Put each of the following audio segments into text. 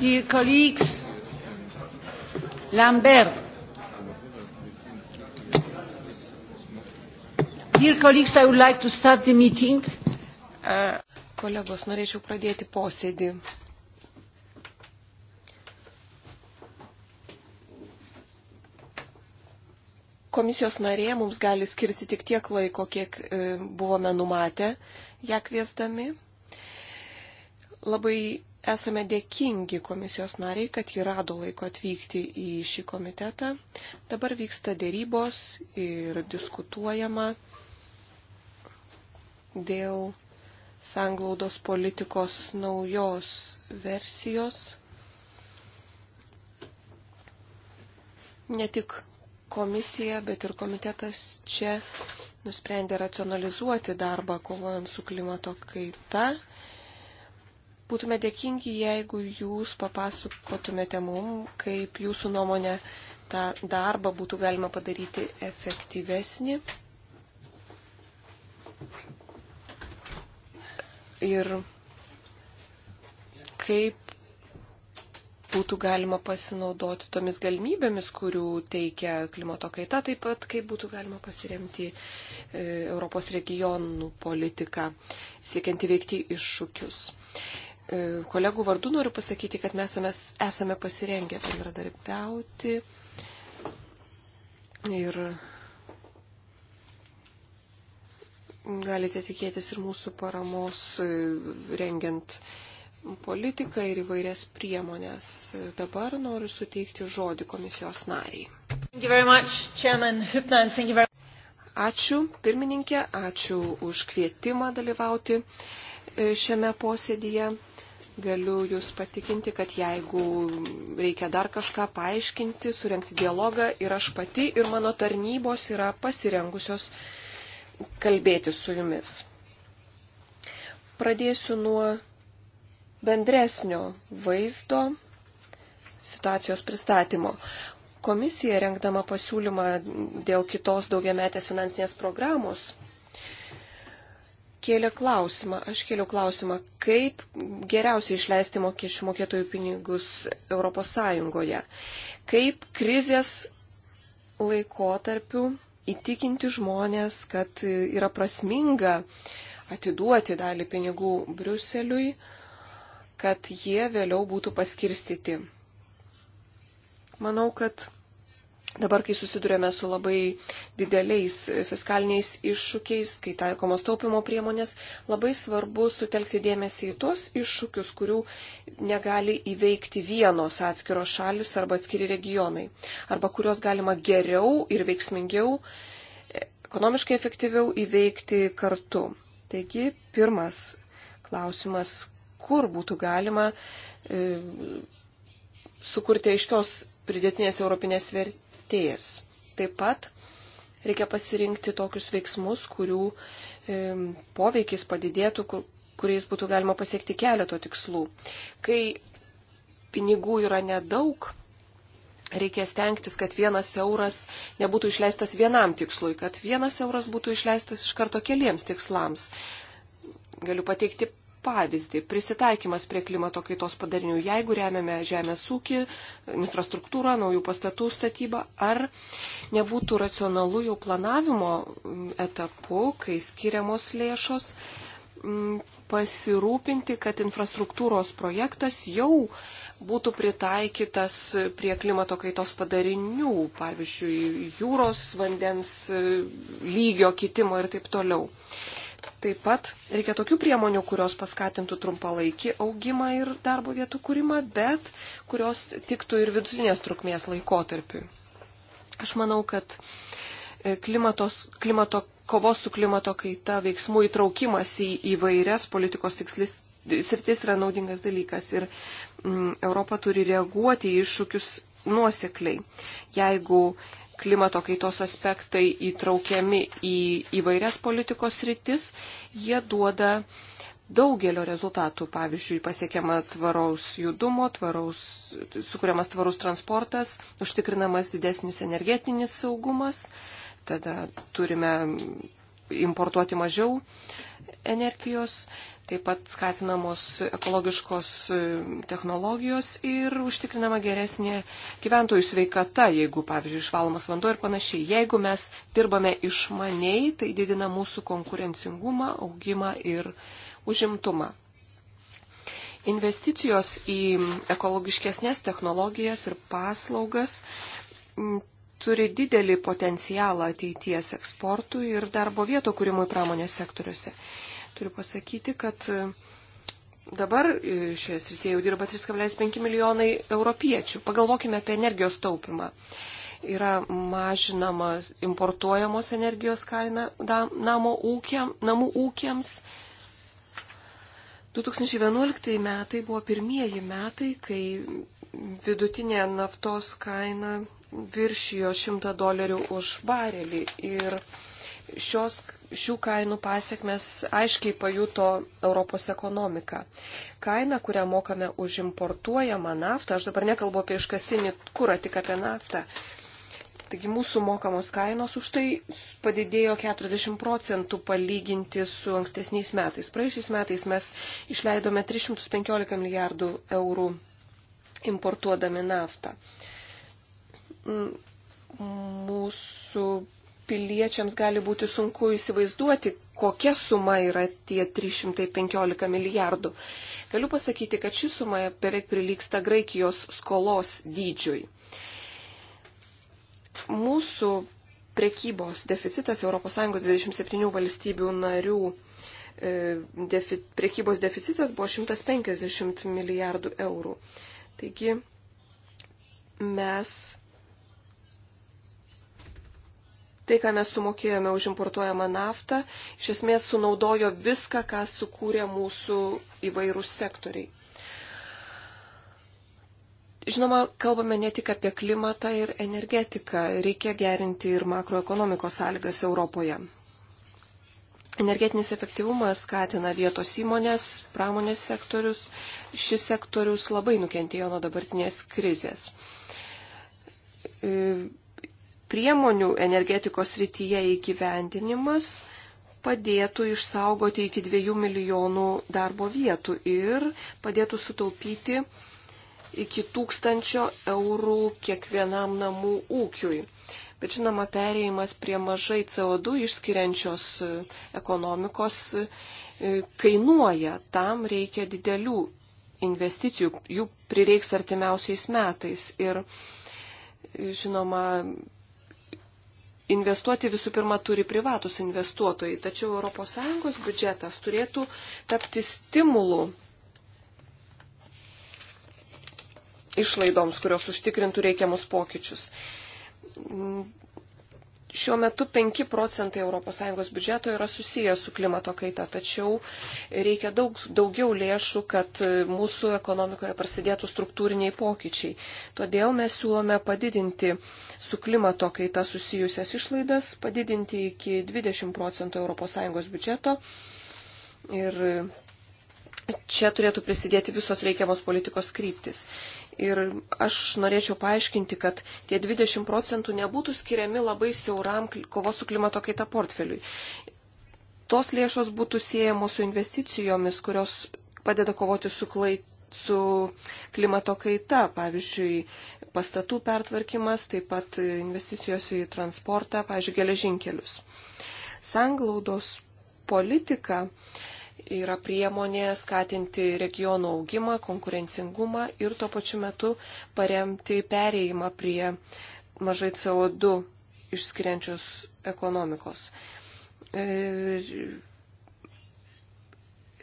Dear colleagues, Lambert. Dear colleagues, I would like to start the meeting. Uh, Kolegos, norėčiau pradėti posėdį. Komisijos narė mums gali skirti tik tiek laiko, kiek e, buvome numatę. E, ją kviesdami. Labai esame dėkingi komisijos nariai, kad ji rado laiko atvykti į šį komitetą. Dabar vyksta dėrybos ir diskutuojama dėl sanglaudos politikos naujos versijos. Ne tik komisija, bet ir komitetas čia nusprendė racionalizuoti darbą kovojant su klimato kaita. Būtume dėkingi, jeigu jūs papasakotumėte mum, kaip jūsų nuomonė tą darbą būtų galima padaryti efektyvesnį. Ir kaip būtų galima pasinaudoti tomis galimybėmis, kurių teikia klimato kaita, taip pat kaip būtų galima pasiremti e, Europos regionų politiką, siekiant įveikti iššūkius. E, kolegų vardu noriu pasakyti, kad mes esame pasirengę bendradarbiauti ir galite tikėtis ir mūsų paramos e, rengiant politiką ir įvairias priemonės. Dabar noriu suteikti žodį komisijos nariai. Ačiū pirmininkė, ačiū už kvietimą dalyvauti e, šiame posėdėje. Galiu Jūs patikinti, kad jeigu reikia dar kažką paaiškinti, surenkti dialogą ir aš pati ir mano tarnybos yra pasirengusios kalbėti su Jumis. Pradėsiu nuo bendresnio vaizdo situacijos pristatymo. Komisija renkdama pasiūlymą dėl kitos daugiametės finansinės programos kėlė klausimą, aš kėliau klausimą, kaip geriausiai išleisti mokesčių mokėtojų pinigus ES, kaip krizės laikotarpiu įtikinti žmonės, kad yra prasminga atiduoti dalį pinigų Briuseliui, kad jie vėliau būtų paskirstyti. Manau, kad dabar, kai susidurėme su labai dideliais fiskaliniais iššūkiais, kai taikomos taupimo priemonės, labai svarbu sutelkti dėmesį į tuos iššūkius, kurių negali įveikti vienos atskiros šalis arba atskiri regionai, arba kuriuos galima geriau ir veiksmingiau, ekonomiškai efektyviau įveikti kartu. Taigi, pirmas klausimas, kur būtų galima e, sukurti aiškios pridėtinės europinės vertėjas. Taip pat reikia pasirinkti tokius veiksmus, kurių e, poveikis padidėtų, kuriais būtų galima pasiekti keleto tikslų. Kai pinigų yra nedaug, reikia stengtis, kad vienas euras nebūtų išleistas vienam tikslui, kad vienas euras būtų išleistas iš karto keliems tikslams. Galiu pateikti pavyzdį. Prisitaikymas prie klimato kaitos padarinių, jeigu remiame žemės ūkį, infrastruktūrą, naujų pastatų statybą, ar nebūtų racionalu jau planavimo etapu, kai skiriamos lėšos, pasirūpinti, kad infrastruktūros projektas jau būtų pritaikytas prie klimato kaitos padarinių, pavyzdžiui, jūros vandens lygio kitimo ir taip toliau. Taip pat reikia tokių priemonių, kurios paskatintų trumpalaikį augimą ir darbo vietų kūrimą, bet kurios tiktų ir vidutinės trukmės laikotarpiui. Aš manau, kad e, klimatos, klimato, kovos su klimato kaita veiksmų įtraukimas į įvairias politikos tikslis. Sritis yra naudingas dalykas ir mm, Europa turi reaguoti į iššūkius nuosekliai. Jeigu klimato kaitos aspektai įtraukiami į įvairias politikos rytis, jie duoda daugelio rezultatų. Pavyzdžiui, pasiekiama tvaraus judumo, tvaraus, sukūriamas tvarus transportas, užtikrinamas didesnis energetinis saugumas, tada turime importuoti mažiau energijos. Taip pat skatinamos ekologiškos e, technologijos ir užtikrinama geresnė gyventojų sveikata, jeigu, pavyzdžiui, išvalomas vanduo ir panašiai. Jeigu mes dirbame išmaniai, tai didina mūsų konkurencingumą, augimą ir užimtumą. Investicijos į ekologiškesnės technologijas ir paslaugas turi didelį potencialą ateities eksportui ir darbo vietų kūrimui pramonės sektoriuose. Turiu pasakyti, kad e, dabar e, šioje srityje jau dirba 3,5 milijonai europiečių. Pagalvokime apie energijos taupimą. Yra mažinamas importuojamos energijos kaina namo ūkiam, namų ūkiams. 2011 metai buvo pirmieji metai, kai vidutinė naftos kaina viršijo 100 dolerių už barelį. Ir šios šių kainų pasiekmes aiškiai pajuto Europos ekonomika. Kaina, kurią mokame už importuojamą naftą, aš dabar nekalbu apie iškastinį kurą, tik apie naftą. Taigi mūsų mokamos kainos už tai padidėjo 40 procentų palyginti su ankstesniais metais. Praėjusiais metais mes išleidome 315 milijardų eurų importuodami naftą. Mūsų piliečiams gali būti sunku įsivaizduoti, kokia suma yra tie 315 milijardų. Galiu pasakyti, kad ši suma beveik prilyksta Graikijos skolos dydžiui. Mūsų prekybos deficitas ES 27 valstybių narių e, defi, prekybos deficitas buvo 150 milijardų eurų. Taigi mes Tai, ką mes sumokėjome už importuojamą naftą, iš esmės sunaudojo viską, ką sukūrė mūsų įvairūs sektoriai. Žinoma, kalbame ne tik apie klimatą ir energetiką, reikia gerinti ir makroekonomikos sąlygas Europoje. Energetinis efektyvumas skatina vietos įmonės, pramonės sektorius. Šis sektorius labai nukentėjo nuo dabartinės krizės e, priemonių energetikos rytyje įgyvendinimas padėtų išsaugoti iki 2 milijonų darbo vietų ir padėtų sutaupyti iki tūkstančio eurų kiekvienam namų ūkiui. Bet žinoma, perėjimas prie mažai CO2 išskiriančios e, ekonomikos e, kainuoja. Tam reikia didelių investicijų, jų prireiks artimiausiais metais. Ir e, žinoma, investuoti visų pirma turi privatus investuotojai, tačiau ES biudžetas turėtų tapti stimulu išlaidoms, kurios užtikrintų reikiamus pokyčius. Šiuo metu 5 procentai ES biudžeto yra susijęs su klimato kaita, tačiau reikia daug daugiau lėšų, kad mūsų ekonomikoje prasidėtų struktūriniai pokyčiai. Todėl mes siūlome padidinti su klimato kaita susijusias išlaidas, padidinti iki 20 procentų ES biudžeto. Ir čia turėtų prisidėti visos reikiamos politikos kryptis. Ir aš norėčiau paaiškinti, kad tie 20 procentų nebūtų skiriami labai siauram kovos su klimato kaita portfeliui. Tos lėšos būtų siejamos su investicijomis, kurios padeda kovoti su, klai, su klimato kaita, pavyzdžiui, pastatų pertvarkymas, taip pat investicijos į transportą, pavyzdžiui, geležinkelius. Sanglaudos politika uh, yra priemonė skatinti regionų augimą, konkurencingumą ir tuo pačiu metu paremti pereimą prie mažai CO2 išskiriančios ekonomikos. Ir, e,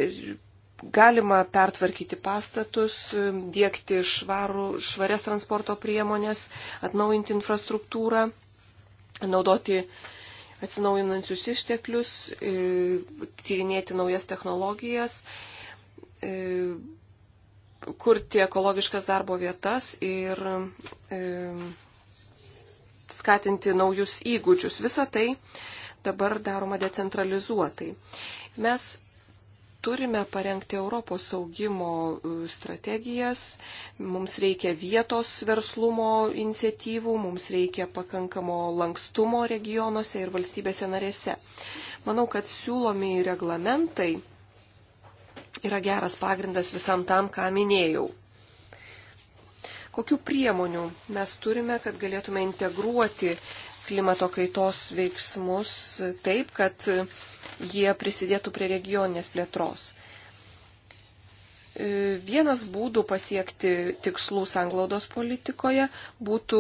ir e, galima pertvarkyti pastatus, dėkti švarų, švarias transporto priemonės, atnaujinti infrastruktūrą, naudoti uh, atsinaujinančius išteklius, e, tyrinėti naujas technologijas, e, kurti ekologiškas darbo vietas ir e, skatinti naujus įgūdžius. Visą tai dabar daroma decentralizuotai. Mes turime parengti Europos augimo e, strategijas, mums reikia vietos verslumo iniciatyvų, mums reikia pakankamo lankstumo regionuose ir valstybėse narėse. Manau, kad siūlomi reglamentai yra geras pagrindas visam tam, ką minėjau. Kokių priemonių mes turime, kad galėtume integruoti klimato kaitos veiksmus taip, kad jie prisidėtų prie regioninės plėtros. E, vienas būdų pasiekti tikslų sanglaudos politikoje būtų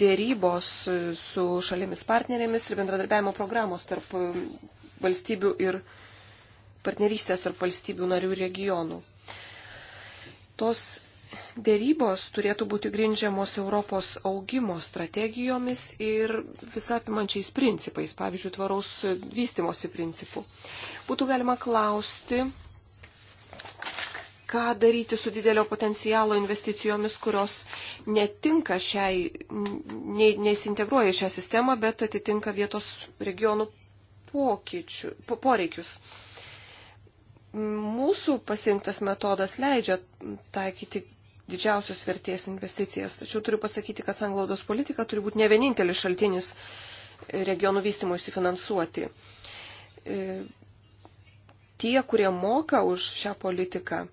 dėrybos e, su šalimis partnerėmis ir bendradarbiavimo programos tarp e, valstybių ir partnerystės tarp valstybių narių regionų. Tos dėrybos turėtų būti grindžiamos Europos augimo strategijomis ir visapimančiais principais, pavyzdžiui, tvaraus vystimosi principų. Būtų galima klausti, ką daryti su didelio potencialo investicijomis, kurios netinka šiai, ne, neįsintegruoja šią sistemą, bet atitinka vietos regionų pokyčių, po, poreikius mūsų pasirinktas metodas leidžia taikyti didžiausios vertės investicijas. Tačiau turiu pasakyti, kad sanglaudos politika turi būti ne vienintelis šaltinis regionų vystimuisi finansuoti. E, tie, kurie moka už šią politiką,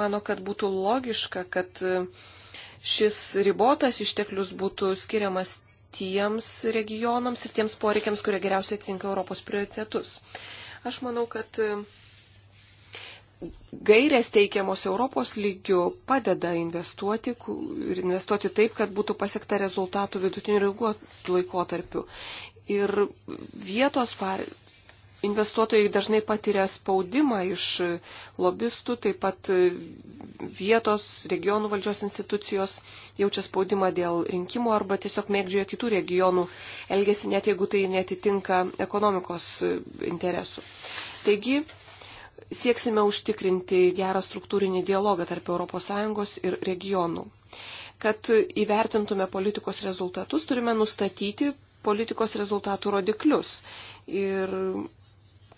mano, kad būtų logiška, kad e, šis ribotas išteklius būtų skiriamas tiems regionams ir tiems poreikiams, kurie geriausiai atitinka Europos prioritetus. Aš manau, kad e, gairės teikiamos Europos lygių padeda investuoti ir investuoti taip, kad būtų pasiekta rezultatų vidutinių ilgų laikotarpių. Ir vietos par... investuotojai dažnai patiria spaudimą iš lobistų, taip pat vietos regionų valdžios institucijos jaučia spaudimą dėl rinkimų arba tiesiog mėgdžioja kitų regionų elgesį, net jeigu tai netitinka ekonomikos interesų. Taigi, sieksime užtikrinti gerą struktūrinį dialogą tarp ES ir regionų. Kad įvertintume politikos rezultatus, turime nustatyti politikos rezultatų rodiklius. Ir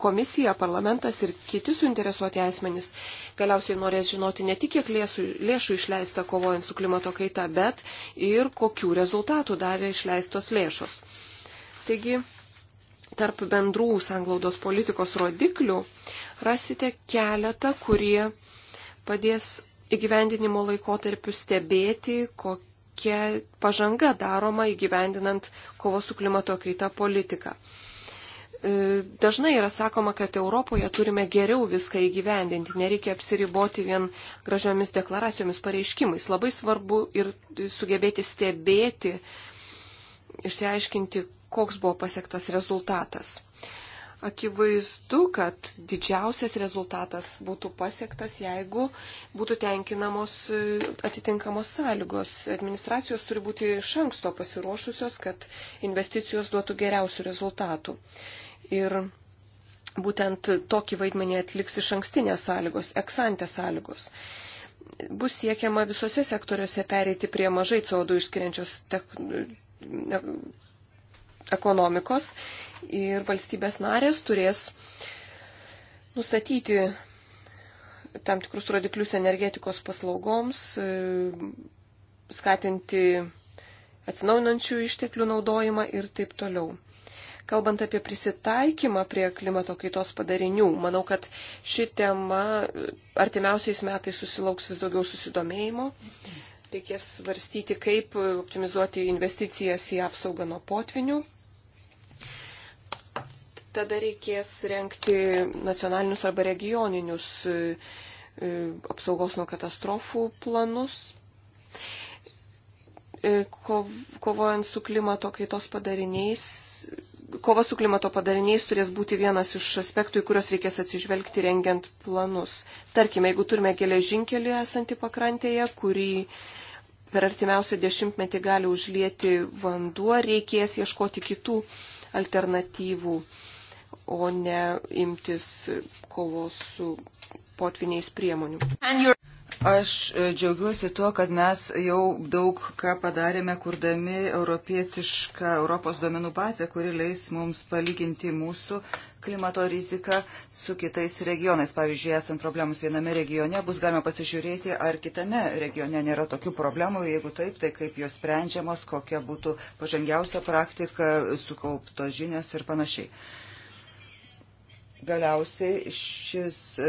komisija, parlamentas ir kiti suinteresuoti asmenys galiausiai norės žinoti ne tik, kiek lėšų, lėšų išleista kovojant su klimato kaita, bet ir kokių rezultatų davė išleistos lėšos. Taigi, tarp bendrų sanglaudos politikos rodiklių rasite keletą, kurie padės įgyvendinimo laikotarpiu stebėti, kokia pažanga daroma įgyvendinant kovo su klimato kaita politiką. E, dažnai yra sakoma, kad Europoje turime geriau viską įgyvendinti, nereikia apsiriboti vien gražiomis deklaracijomis, pareiškimais. Labai svarbu ir sugebėti stebėti, išsiaiškinti, koks buvo pasiektas rezultatas. Akivaizdu, kad didžiausias rezultatas būtų pasiektas, jeigu būtų tenkinamos e, atitinkamos sąlygos. Administracijos turi būti iš anksto pasiruošusios, kad investicijos duotų geriausių rezultatų. Ir būtent tokį vaidmenį atliks iš ankstinės sąlygos, eksantės sąlygos bus siekiama visose sektoriuose pereiti prie mažai CO2 išskiriančios tech ekonomikos ir valstybės narės turės nustatyti tam tikrus rodiklius energetikos paslaugoms, e, skatinti atsinaujinančių išteklių naudojimą ir taip toliau. Kalbant apie prisitaikymą prie klimato kaitos padarinių, manau, kad ši tema e, artimiausiais metais susilauks vis daugiau susidomėjimo. Reikės svarstyti, kaip optimizuoti investicijas į apsaugą nuo potvinių, tada reikės renkti nacionalinius arba regioninius e, e, apsaugos nuo katastrofų planus. E, kovojant su klimato kaitos padariniais, kova su klimato padariniais turės būti vienas iš aspektų, į kuriuos reikės atsižvelgti rengiant planus. Tarkime, jeigu turime geležinkelį esantį pakrantėje, kurį per artimiausią dešimtmetį gali užlieti vanduo, reikės ieškoti kitų alternatyvų o ne imtis kovos su potviniais priemonių. Aš e, džiaugiuosi tuo, kad mes jau daug ką padarėme, kurdami europietišką Europos duomenų bazę, kuri leis mums palyginti mūsų klimato riziką su kitais regionais. Pavyzdžiui, esant problemus viename regione, bus galima pasižiūrėti, ar kitame regione nėra tokių problemų ir jeigu taip, tai kaip jos sprendžiamos, kokia būtų pažangiausia praktika, sukauptos žinios ir panašiai. Galiausiai šis, e,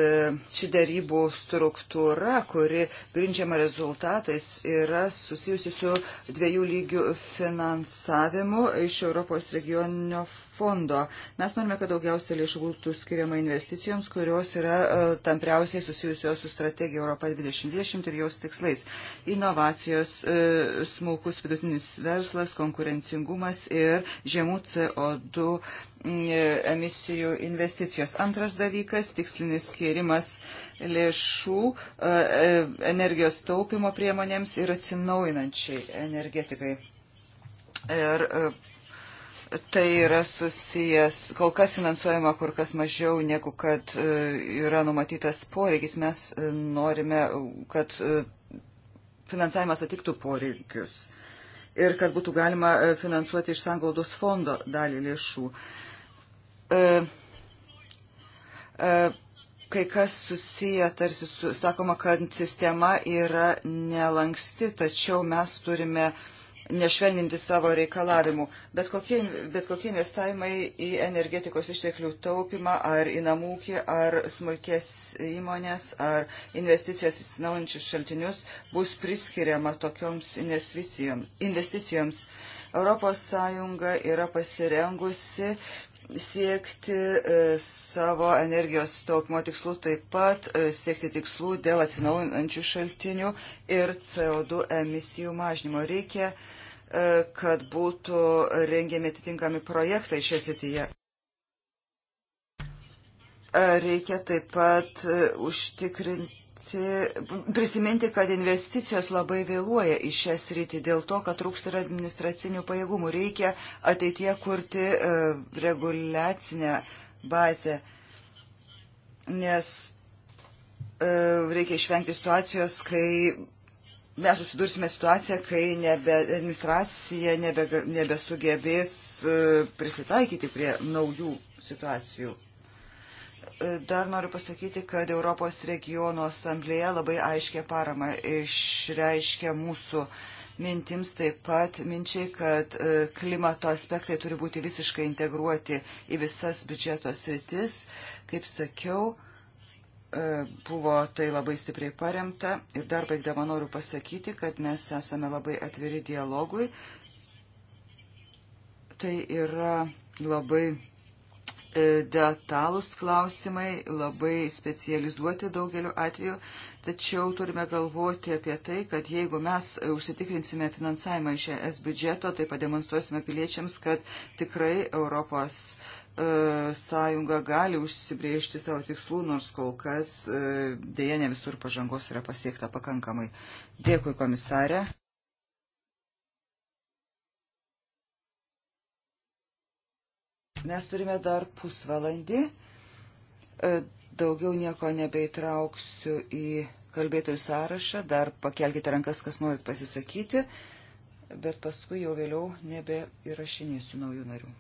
ši darybų struktūra, kuri grindžiama rezultatais, yra susijusi su dviejų lygių finansavimu iš Europos regioninio fondo. Mes norime, kad daugiausia lėšų būtų skiriama investicijoms, kurios yra e, tampriausiai susijusios su strategija Europa 2020 ir jos tikslais. Inovacijos, e, smulkus vidutinis verslas, konkurencingumas ir žemų CO2 e, emisijų investicijos. Antras dalykas - tikslinis skirimas lėšų energijos taupimo priemonėms ir atsinaujinančiai energetikai. Ir tai yra susijęs, kol kas finansuojama kur kas mažiau, negu kad e, yra numatytas poreikis. Mes e, norime, kad e, finansavimas atiktų poreikius ir kad būtų galima finansuoti iš sanglaudos fondo dalį lėšų. Kai kas susiję, tarsi su, sakoma, kad sistema yra nelanksti, tačiau mes turime uh, nešvelninti savo reikalavimų. Bet kokie, bet kokie investavimai į energetikos išteklių taupimą ar į namūkį, ar smulkės įmonės, ar investicijas į sinaujančius šaltinius bus priskiriama tokioms investicijoms. investicijoms. Europos Sąjunga yra pasirengusi siekti e, savo energijos taupimo tikslų, taip pat e, siekti tikslų dėl atsinaujančių šaltinių ir CO2 emisijų mažnymo. Reikia, e, kad būtų rengiami atitinkami projektai šią sityje. Reikia taip pat užtikrinti prisiminti, kad investicijos labai vėluoja į šią sritį dėl to, kad trūksta ir administracinių pajėgumų. Reikia ateitie kurti e, reguliacinę bazę, nes e, reikia išvengti situacijos, kai mes susidursime situaciją, kai nebe, administracija nebe, nebesugebės e, prisitaikyti prie naujų situacijų dar noriu pasakyti, kad Europos regiono asamblėje labai aiškia parama išreiškia mūsų mintims taip pat minčiai, kad e, klimato aspektai turi būti visiškai integruoti į visas biudžeto sritis. Kaip sakiau, e, buvo tai labai stipriai paremta. Ir dar baigdama noriu pasakyti, kad mes esame labai atviri dialogui. Tai yra labai E, detalūs klausimai, labai specializuoti daugeliu atveju, tačiau turime galvoti apie tai, kad jeigu mes užsitikrinsime finansavimą iš ES biudžeto, tai pademonstruosime piliečiams, kad tikrai Europos e, sąjunga gali užsibriežti savo tikslų, nors kol kas e, dėja ne visur pažangos yra pasiekta pakankamai. Dėkui komisarė. Mes turime dar pusvalandį. E, daugiau nieko nebeįtrauksiu į kalbėtojų sąrašą. Dar pakelkite rankas, kas norit pasisakyti. Bet paskui jau vėliau nebeįrašinėsiu naujų narių.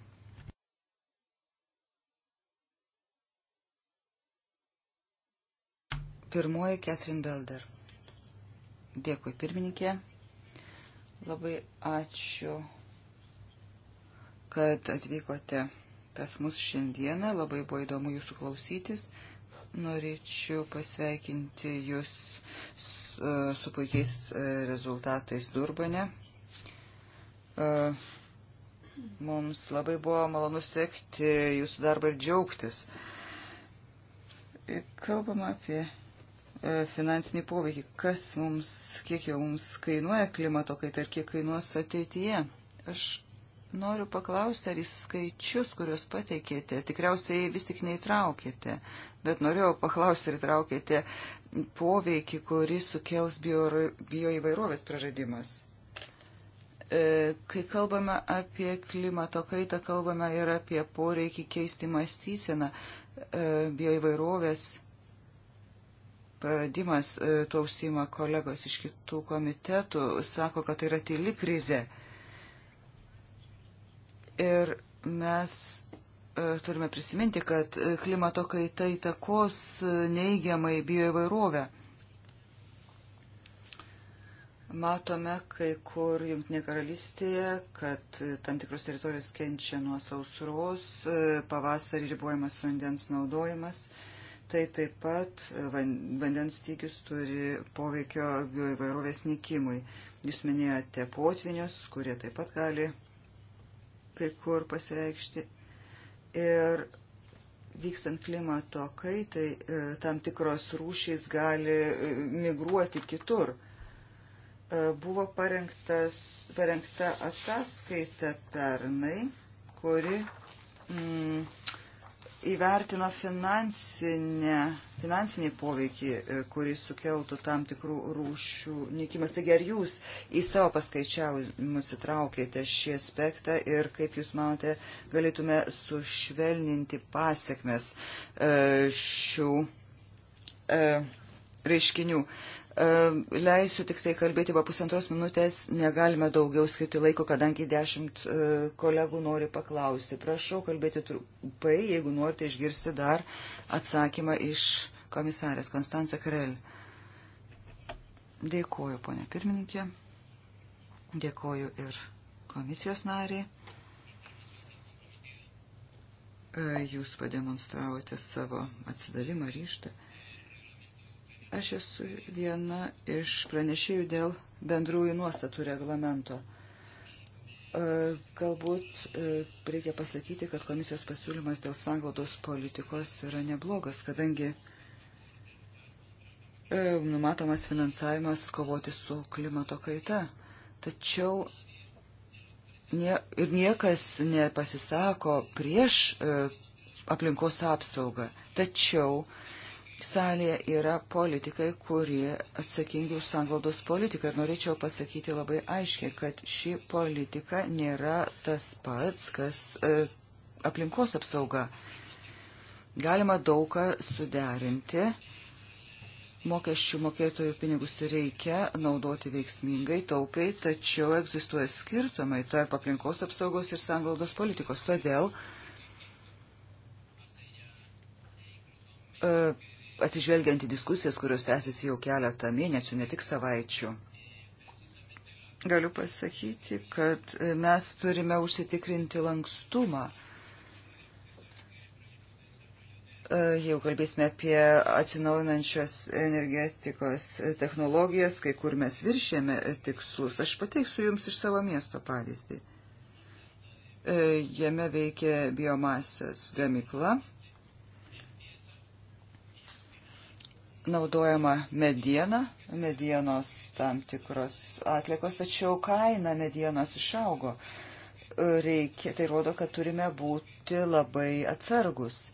Pirmoji Ketrin Belder. Dėkui pirmininkė. Labai ačiū, kad atvykote pas mus šiandieną. Labai buvo įdomu jūsų klausytis. Norėčiau pasveikinti jūs su, su puikiais e, rezultatais Durbane. E, mums labai buvo malonu sekti jūsų darbą ir džiaugtis. Kalbam apie e, finansinį poveikį, kas mums, kiek jau mums kainuoja klimato kaita ir kiek kainuos ateityje. Aš Noriu paklausti, ar į skaičius, kuriuos pateikėte, tikriausiai vis tik neįtraukėte, bet norėjau paklausti, ar įtraukėte poveikį, kurį sukels bioįvairovės bio praradimas. E, kai kalbame apie klimato kaitą, kalbame ir apie poreikį keisti mąstyseną. E, bioįvairovės praradimas, e, tuo užsima kolegos iš kitų komitetų, sako, kad tai yra tyli krizė. E, Ir mes e, turime prisiminti, kad e, klimato kaita įtakos e, neigiamai bioįvairovę. Matome kai kur Junktinė karalystėje, kad tam tikros teritorijos kenčia nuo sausros, pavasarį ribojamas vandens naudojimas. Tai taip pat vandens stygius turi poveikio bioįvairovės nikimui. Jūs minėjote potvinius, kurie taip pat gali kai kur pasireikšti. Ir vykstant klimato kaitai, e, tam tikros rūšys gali e, migruoti kitur. E, buvo parengtas, parengta ataskaita pernai, kuri mm, įvertino finansinę, finansinį poveikį, e, kurį sukeltų tam tikrų rūšių nykimas. Taigi ar jūs į savo paskaičiavimus įtraukėte šį aspektą ir kaip jūs manote, galėtume sušvelninti pasiekmes e, šių e, reiškinių. E, leisiu tik tai kalbėti po pusantros minutės, negalime daugiau skirti laiko, kadangi dešimt e, kolegų nori paklausti. Prašau kalbėti trumpai, jeigu norite išgirsti dar atsakymą iš komisarės Konstanca Karel. Dėkuoju, ponė pirmininkė. Dėkuoju ir komisijos nariai. E, jūs pademonstravote savo atsidavimą ryštą. Aš esu viena iš pranešėjų dėl bendrųjų nuostatų reglamento. E, galbūt e, reikia pasakyti, kad komisijos pasiūlymas dėl sanglaudos politikos yra neblogas, kadangi e, numatomas finansavimas kovoti su klimato kaita. Tačiau nie, ir niekas nepasisako prieš aplinkos apsaugą. Tačiau Salėje yra politikai, kurie atsakingi už sanglaudos politiką ir norėčiau pasakyti labai aiškiai, kad ši politika nėra tas pats, kas e, aplinkos apsauga. Galima daugą suderinti, Mokesčių mokėtojų pinigus reikia naudoti veiksmingai, taupiai, tačiau egzistuoja skirtumai tarp aplinkos apsaugos ir sanglaudos politikos. Todėl e, atsižvelgiant į diskusijas, kurios tęsiasi jau keletą mėnesių, ne tik savaičių. Galiu pasakyti, kad mes turime užsitikrinti lankstumą. E, jau kalbėsime apie atsinaujinančios energetikos technologijas, kai kur mes viršėme tikslus. Aš pateiksiu Jums iš savo miesto pavyzdį. E, jame veikia biomasės gamikla naudojama mediena, medienos tam tikros atlikos, tačiau kaina medienos išaugo. Reikia, tai rodo, kad turime būti labai atsargus. E,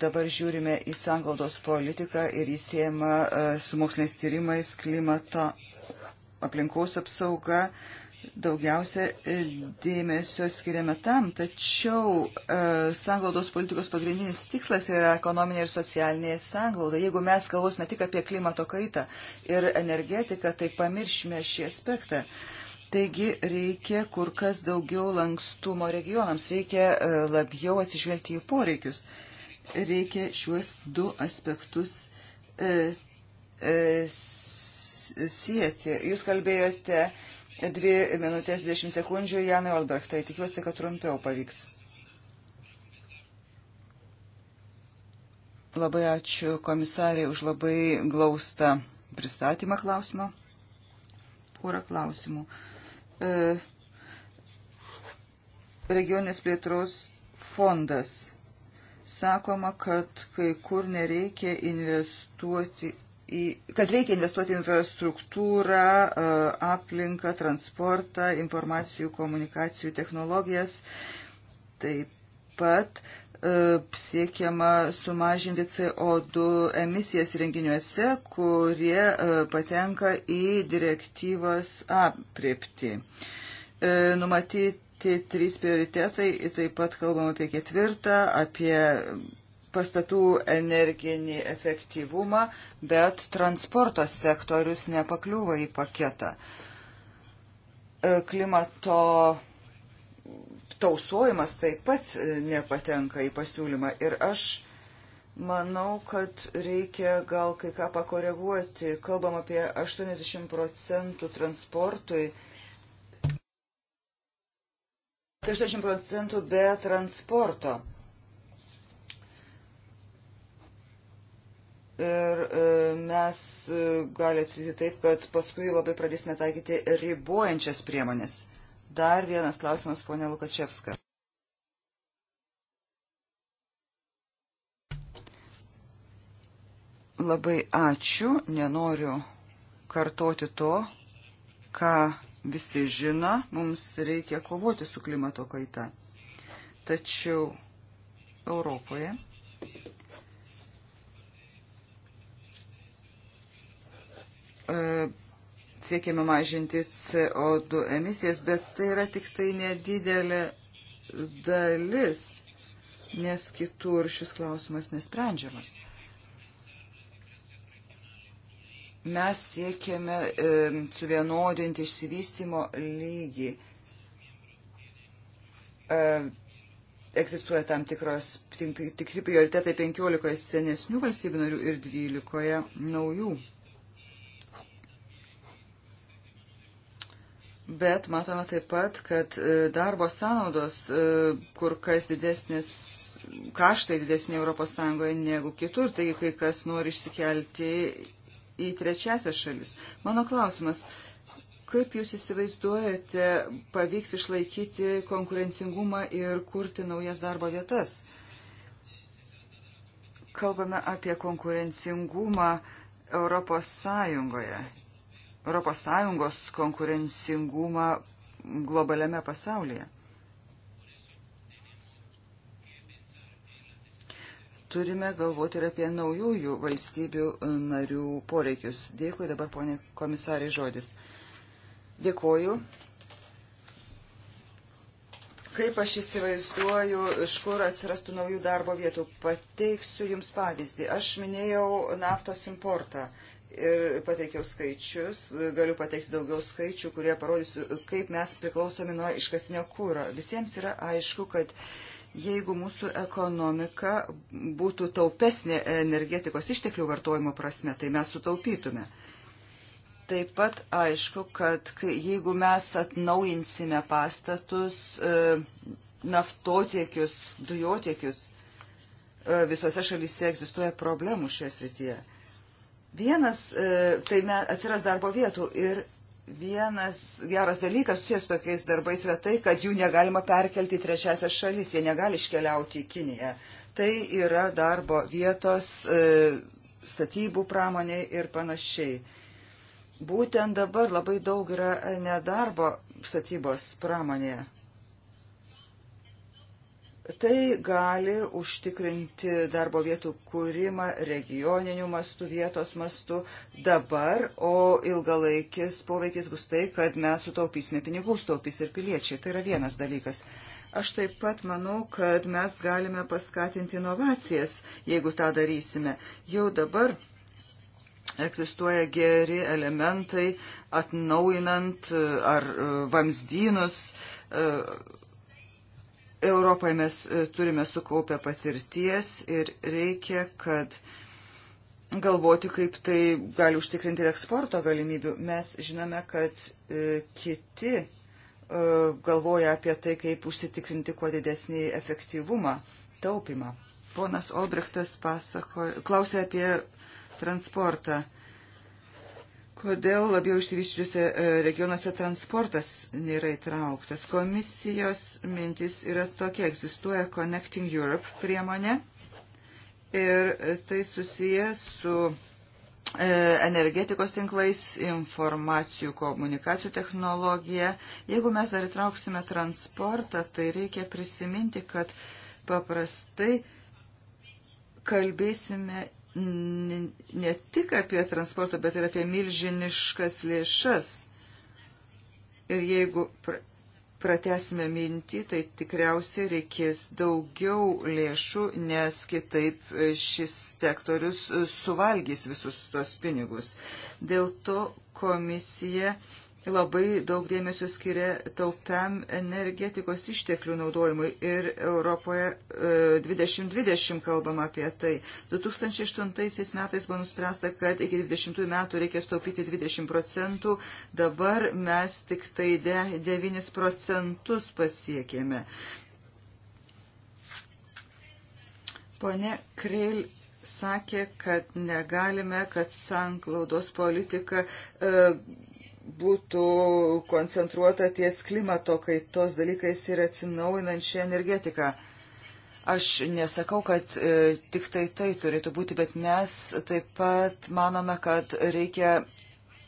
dabar žiūrime į sanglaudos politiką ir įsiema e, su moksliniais tyrimais klimato aplinkos apsauga, daugiausia e, dėmesio skiriame tam, tačiau e, sanglaudos politikos pagrindinis tikslas yra ekonominė ir socialinė sanglauda. Jeigu mes galvosime tik apie klimato kaitą ir energetiką, tai pamiršime šį aspektą. Taigi reikia kur kas daugiau lankstumo regionams, reikia e, labiau atsižvelgti jų poreikius. Reikia šiuos du aspektus e, e, sieti. Jūs kalbėjote e, Dvi minutės dešimt sekundžių, Janai Olbrechtai, tikiuosi, kad trumpiau pavyks. Labai ačiū komisarė už labai glaustą pristatymą klausimo. Porą klausimų. E, regionės plėtros fondas. Sakoma, kad kai kur nereikia investuoti kad reikia investuoti infrastruktūrą, e, aplinką, transportą, informacijų, komunikacijų technologijas. Taip pat e, siekiama sumažinti CO2 emisijas renginiuose, kurie e, patenka į direktyvas apriepti. Numatyti trys prioritetai, taip pat kalbam apie ketvirtą, apie pastatų energinį efektyvumą, bet transporto sektorius nepakliūva į paketą. E, klimato tausojimas taip pat e, nepatenka į pasiūlymą ir aš Manau, kad reikia gal kai ką pakoreguoti. Kalbam apie 80 procentų transportui. 80 procentų be transporto. Ir e, mes e, gali atsitikti taip, kad paskui labai pradėsime taikyti ribojančias priemonės. Dar vienas klausimas, ponė Lukačevska. Labai ačiū, nenoriu kartoti to, ką visi žino, mums reikia kovoti su klimato kaita. Tačiau Europoje E, siekiame mažinti CO2 emisijas, bet tai yra tik tai nedidelė dalis, nes kitur šis klausimas nesprendžiamas. Mes siekiame e, suvienodinti išsivystimo lygį. E, egzistuoja tam tikros, tikri prioritetai 15 senesnių valstybių narių ir 12 naujų bet matome taip pat, kad e, darbo sąnaudos e, kur kas didesnis, kaštai didesnė ES negu kitur, taigi kai kas nori išsikelti į trečiasias šalis. Mano klausimas, kaip Jūs įsivaizduojate, pavyks išlaikyti konkurencingumą ir kurti naujas darbo vietas? Kalbame apie konkurencingumą Europos Sąjungoje ES konkurencingumą globaliame pasaulyje. Turime galvoti ir apie naujųjų valstybių narių poreikius. Dėkui dabar, ponė komisarė, žodis. Dėkoju. Kaip aš įsivaizduoju, iš kur atsirastų naujų darbo vietų, pateiksiu Jums pavyzdį. Aš minėjau naftos importą. Uh, ir pateikiau skaičius, galiu pateikti daugiau skaičių, kurie parodysiu, kaip mes priklausomi nuo iškasinio kūro. Visiems yra aišku, kad jeigu mūsų ekonomika būtų taupesnė energetikos išteklių vartojimo prasme, tai mes sutaupytume. Taip pat aišku, kad kai, jeigu mes atnaujinsime pastatus, e, naftotiekius, dujotiekius, e, visose šalyse egzistuoja problemų šioje srityje. Vienas, e, tai atsiras darbo vietų ir vienas geras dalykas susijęs tokiais darbais yra tai, kad jų negalima perkelti į trečiasias šalis, jie negali iškeliauti į Kiniją. Tai yra darbo vietos e, statybų pramoniai ir panašiai. Būtent dabar labai daug yra nedarbo statybos pramonėje. Tai gali užtikrinti darbo vietų kūrimą regioninių mastų, vietos mastų dabar, o ilgalaikis poveikis bus tai, kad mes sutaupysime pinigų, sutaupys ir piliečiai. Tai yra vienas dalykas. Aš taip pat manau, kad mes galime paskatinti inovacijas, jeigu tą darysime. Jau dabar egzistuoja geri elementai, atnaujinant ar e, vamzdynus e, Europoje mes e, turime sukaupę patirties ir reikia, kad galvoti, kaip tai gali užtikrinti ir eksporto galimybių. Mes žinome, kad e, kiti e, galvoja apie tai, kaip užsitikrinti kuo didesnį efektyvumą, taupimą. Ponas Olbrechtas pasako, klausė apie transportą. Kodėl labiau išsivyščiusiuose e, regionuose transportas nėra įtrauktas? Komisijos mintis yra tokia, egzistuoja Connecting Europe priemonė ir e, tai susiję su e, energetikos tinklais, informacijų komunikacijų technologija. Jeigu mes dar įtrauksime transportą, tai reikia prisiminti, kad paprastai kalbėsime ne tik apie transportą, bet ir apie milžiniškas lėšas. Ir jeigu pratesime mintį, tai tikriausiai reikės daugiau lėšų, nes kitaip e, šis sektorius e, suvalgys visus tuos pinigus. Dėl to komisija labai daug dėmesio skiria taupiam energetikos išteklių naudojimui ir Europoje 2020 e, kalbama apie tai. 2008 metais buvo nuspręsta, kad iki 20 metų reikės taupyti 20 procentų, dabar mes tik tai 9 procentus pasiekėme. Pone Kreil sakė, kad negalime, kad sanklaudos politika e, būtų koncentruota ties klimato kaitos dalykais ir atsinaujinančią energetiką. Aš nesakau, kad e, tik tai tai turėtų būti, bet mes taip pat manome, kad reikia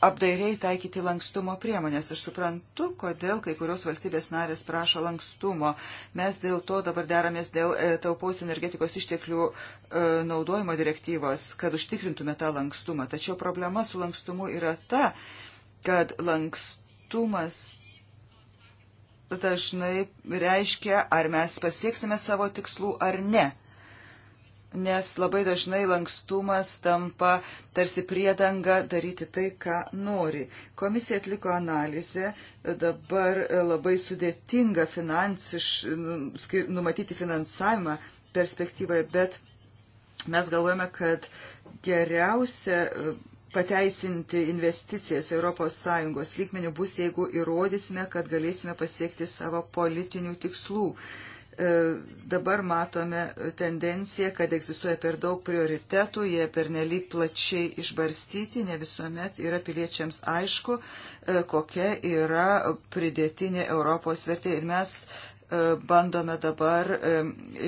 apdairiai taikyti lankstumo priemonės. Aš suprantu, kodėl kai kurios valstybės narės prašo lankstumo. Mes dėl to dabar deramės dėl e, taupaus energetikos išteklių e, naudojimo direktyvos, kad užtikrintume tą lankstumą. Tačiau problema su lankstumu yra ta, kad lankstumas dažnai reiškia, ar mes pasieksime savo tikslų ar ne. Nes labai dažnai lankstumas tampa tarsi priedanga daryti tai, ką nori. Komisija atliko analizę, dabar labai sudėtinga finansiš, numatyti finansavimą perspektyvoje, bet mes galvojame, kad geriausia pateisinti investicijas ES lygmenių bus, jeigu įrodysime, kad galėsime pasiekti savo politinių tikslų. E, dabar matome tendenciją, kad egzistuoja per daug prioritetų, jie per nelik plačiai išbarstyti, ne visuomet yra piliečiams aišku, e, kokia yra pridėtinė Europos vertė. Ir mes e, bandome dabar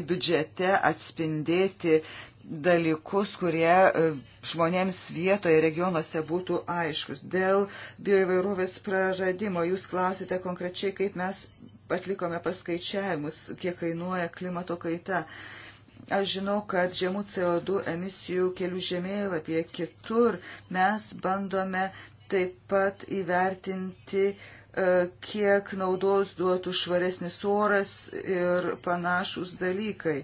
biudžete atspindėti dalykus, kurie e, žmonėms vietoje regionuose būtų aiškus. Dėl bioįvairovės praradimo jūs klausite konkrečiai, kaip mes atlikome paskaičiavimus, kiek kainuoja klimato kaita. Aš žinau, kad žemų CO2 emisijų kelių žemėlapyje kitur mes bandome taip pat įvertinti e, kiek naudos duotų švaresnis oras ir panašus dalykai.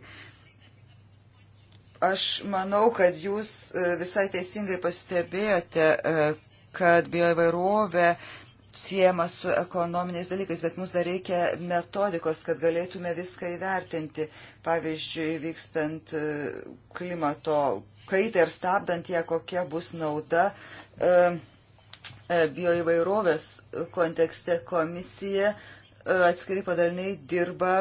Aš manau, kad jūs e, visai teisingai pastebėjote, e, kad bioįvairovė siejama su ekonominiais dalykais, bet mums dar reikia metodikos, kad galėtume viską įvertinti. Pavyzdžiui, vykstant e, klimato kaitai ir stabdant ją, kokia bus nauda bioįvairovės kontekste komisija atskiri padaliniai dirba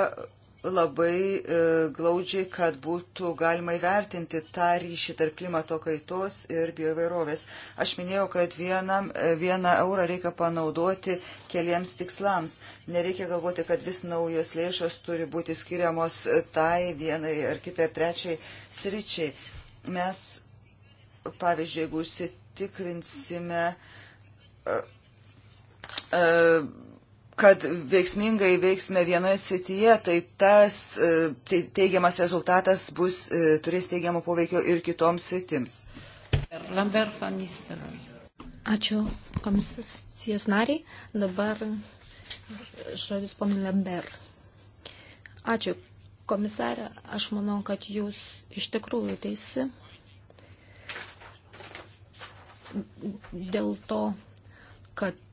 labai e, glaudžiai, kad būtų galima įvertinti tą ryšį tarp klimato kaitos ir bioįvairovės. Aš minėjau, kad vienam, e, vieną eurą reikia panaudoti keliems tikslams. Nereikia galvoti, kad vis naujos lėšos turi būti skiriamos e, tai vienai ar kitai ar trečiai sričiai. Mes, pavyzdžiui, jeigu užsitikrinsime. E, e, kad veiksmingai veiksime vienoje srityje, tai tas e, teigiamas rezultatas bus, e, turės teigiamą poveikio ir kitoms sritims. Lambert van Nistelrooy. Ačiū komisijos nariai. Dabar žodis ponui Lambert. Ačiū komisarė. Aš manau, kad jūs iš tikrųjų teisi. Dėl to, kad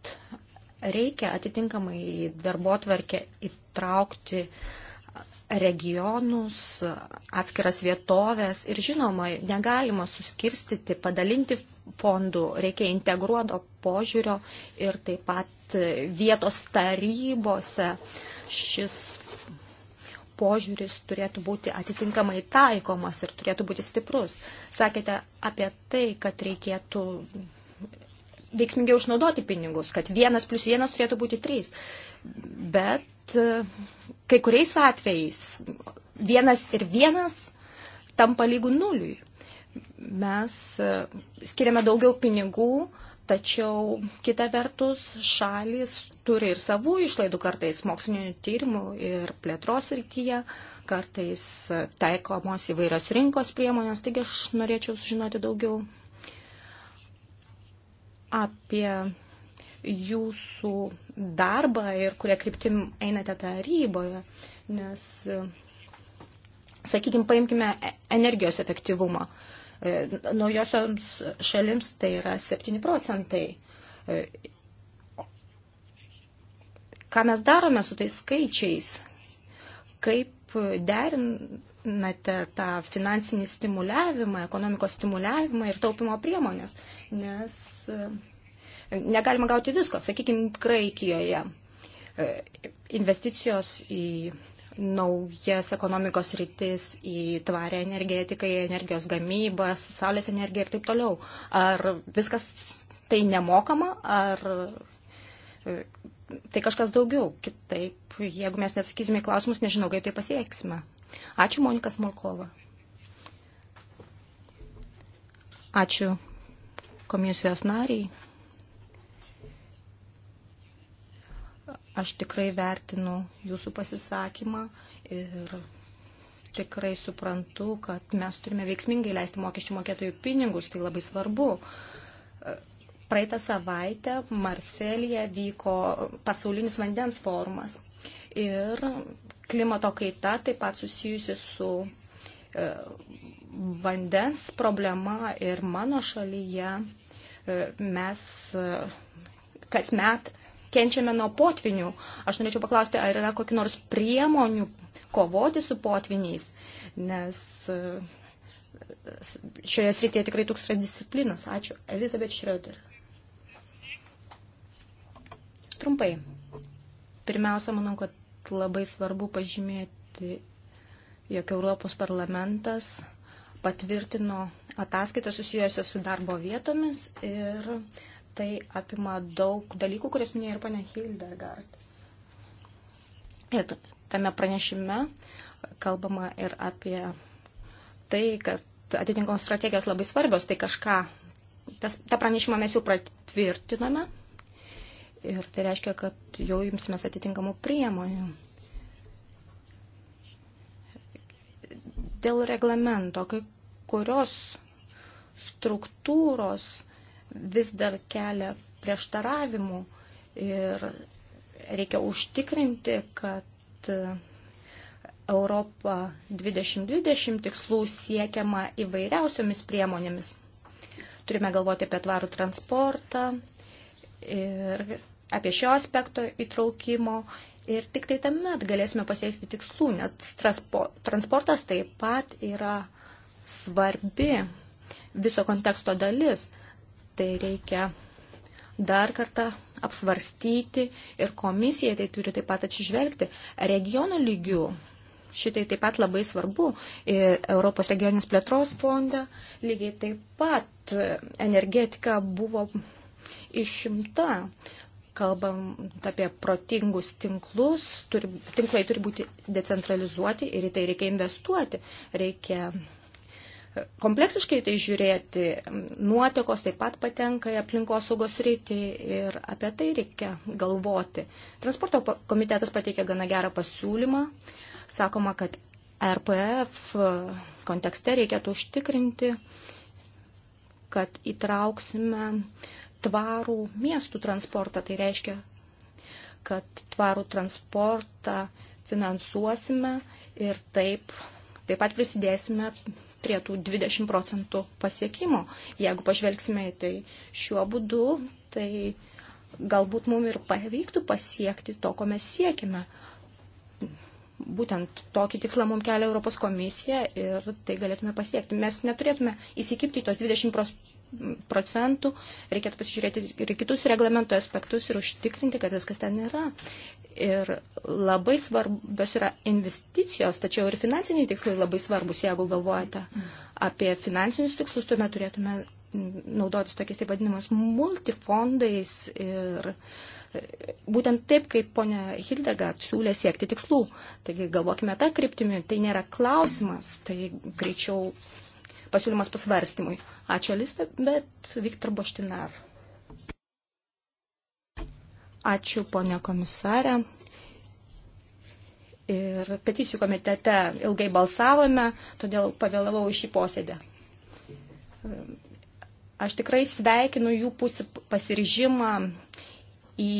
Reikia atitinkamai į darbo tvarkę įtraukti regionus, atskiras vietovės ir žinoma, negalima suskirstyti, padalinti fondų, reikia integruoto požiūrio ir taip pat vietos tarybose šis požiūris turėtų būti atitinkamai taikomas ir turėtų būti stiprus. Sakėte apie tai, kad reikėtų veiksmingiau išnaudoti pinigus, kad vienas plus vienas turėtų būti trys. Bet e, kai kuriais atvejais vienas ir vienas tampa lygų nuliui. Mes e, skiriame daugiau pinigų, tačiau kita vertus šalis turi ir savų išlaidų kartais mokslinio tyrimų ir plėtros rytyje, kartais taikomos įvairios rinkos priemonės, taigi aš norėčiau sužinoti daugiau apie jūsų darbą ir kurie kryptim einate taryboje, nes, sakykime, paimkime e- energijos efektyvumą. E, naujosioms šalims tai yra 7 procentai. E, ką mes darome su tais skaičiais? Kaip derin, vertinate tą finansinį stimuliavimą, ekonomikos stimuliavimą ir taupimo priemonės? Nes e, negalima gauti visko. Sakykime, Graikijoje e, investicijos į naujas ekonomikos rytis, į tvarę energetiką, į energijos gamybą, saulės energiją ir taip toliau. Ar viskas tai nemokama, ar e, tai kažkas daugiau? Kitaip, jeigu mes neatsakysime į klausimus, nežinau, kaip tai pasieksime. Ačiū, Monika Smolkova. Ačiū komisijos nariai. Aš tikrai vertinu jūsų pasisakymą ir tikrai suprantu, kad mes turime veiksmingai leisti mokesčių mokėtojų pinigus, tai labai svarbu. Praeitą savaitę Marselėje vyko pasaulinis vandens forumas ir klimato kaita taip pat susijusi su e, vandens problema ir mano šalyje e, mes e, kasmet kenčiame nuo potvinių. Aš norėčiau paklausti, ar yra kokiu nors priemonių kovoti su potviniais, nes e, šioje srityje tikrai tūksta disciplinas. Ačiū. Elizabeth Schroeder. Trumpai. Pirmiausia, manau, kad pat labai svarbu pažymėti, jog Europos parlamentas patvirtino ataskaitą susijusią su darbo vietomis ir tai apima daug dalykų, kurias minėjo ir pane Hildegard. Ir tame pranešime kalbama ir apie tai, kad atitinkamos strategijos labai svarbios, tai kažką tas, tą pranešimą mes jau pratvirtinome Ir tai reiškia, kad jau imsimės atitinkamų priemonių. Dėl reglamento, kai kurios struktūros vis dar kelia prieštaravimų ir reikia užtikrinti, kad Europą 2020 tikslų siekiama įvairiausiomis priemonėmis. Turime galvoti apie tvarų transportą ir apie šio aspekto įtraukimo ir tik tai tamet galėsime pasiekti tikslų, nes transportas taip pat yra svarbi viso konteksto dalis. Tai reikia dar kartą apsvarstyti ir komisija tai turi taip pat atsižvelgti. Regionų lygių šitai taip pat labai svarbu. Ir Europos regioninės plėtros fonde lygiai taip pat energetika buvo išimta kalbant apie protingus tinklus, turi, tinklai turi būti decentralizuoti ir į tai reikia investuoti. Reikia e, kompleksiškai tai žiūrėti. Nuotekos taip pat patenka į aplinkosaugos rytį ir apie tai reikia galvoti. Transporto komitetas pateikė gana gerą pasiūlymą. Sakoma, kad RPF e, kontekste reikėtų užtikrinti, kad įtrauksime uh, tvarų miestų transportą. Tai reiškia, kad tvarų transportą finansuosime ir taip, taip pat prisidėsime prie tų 20 procentų pasiekimo. Jeigu pažvelgsime į tai šiuo būdu, tai galbūt mums ir pavyktų pasiekti to, ko mes siekime. Būtent tokį tikslą mums kelia Europos komisija ir tai galėtume pasiekti. Mes neturėtume įsikipti į tos 20 procentų, reikėtų pasižiūrėti ir kitus reglamento aspektus ir užtikrinti, kad viskas ten yra. Ir labai svarbios yra investicijos, tačiau ir finansiniai tikslai labai svarbus, jeigu galvojate apie finansinius tikslus, tuomet turėtume naudotis tokiais taip vadinamas multifondais ir e, būtent taip, kaip ponia Hildega siūlė siekti tikslų. Taigi galvokime tą kryptimį, tai nėra klausimas, tai greičiau pasiūlymas pasvarstymui. Ačiū, Elista, bet Viktor Boštinar. Ačiū, ponia komisarė. Ir peticijų komitete ilgai balsavome, todėl pavėlavau į šį posėdį. Aš tikrai sveikinu jų pusį pasiryžimą į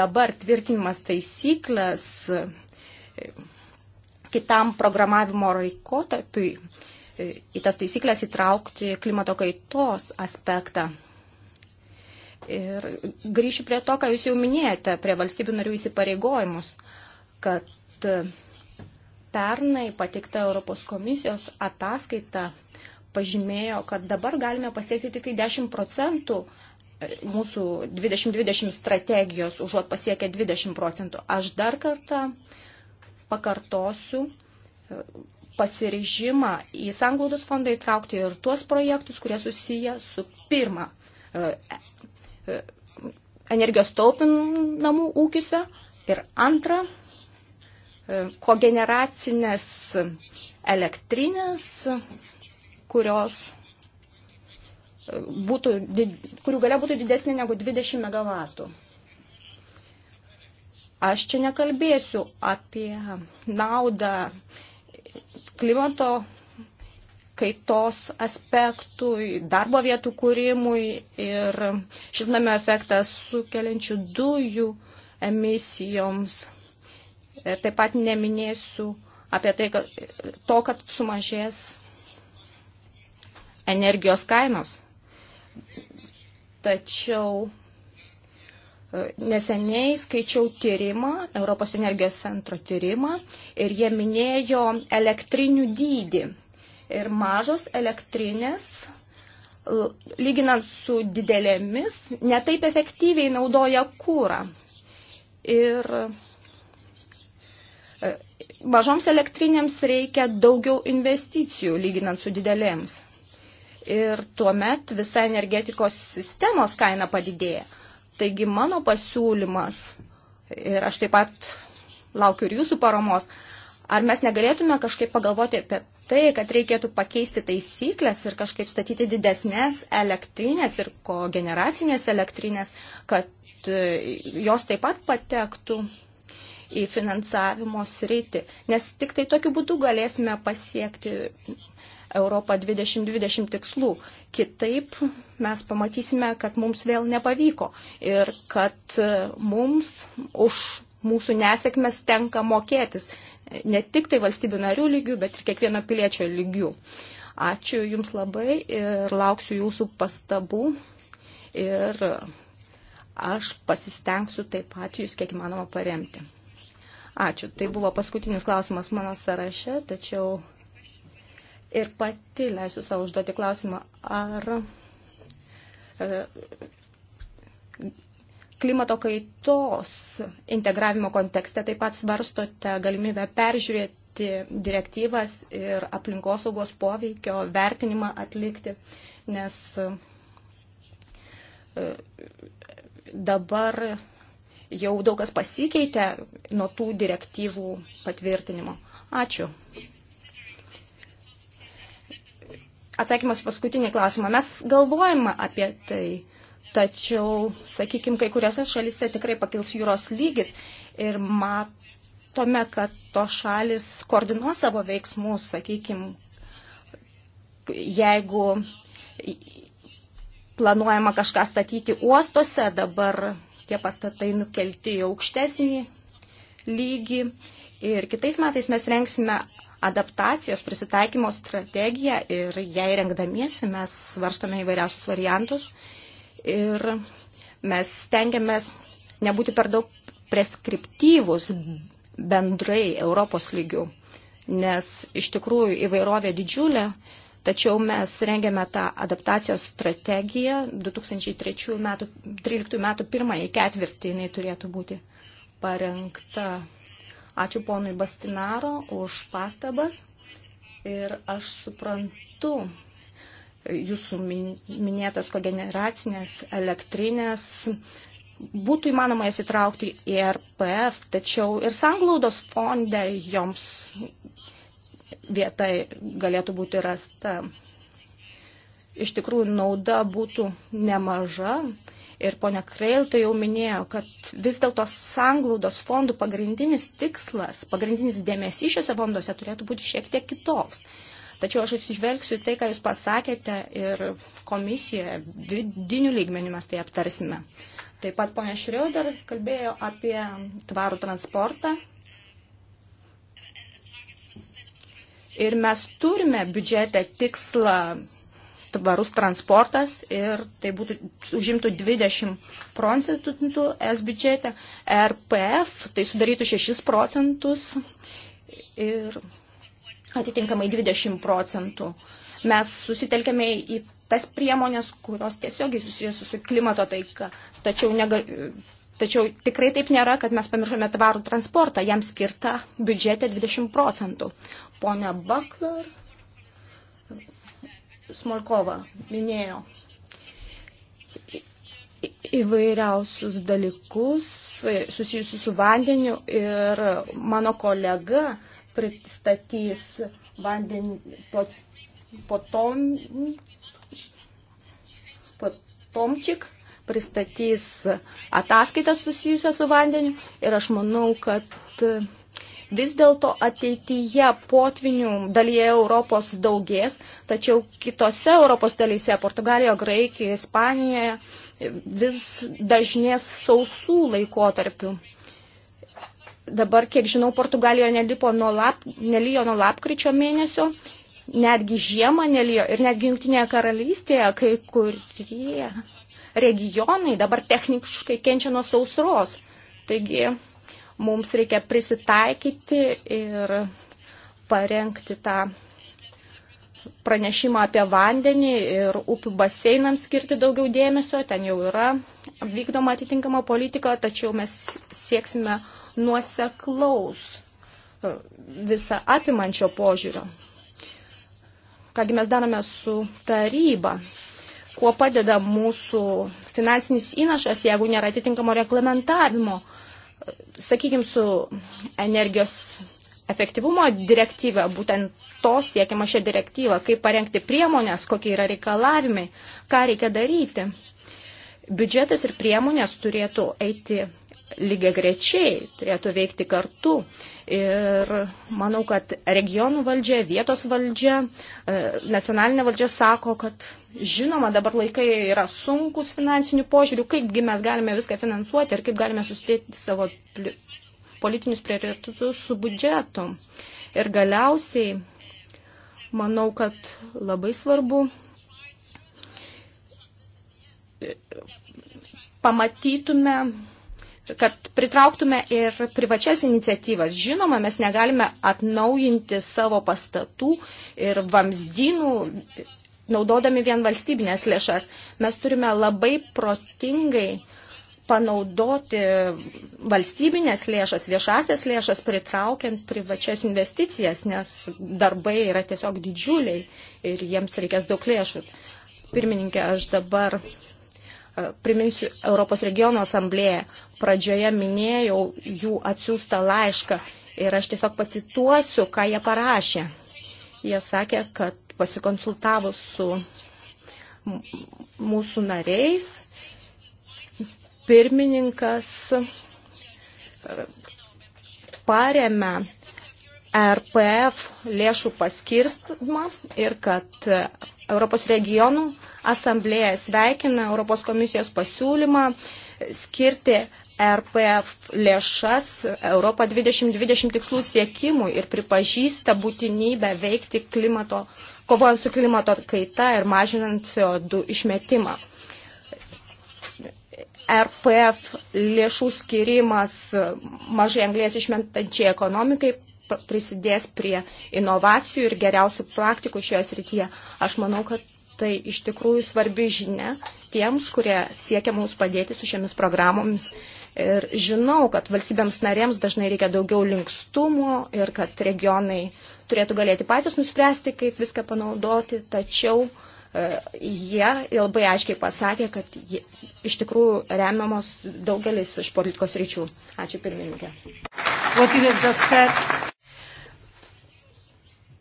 dabar tvirtinimas taisyklės kitam programavimo laikotarpiui. Tai į tas taisyklės įtraukti klimato kaitos aspektą. Ir grįšiu prie to, ką jūs jau minėjote, prie valstybių narių įsipareigojimus, kad e, pernai patikta Europos komisijos ataskaita pažymėjo, kad dabar galime pasiekti tik tai 10 procentų e, mūsų 2020 strategijos, užuot pasiekę 20 procentų. Aš dar kartą pakartosiu, e, pasiryžimą į sanglaudos fondą įtraukti ir tuos projektus, kurie susiję su pirma e, e, energijos taupinamų ūkiuose ir antra e, kogeneracinės elektrinės, kurios būtų, kurių galia būtų didesnė negu 20 MW. Aš čia nekalbėsiu apie naudą klimato kaitos aspektui, darbo vietų kūrimui ir šiltnamio efektą sukeliančių dujų emisijoms. Ir taip pat neminėsiu apie tai, kad to, kad sumažės energijos kainos. Tačiau Neseniai skaičiau tyrimą, Europos energijos centro tyrimą, ir jie minėjo elektrinių dydį. Ir mažos elektrinės, lyginant su didelėmis, netaip efektyviai naudoja kūrą. Ir e, mažoms elektrinėms reikia daugiau investicijų, lyginant su didelėms. Ir tuomet visa energetikos sistemos kaina padidėja. Taigi mano pasiūlymas, ir aš taip pat laukiu ir jūsų paramos, ar mes negalėtume kažkaip pagalvoti apie tai, kad reikėtų pakeisti taisyklės ir kažkaip statyti didesnės elektrinės ir kogeneracinės elektrinės, kad e, jos taip pat patektų į finansavimo sritį, nes tik tai tokiu būdu galėsime pasiekti Europą 2020 tikslų. Kitaip mes pamatysime, kad mums vėl nepavyko ir kad e, mums už mūsų nesėkmes tenka mokėtis ne tik tai valstybių narių lygių, bet ir kiekvieno piliečio lygių. Ačiū Jums labai ir lauksiu Jūsų pastabų ir aš pasistengsiu taip pat Jūs kiek įmanoma paremti. Ačiū. Tai buvo paskutinis klausimas mano sąraše, tačiau ir pati leisiu savo užduoti klausimą, ar e, klimato kaitos integravimo kontekste taip pat svarstote galimybę peržiūrėti direktyvas ir aplinkosaugos poveikio vertinimą atlikti, nes e, dabar jau daug kas pasikeitė nuo tų direktyvų patvirtinimo. Ačiū atsakymas paskutinį klausimą. Mes galvojame apie tai, tačiau, sakykime, kai kuriuose šalise tikrai pakils jūros lygis ir matome, kad to šalis koordinuos savo veiksmus, sakykime, jeigu planuojama kažką statyti uostuose, dabar tie pastatai nukelti į aukštesnį lygį. Ir kitais metais mes rengsime adaptacijos prisitaikymo strategiją ir jai rengdamiesi mes svarstome įvairiausius variantus ir mes stengiamės nebūti per daug preskriptyvus bendrai Europos lygių, nes iš tikrųjų įvairovė didžiulė, tačiau mes rengiame tą adaptacijos strategiją 2013 metų, metų pirmąjį ketvirtį jinai turėtų būti parengta Ačiū ponui Bastinaro už pastabas ir aš suprantu jūsų minėtas kogeneracinės elektrinės būtų įmanoma jas įtraukti į RPF, tačiau ir sanglaudos fonde joms vieta galėtų būti rasta. Iš tikrųjų, nauda būtų nemaža Ir ponia Kreil tai jau minėjo, kad vis dėlto sanglaudos fondų pagrindinis tikslas, pagrindinis dėmesys šiuose fonduose turėtų būti šiek tiek kitoks. Tačiau aš atsižvelgsiu tai, ką Jūs pasakėte ir komisijoje, vidinių lygmenių mes tai aptarsime. Taip pat ponia Šrioder kalbėjo apie tvarų transportą. Ir mes turime biudžete tikslą tvarus transportas ir tai būtų, užimtų 20 procentų S biudžete, RPF tai sudarytų 6 procentus ir atitinkamai 20 procentų. Mes susitelkėme į tas priemonės, kurios tiesiogiai susijęs su klimato taika, tačiau, negal, tačiau tikrai taip nėra, kad mes pamiršome tvarų transportą, jam skirta biudžete 20 procentų. Pone Bakler, Smolkova minėjo įvairiausius dalykus susijusius su vandeniu ir mano kolega pristatys vandenį po, po tom, po tomčik pristatys ataskaitas susijusią su vandeniu ir aš manau, kad Vis dėlto ateityje potvinių dalyje Europos daugės, tačiau kitose Europos dalyse - Portugalijoje, Graikijoje, Ispanijoje - vis dažnės sausų laikotarpių. Dabar, kiek žinau, Portugalijoje nelijo nuo, lap, nelijo nuo lapkričio mėnesio, netgi žiemą nelijo ir netgi Junktinėje karalystėje kai kurie regionai dabar techniškai kenčia nuo sausros. Taigi Mums reikia prisitaikyti ir parengti tą pranešimą apie vandenį ir upių baseinams skirti daugiau dėmesio. Ten jau yra vykdoma atitinkama politika, tačiau mes sieksime nuoseklaus e, visą apimančio požiūrio. Kągi mes darome su taryba, kuo padeda mūsų finansinis įnašas, jeigu nėra atitinkamo reglamentavimo. Uh, sakykime, su energijos efektyvumo direktyva, būtent to siekiama šią direktyvą, kaip parengti priemonės, kokie yra reikalavimai, ką reikia daryti. Biudžetas ir priemonės turėtų eiti lygiai grečiai, turėtų veikti kartu. Ir manau, kad regionų valdžia, vietos valdžia, e, nacionalinė valdžia sako, kad žinoma, dabar laikai yra sunkus finansinių požiūrių, kaipgi mes galime viską finansuoti ir kaip galime susidėti savo politinius prioritetus su biudžetu. Ir galiausiai, manau, kad labai svarbu e, pamatytume kad pritrauktume ir privačias iniciatyvas. Žinoma, mes negalime atnaujinti savo pastatų ir vamzdynų, naudodami vien valstybinės lėšas. Mes turime labai protingai panaudoti valstybinės lėšas, viešasias lėšas, pritraukiant privačias investicijas, nes darbai yra tiesiog didžiuliai ir jiems reikės daug lėšų. Pirmininkė, aš dabar E, priminsiu, Europos regiono asamblėje pradžioje minėjau jų atsiųstą laišką ir aš tiesiog pacituosiu, ką jie parašė. Jie sakė, kad pasikonsultavus su mūsų nariais, pirmininkas e, paremia RPF lėšų paskirstimą ir kad Europos regionų asamblėje sveikina Europos komisijos pasiūlymą skirti RPF lėšas Europą 2020 tikslų siekimui ir pripažįsta būtinybę veikti klimato, kovojant su klimato kaita ir mažinant CO2 išmetimą. RPF lėšų skirimas mažai anglės išmentančiai ekonomikai prisidės prie inovacijų ir geriausių praktikų šioje srityje. Aš manau, kad tai iš tikrųjų svarbi žinia tiems, kurie siekia mums padėti su šiomis programomis. Ir žinau, kad valstybėms narėms dažnai reikia daugiau linkstumo ir kad regionai turėtų galėti patys nuspręsti, kaip viską panaudoti, tačiau e, jie labai aiškiai pasakė, kad jie, iš tikrųjų remiamos daugelis iš politikos ryčių. Ačiū pirmininkė. What you have just said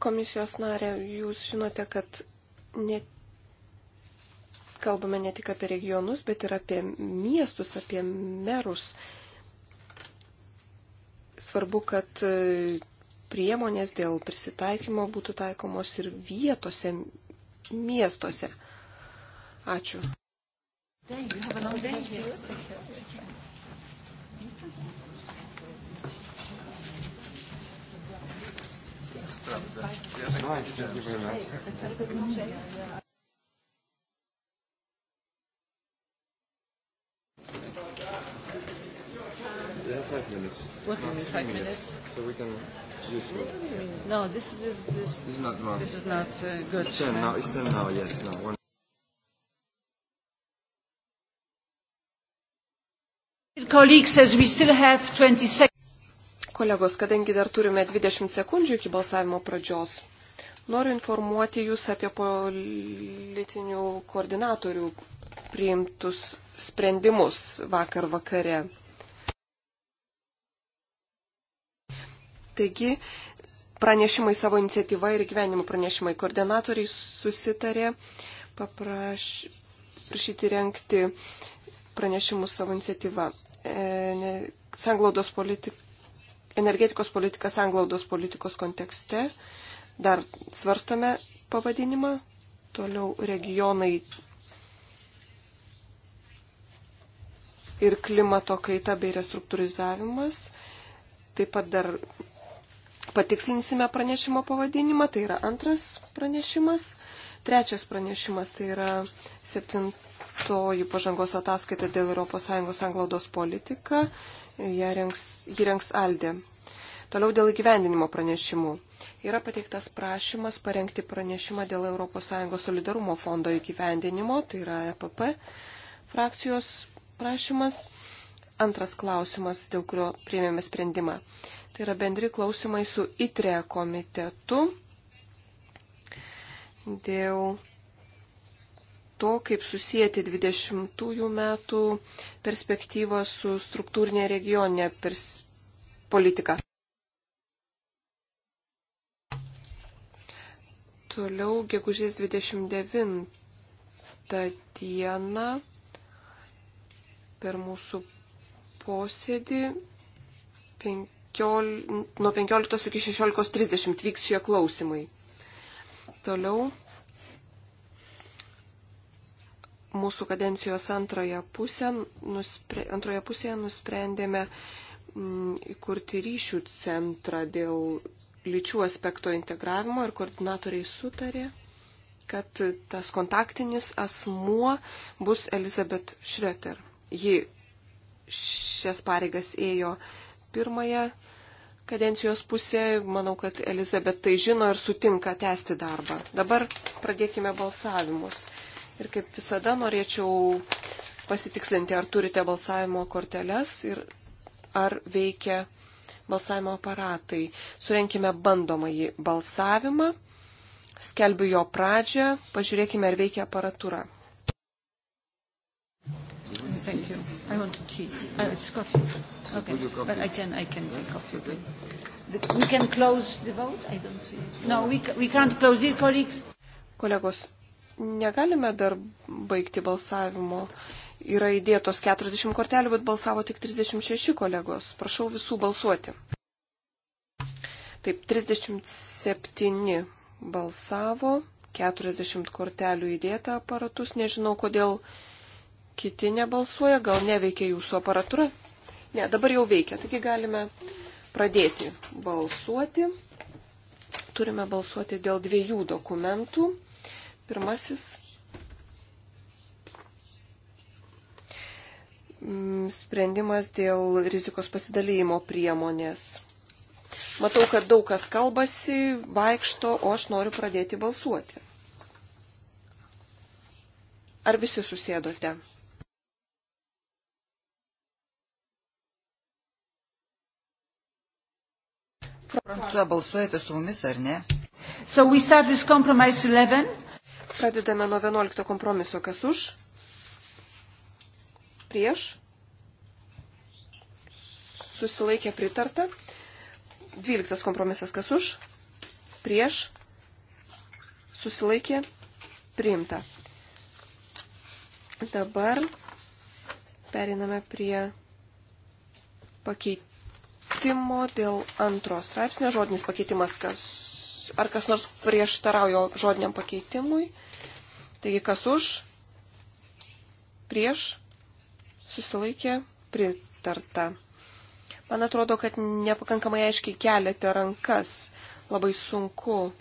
Komisijos narė, jūs žinote, kad ne, kalbame ne tik apie regionus, bet ir apie miestus, apie merus. Svarbu, kad e, priemonės dėl prisitaikymo būtų taikomos ir vietose, miestuose. Ačiū. Day, you have a long day here. Thank you. Thank you. Nice, thank you very much. They have five minutes. What no, minutes? Five minutes. minutes. So we can use it. No, this is this. This is not long. This is not uh, good. It's ten now. It's ten now. Yes, now. One. Colleagues, as we still have 20 seconds. Kolegos, kadangi dar turime 20 sekundžių iki balsavimo pradžios, noriu informuoti Jūs apie politinių koordinatorių priimtus sprendimus vakar vakare. Taigi, pranešimai savo iniciatyva ir gyvenimo pranešimai koordinatoriai susitarė paprašyti renkti pranešimus savo iniciatyvą. E, ne, sanglaudos politika energetikos politiką sanglaudos politikos kontekste. Dar svarstome pavadinimą. Toliau regionai ir klimato kaita bei restruktūrizavimas. Taip pat dar patikslinsime pranešimo pavadinimą, tai yra antras pranešimas. Trečias pranešimas tai yra septintoji pažangos ataskaita dėl ES anglaudos politika jį rengs, jį rengs Aldė. Toliau dėl įgyvendinimo pranešimų. Yra pateiktas prašymas parengti pranešimą dėl ES solidarumo fondo įgyvendinimo, tai yra EPP frakcijos prašymas. Antras klausimas, dėl kurio priėmėme sprendimą. Tai yra bendri klausimai su ITRE komitetu dėl to, kaip susijęti 20 metų perspektyvą su struktūrinė regioninė pers politika. Toliau, gegužės 29 dieną per mūsų posėdį penkiol, nuo 15 iki 16.30 vyks šie klausimai. Toliau mūsų kadencijos antroje, pusė, nuspre, antroje pusėje nusprendėme mm, įkurti ryšių centrą dėl lyčių aspekto integravimo ir koordinatoriai sutarė, kad tas kontaktinis asmuo bus Elizabeth Schroeter. Ji šias pareigas ėjo pirmąją kadencijos pusėje. Manau, kad Elizabeth tai žino ir sutinka tęsti darbą. Dabar pradėkime balsavimus. Ir kaip visada norėčiau pasitikslinti, ar turite balsavimo korteles ir ar veikia balsavimo aparatai. Surenkime bandomąjį balsavimą, skelbiu jo pradžią, pažiūrėkime, ar veikia aparatūra. Thank you. I want to tea. Oh, uh, it's coffee. Okay. Coffee? But I can, I can take coffee. Okay. The, we can close the vote? I don't see. It. No, we, we can't close it, colleagues. Kolegos, negalime dar baigti balsavimo. Yra įdėtos 40 kortelių, bet balsavo tik 36 kolegos. Prašau visų balsuoti. Taip, 37 balsavo, 40 kortelių įdėta aparatus. Nežinau, kodėl kiti nebalsuoja, gal neveikia jūsų aparatūra. Ne, dabar jau veikia, taigi galime pradėti balsuoti. Turime balsuoti dėl dviejų dokumentų. Pirmasis mm, sprendimas dėl rizikos pasidalymo priemonės. Matau, kad daug kas kalbasi, vaikšto, o aš noriu pradėti balsuoti. Ar visi susėdote? Prancūzija balsuojate su mumis ar ne? So we start with compromise 11. Pradedame nuo 11 kompromiso. Kas už? Prieš? Susilaikė pritarta. 12 kompromisas. Kas už? Prieš? Susilaikė priimta. Dabar periname prie pakeitimo dėl antros straipsnio. Žodinis pakeitimas. Kas ar kas nors prieštaraujo žodiniam pakeitimui. Taigi kas už, prieš, susilaikė, pritarta. Man atrodo, kad nepakankamai aiškiai keliate rankas. Labai sunku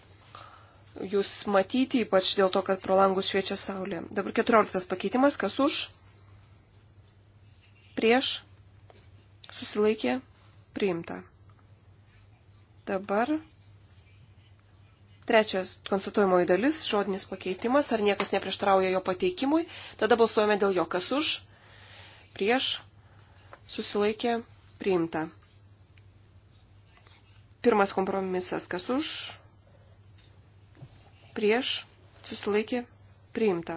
jūs matyti, ypač dėl to, kad pro langus šviečia saulė. Dabar 14 pakeitimas, kas už, prieš, susilaikė, priimta. Dabar Trečias konstatuojamoji dalis - žodinis pakeitimas, ar niekas neprieštrauja jo pateikimui. Tada balsuojame dėl jo, kas už, prieš, susilaikė, priimta. Pirmas kompromisas, kas už, prieš, susilaikė, priimta.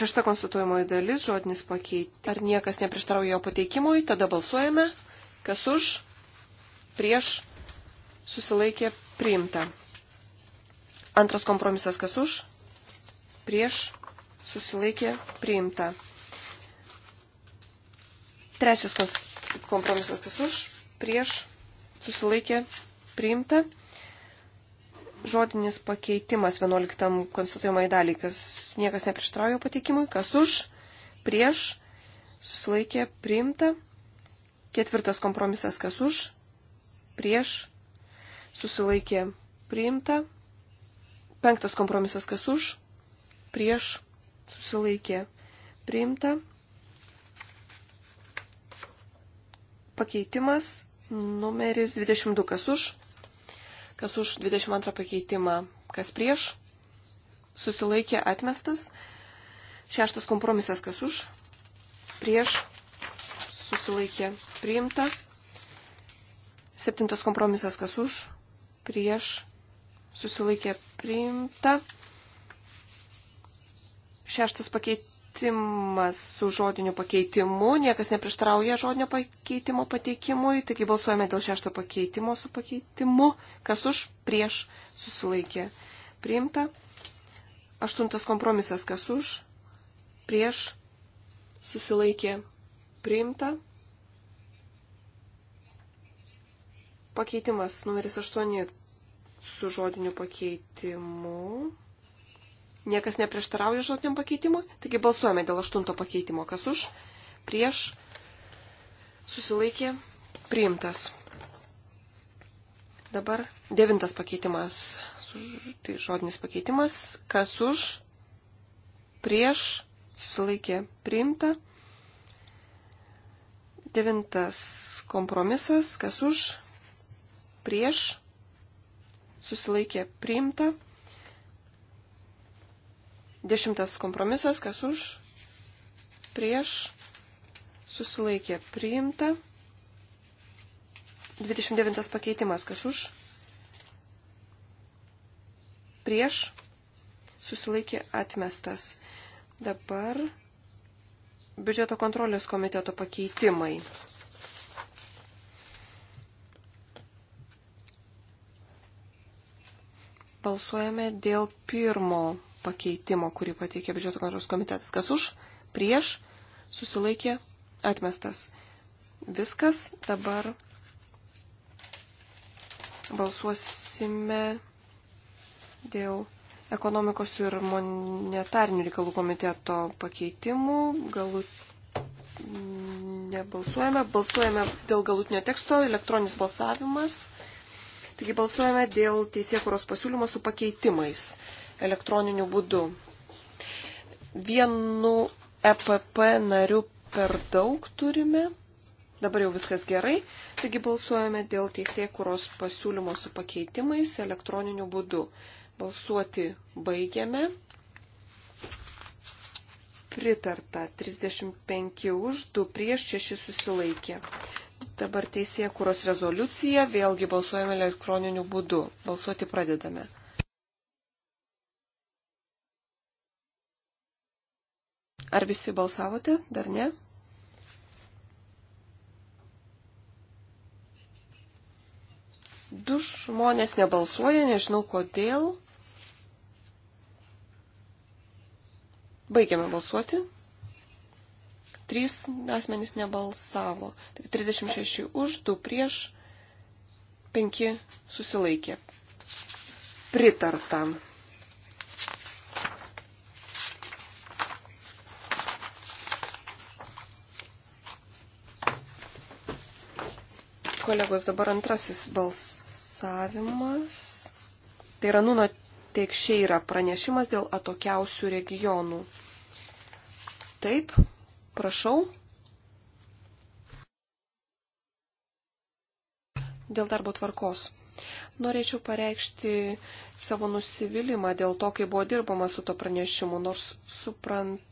Šešta konstatuojamoji dalis - žodinis pakeitimas. Ar niekas neprieštrauja jo pateikimui, tada balsuojame, kas už, prieš, susilaikė priimta. Antras kompromisas kas už, prieš, susilaikė priimta. Trečias kompromisas kas už, prieš, susilaikė priimta. Žodinis pakeitimas 11 konstatuojamai daliai, kas niekas neprieštraujo pateikimui, kas už, prieš, susilaikė priimta. Ketvirtas kompromisas kas už, prieš, susilaikė priimta. Penktas kompromisas kas už, prieš susilaikė priimta. Pakeitimas numeris 22 kas už, kas už 22 pakeitimą, kas prieš susilaikė atmestas. Šeštas kompromisas kas už, prieš susilaikė priimta. Septintas kompromisas kas už, prieš susilaikė priimta. Šeštas pakeitimas su žodiniu pakeitimu. Niekas neprieštrauja žodinio pakeitimo pateikimui. Taigi balsuojame dėl šešto pakeitimo su pakeitimu. Kas už prieš susilaikė priimta. Aštuntas kompromisas. Kas už prieš susilaikė priimta. Pakeitimas numeris 8 su žodiniu pakeitimu. Niekas neprieštarauja žodiniam pakeitimui. Taigi balsuojame dėl aštunto pakeitimo. Kas už? Prieš. Susilaikė. Priimtas. Dabar devintas pakeitimas. Tai žodinis pakeitimas. Kas už? Prieš. Susilaikė. Priimta. Devintas kompromisas. Kas už? Prieš susilaikė priimta. Dešimtas kompromisas, kas už, prieš, susilaikė priimta. 29 pakeitimas, kas už, prieš, susilaikė atmestas. Dabar biudžeto kontrolės komiteto pakeitimai. balsuojame dėl pirmo pakeitimo, kurį pateikė biudžeto kontrolės komitetas. Kas už, prieš, susilaikė, atmestas. Viskas dabar balsuosime dėl ekonomikos ir monetarinių reikalų komiteto pakeitimų. Galut... Nebalsuojame, balsuojame dėl galutinio teksto, elektroninis balsavimas. Taigi balsuojame dėl teisėkuros pasiūlymo su pakeitimais elektroniniu būdu. Vienu EPP nariu per daug turime. Dabar jau viskas gerai. Taigi balsuojame dėl teisėkuros pasiūlymo su pakeitimais elektroniniu būdu. Balsuoti baigiame. Pritarta 35 už, 2 prieš, 6 susilaikė. Dabar teisė kūros rezoliucija, vėlgi balsuojame elektroniniu būdu. Balsuoti pradedame. Ar visi balsavote? Dar ne? Du žmonės nebalsuoja, nežinau kodėl. Baigiame balsuoti. Trys asmenys nebalsavo. Tai 36 už, 2 prieš, 5 susilaikė. Pritartam. kolegos, dabar antrasis balsavimas. Tai yra Nuno Tekšė yra pranešimas dėl atokiausių regionų. Taip, Prašau. Dėl darbo tvarkos. Norėčiau pareikšti savo nusivylimą dėl to, kai buvo dirbama su to pranešimu, nors suprantu,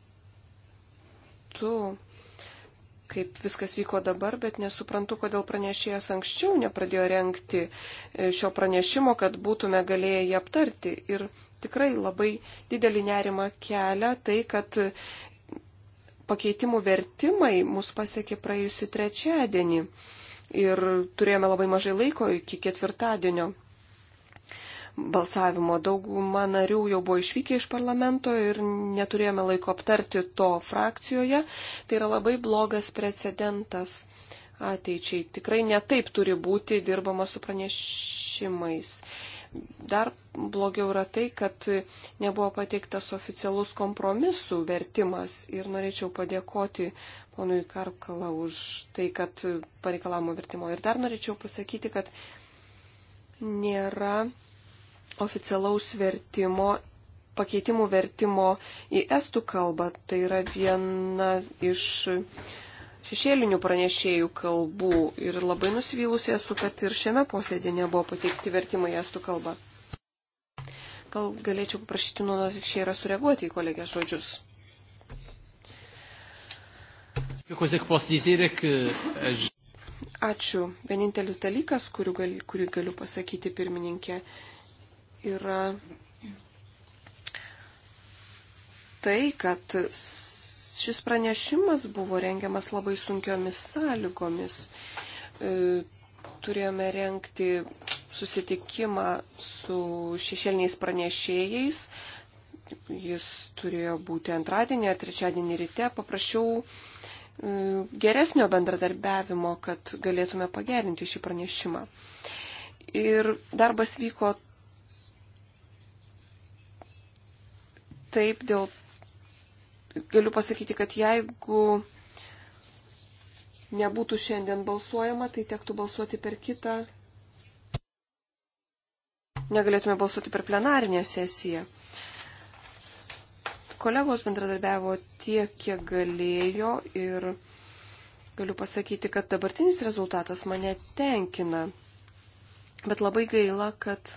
kaip viskas vyko dabar, bet nesuprantu, kodėl pranešėjas anksčiau nepradėjo renkti e, šio pranešimo, kad būtume galėję jį aptarti. Ir tikrai labai didelį nerimą kelia tai, kad pakeitimų vertimai mus pasiekė praėjusį trečiadienį ir turėjome labai mažai laiko iki ketvirtadienio balsavimo. Dauguma narių jau buvo išvykę iš parlamento ir neturėjome laiko aptarti to frakcijoje. Tai yra labai blogas precedentas ateičiai. Tikrai netaip turi būti dirbama su pranešimais. Dar blogiau yra tai, kad nebuvo pateiktas oficialus kompromisų vertimas ir norėčiau padėkoti ponui Karkalą už tai, kad pareikalamo vertimo. Ir dar norėčiau pasakyti, kad nėra oficialaus vertimo, pakeitimų vertimo į estų kalbą. Tai yra viena iš šešėlinių pranešėjų kalbų ir labai nusivylusi esu, kad ir šiame posėdė nebuvo pateikti vertimai į estų kalbą. Gal galėčiau paprašyti nuo šiai yra sureaguoti į kolegės žodžius. Ačiū. Vienintelis dalykas, kurį, gal, kurį galiu pasakyti pirmininkė, yra tai, kad šis pranešimas buvo rengiamas labai sunkiomis sąlygomis. E, turėjome renkti susitikimą su šešėliniais pranešėjais. Jis turėjo būti antradienį ar trečiadienį ryte. Paprašiau e, geresnio bendradarbiavimo, kad galėtume pagerinti šį pranešimą. Ir darbas vyko taip dėl galiu pasakyti, kad jeigu nebūtų šiandien balsuojama, tai tektų balsuoti per kitą. Negalėtume balsuoti per plenarinę sesiją. Kolegos bendradarbiavo tiek, kiek galėjo ir galiu pasakyti, kad dabartinis rezultatas mane tenkina. Bet labai gaila, kad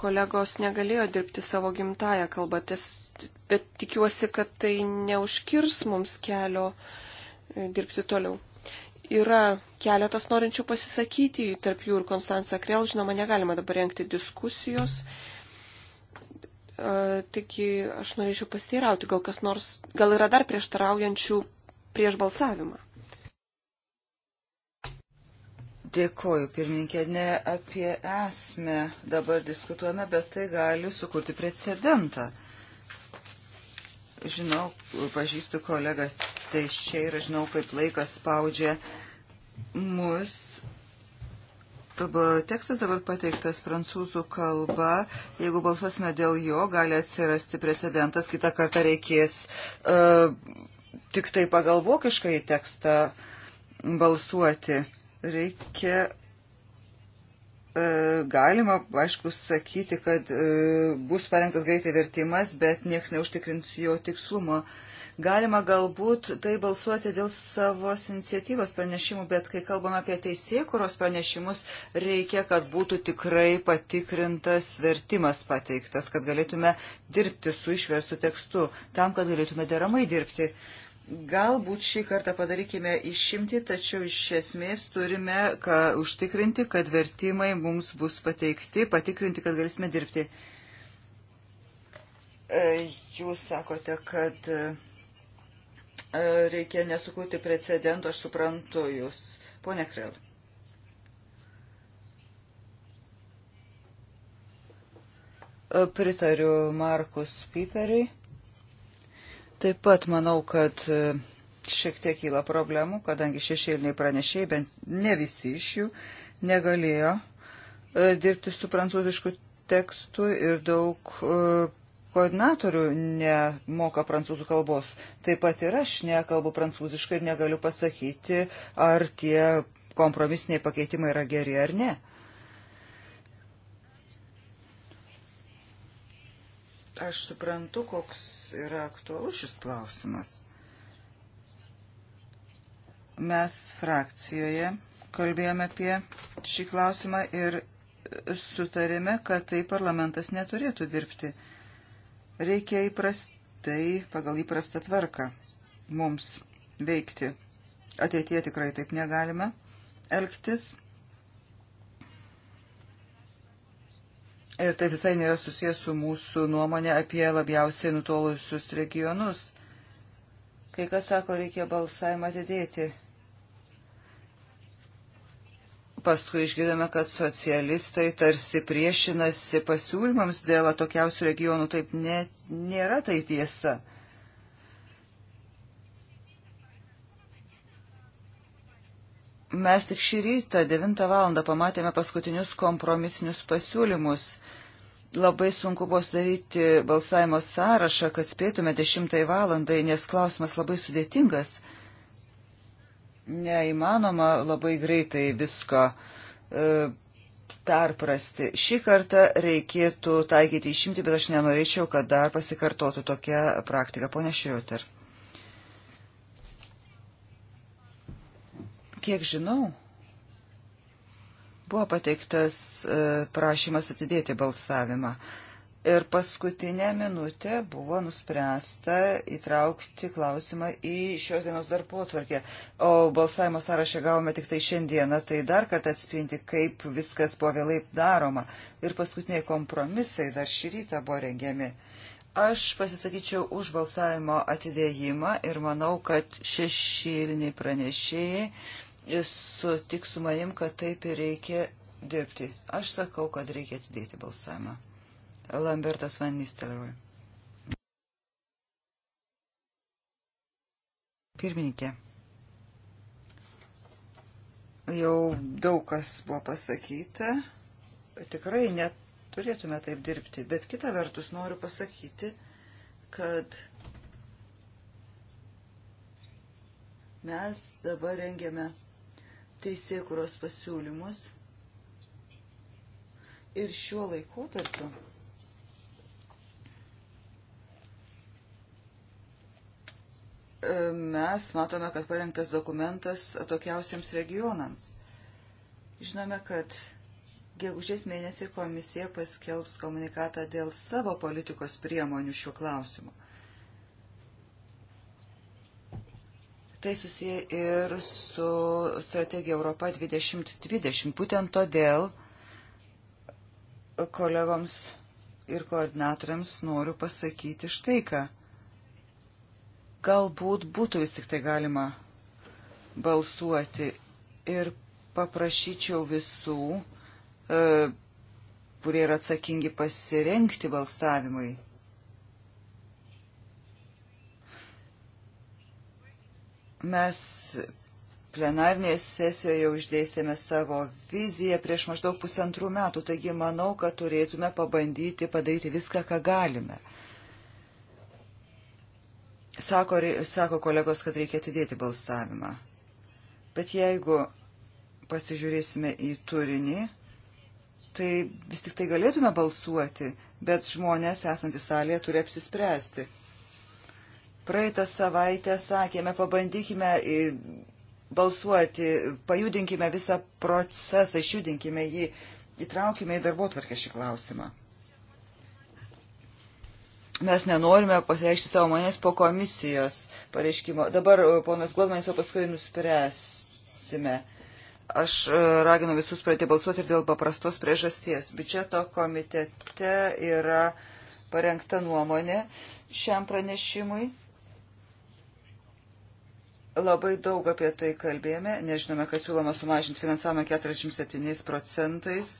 kolegos negalėjo dirbti savo gimtają kalbą. Ties bet tikiuosi, kad tai neužkirs mums kelio e, dirbti toliau. Yra keletas norinčių pasisakyti, tarp jų ir Konstanca Krell, žinoma, negalima dabar renkti diskusijos. E, taigi aš norėčiau pasteirauti, gal kas nors, gal yra dar prieštaraujančių prieš balsavimą. Dėkoju, pirmininkė, ne apie esmę dabar diskutuojame, bet tai gali sukurti precedentą. Uh, Žinau, pažįstu kolegą Teišė ir žinau, kaip laikas spaudžia mus. Tekstas dabar pateiktas prancūzų kalba. Jeigu balsuosime dėl jo, gali atsirasti precedentas. Kita kartą reikės uh, tik tai pagal vokiškai tekstą balsuoti. Reikia E, galima, aišku, sakyti, kad e, bus parengtas greitai vertimas, bet nieks neužtikrins jo tikslumo. Galima galbūt tai balsuoti dėl savos iniciatyvos pranešimų, bet kai kalbame apie teisėkuros pranešimus, reikia, kad būtų tikrai patikrintas vertimas pateiktas, kad galėtume dirbti su išverstu tekstu, tam, kad galėtume deramai dirbti. Uh, Galbūt šį kartą padarykime išimti, tačiau iš esmės turime ką, užtikrinti, kad vertimai mums bus pateikti, patikrinti, kad galėsime dirbti. E, jūs sakote, kad e, reikia nesukurti precedento, aš suprantu jūs. Pone Krel. E, pritariu Markus Piperiui. Taip pat manau, kad e, šiek tiek kyla problemų, kadangi šešėliniai pranešėjai, bent ne visi iš jų, negalėjo e, dirbti su prancūzišku tekstu ir daug e, koordinatorių nemoka prancūzų kalbos. Taip pat ir aš nekalbu prancūziškai ir negaliu pasakyti, ar tie kompromisiniai pakeitimai yra geri ar ne. Aš suprantu, koks yra aktualus šis klausimas. Mes frakcijoje kalbėjome apie šį klausimą ir sutarėme, kad tai parlamentas neturėtų dirbti. Reikia įprastai, pagal įprastą tvarką mums veikti. Ateitie tikrai taip negalime elgtis. Ir tai visai nėra susijęs su mūsų nuomonė apie labiausiai nutolusius regionus. Kai kas sako, reikia balsavimą atidėti. Paskui išgirdome, kad socialistai tarsi priešinasi pasiūlymams dėl atokiausių regionų. Taip ne, nėra tai tiesa. Mes tik šį rytą 9 val. pamatėme paskutinius kompromisinius pasiūlymus. Labai sunku buvo sudaryti balsavimo sąrašą, kad spėtume 10 val., nes klausimas labai sudėtingas. Neįmanoma labai greitai viską e, perprasti. Šį kartą reikėtų taikyti išimti, bet aš nenorėčiau, kad dar pasikartotų tokia praktika. Pone Šriuter. Kiek žinau, buvo pateiktas e, prašymas atidėti balsavimą. Ir paskutinę minutę buvo nuspręsta įtraukti klausimą į šios dienos darbo atvarkę. O balsavimo sąrašą gavome tik tai šiandieną, tai dar kartą atspinti, kaip viskas buvo vėlai daroma. Ir paskutiniai kompromisai dar šį rytą buvo rengiami. Aš pasisakyčiau už balsavimo atidėjimą ir manau, kad šešėliniai pranešėjai sutiks su manim, kad taip ir reikia dirbti. Aš sakau, kad reikia atidėti balsavimą. Lambertas Van Nistelrooy. Pirmininkė. Jau daug kas buvo pasakyta. Tikrai neturėtume taip dirbti. Bet kita vertus noriu pasakyti, kad mes dabar rengiame teisėkuros pasiūlymus. Ir šiuo laikotarpiu mes matome, kad parengtas dokumentas atokiausiams regionams. Žinome, kad gegužės mėnesį komisija paskelbs komunikatą dėl savo politikos priemonių šiuo klausimu. Tai susiję ir su strategija Europa 2020. Būtent todėl kolegoms ir koordinatoriams noriu pasakyti štai ką. Galbūt būtų vis tik tai galima balsuoti ir paprašyčiau visų, e, kurie yra atsakingi pasirenkti balsavimui. Mes plenarnėje sesijoje jau išdėstėme savo viziją prieš maždaug pusantrų metų, taigi manau, kad turėtume pabandyti padaryti viską, ką galime. Sako, sako kolegos, kad reikia atidėti balsavimą. Bet jeigu pasižiūrėsime į turinį, tai vis tik tai galėtume balsuoti, bet žmonės esantys salėje turi apsispręsti. Praeitą savaitę sakėme, pabandykime balsuoti, pajudinkime visą procesą, išjudinkime jį, įtraukime į darbo tvarkę šį klausimą. Mes nenorime pasireikšti savo manęs po komisijos pareiškimo. Dabar e, ponas Godmanis, o paskui nuspręsime aš e, raginu visus pradėti balsuoti ir dėl paprastos priežasties. Biudžeto komitete yra parengta nuomonė šiam pranešimui Labai daug apie tai kalbėjome, nežinome, kad siūloma sumažinti finansavimą 47 procentais.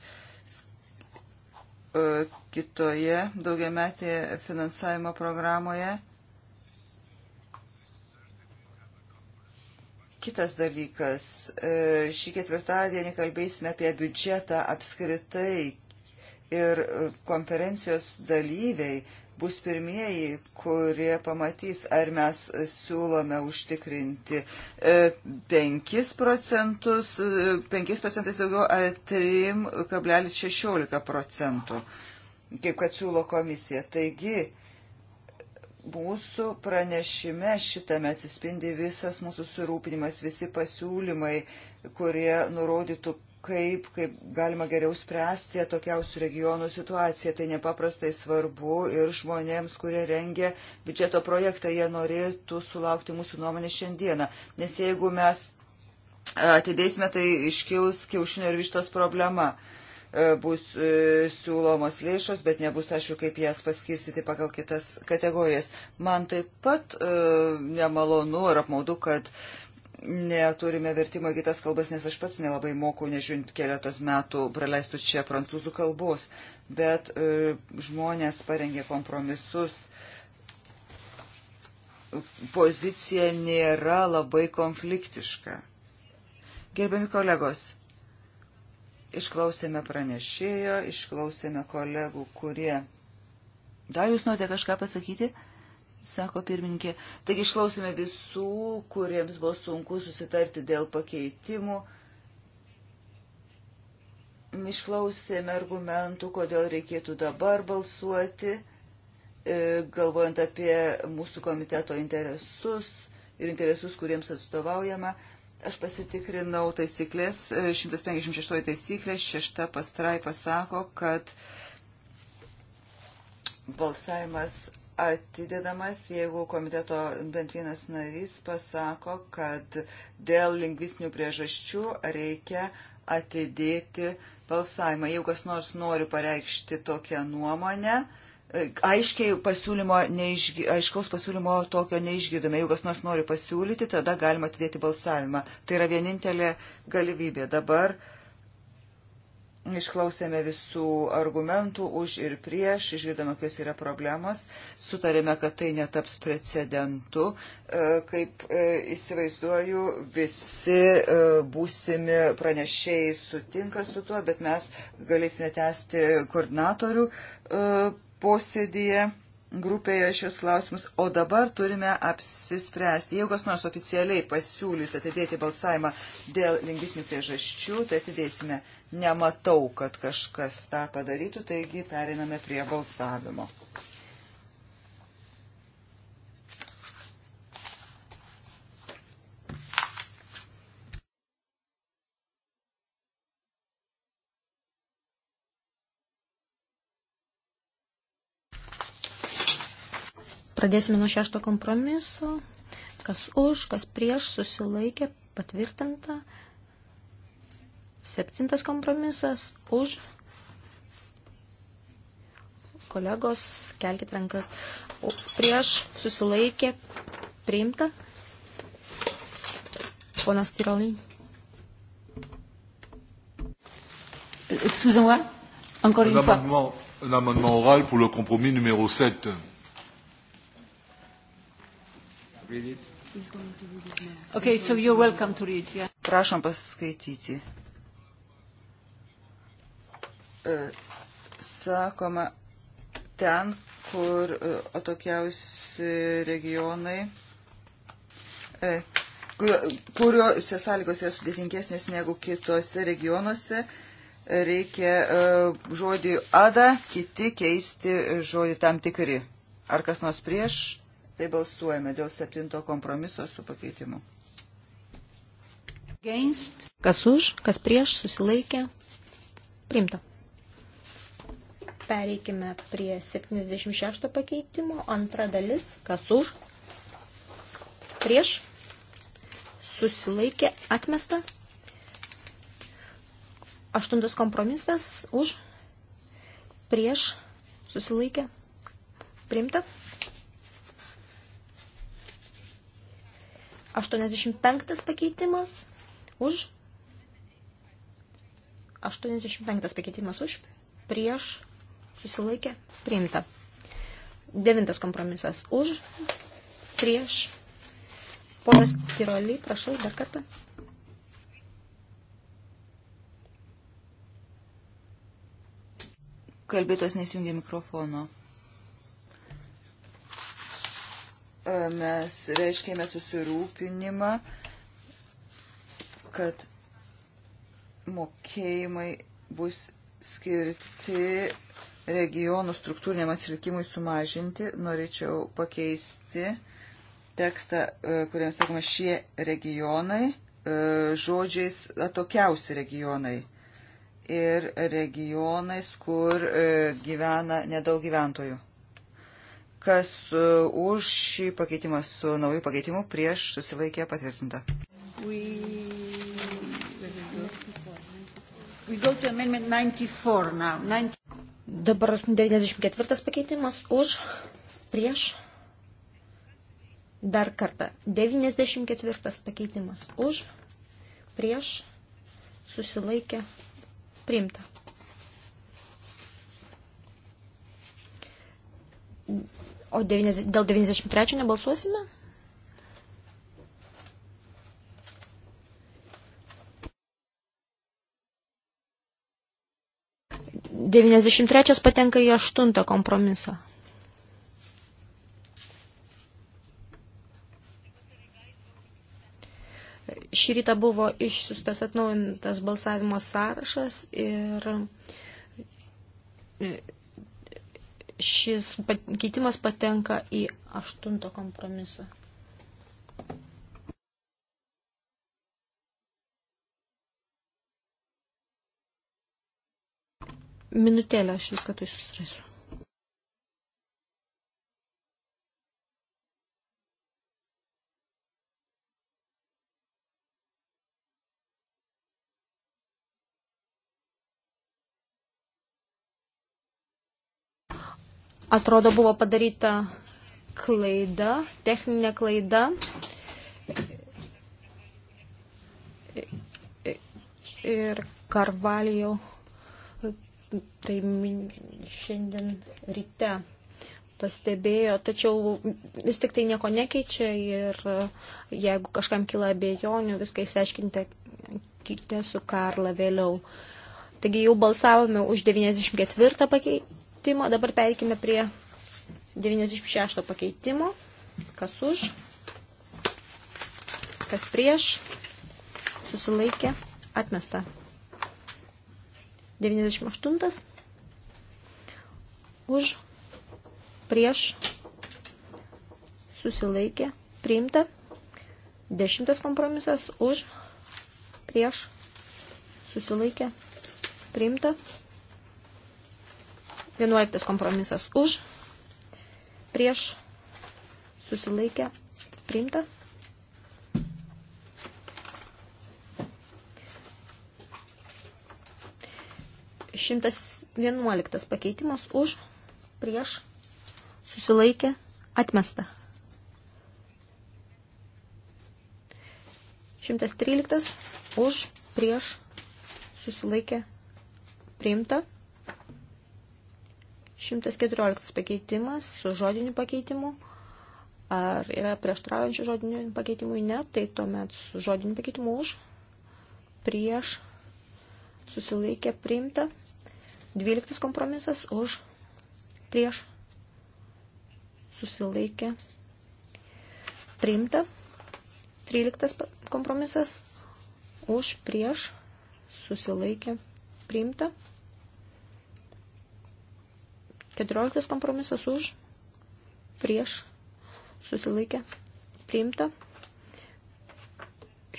E, kitoje daugiametėje finansavimo programoje. Kitas dalykas, e, šį ketvirtadienį kalbėsime apie biudžetą apskritai ir e, konferencijos dalyviai bus pirmieji, kurie pamatys, ar mes siūlome užtikrinti 5 e, procentus, 5 e, procentais daugiau, ar 3,16 procentų, kaip kad siūlo komisija. Taigi, mūsų pranešime šitame atsispindi visas mūsų surūpinimas, visi pasiūlymai, kurie nurodytų, kaip, kaip galima geriau spręsti atokiausių regionų situaciją. Tai nepaprastai svarbu ir žmonėms, kurie rengia biudžeto projektą, jie norėtų sulaukti mūsų nuomonę šiandieną. Nes jeigu mes e, atidėsime, tai iškils kiaušinio ir vištos problema. E, bus e, siūlomos lėšos, bet nebus aišku, kaip jas paskirstyti pagal kitas kategorijas. Man taip pat nemalonu ir apmaudu, kad uh, neturime vertimo į kitas kalbas, nes aš pats nelabai moku, nežiūrint keletos metų praleistų čia prancūzų kalbos, bet e, žmonės parengė kompromisus. Pozicija nėra labai konfliktiška. Gerbiami kolegos, išklausėme pranešėjo, išklausėme kolegų, kurie. Dar jūs norite kažką pasakyti? sako pirmininkė. Taigi išklausime visų, kuriems buvo sunku susitarti dėl pakeitimų. Išklausėme argumentų, kodėl reikėtų dabar balsuoti, e, galvojant apie mūsų komiteto interesus ir interesus, kuriems atstovaujama. Aš pasitikrinau taisyklės, 156 e, taisyklė, šešta pastraipa sako, kad balsavimas atidedamas, jeigu komiteto bent vienas narys pasako, kad dėl lingvistinių priežasčių reikia atidėti balsavimą. Jeigu kas nors nori pareikšti tokią nuomonę, e, aiškiai pasiūlymo, neišgi, aiškaus pasiūlymo tokio neišgirdome. Jeigu kas nors nori pasiūlyti, tada galima atidėti balsavimą. Tai yra vienintelė galimybė. Dabar uh, Išklausėme visų argumentų už ir prieš, išgirdome, kas yra problemos, sutarėme, kad tai netaps precedentu. E, kaip e, įsivaizduoju, visi e, būsimi pranešėjai sutinka su tuo, bet mes galėsime tęsti koordinatorių posėdėje grupėje šios klausimus, o dabar turime apsispręsti. Jeigu kas nors oficialiai pasiūlys atidėti balsavimą dėl lingvisnių priežasčių, tai atidėsime nematau, kad kažkas tą padarytų, taigi periname prie balsavimo. Pradėsime nuo šešto kompromiso. Kas už, kas prieš, susilaikė, patvirtinta. Septintas kompromisas už. Kolegos, kelkit rankas. O prieš susilaikė priimta. Ponas Tirolin. Excusez-moi, encore une fois. Un amendement oral pour le compromis numéro 7. Okay, so you're welcome to read, yeah. Prašom paskaityti. E, sakoma ten, kur e, atokiausi regionai, e, kuriuose sąlygos yra sudėtingesnės negu kitose regionuose, reikia žodį ada, kiti keisti žodį tam tikri. Ar kas nors prieš? Tai balsuojame dėl septinto kompromiso su pakeitimu. Kas už, kas prieš, susilaikė. Primta. Pereikime prie 76 pakeitimo. Antra dalis. Kas už? Prieš. Susilaikė. Atmesta. Aštuntas kompromisas. Už. Prieš. Susilaikė. Priimta. 85 pakeitimas. Už. 85 pakeitimas už. Prieš susilaikė, priimta. Devintas kompromisas už, prieš. Ponas Tiroli, prašau, dar kartą. Kalbėtos nesijungia mikrofono. E, mes reiškėme susirūpinimą, kad mokėjimai bus skirti regionų struktūriniam atsilikimui sumažinti, norėčiau pakeisti tekstą, e, kuriam sakoma šie regionai, e, žodžiais atokiausi regionai ir regionais, kur e, gyvena nedaug gyventojų. Kas už šį pakeitimą su naujų pakeitimų prieš susilaikė patvirtinta. We... We go to amendment 94 now. 90... Dabar 94 pakeitimas už, prieš, dar kartą. 94 pakeitimas už, prieš, susilaikė, priimta. O 9, dėl 93 nebalsuosime? 93 patenka į 8 kompromisą. Šį rytą buvo išsiustas atnaujintas balsavimo sąrašas ir šis pakeitimas patenka į 8 kompromisą. Minutėlę aš viską tai susirasiu. atrodo buvo padaryta klaida, techninė klaida. Ir Karvalijau tai šiandien ryte pastebėjo, tačiau vis tik tai nieko nekeičia ir e, jeigu kažkam kyla abejonių, viską įsiaiškinkite su Karla vėliau. Taigi jau balsavome už 94 pakeitimą, dabar perikime prie 96 pakeitimo. Kas už, kas prieš, susilaikė, atmesta. 98 už prieš susilaikė priimta. Dešimtas kompromisas už prieš susilaikė priimta. Vienuoliktas kompromisas už prieš susilaikė priimta. 111 pakeitimas už, prieš, susilaikė, atmesta. 113 už, prieš, susilaikė, priimta. 114 pakeitimas su žodiniu pakeitimu. Ar yra prieštraujančių žodinių pakeitimų? Ne, tai tuomet su žodiniu pakeitimu už, prieš, susilaikė, priimta. 12 kompromisas už prieš susilaikė priimta. 13 kompromisas už prieš susilaikė priimta. 14 kompromisas už prieš susilaikė priimta.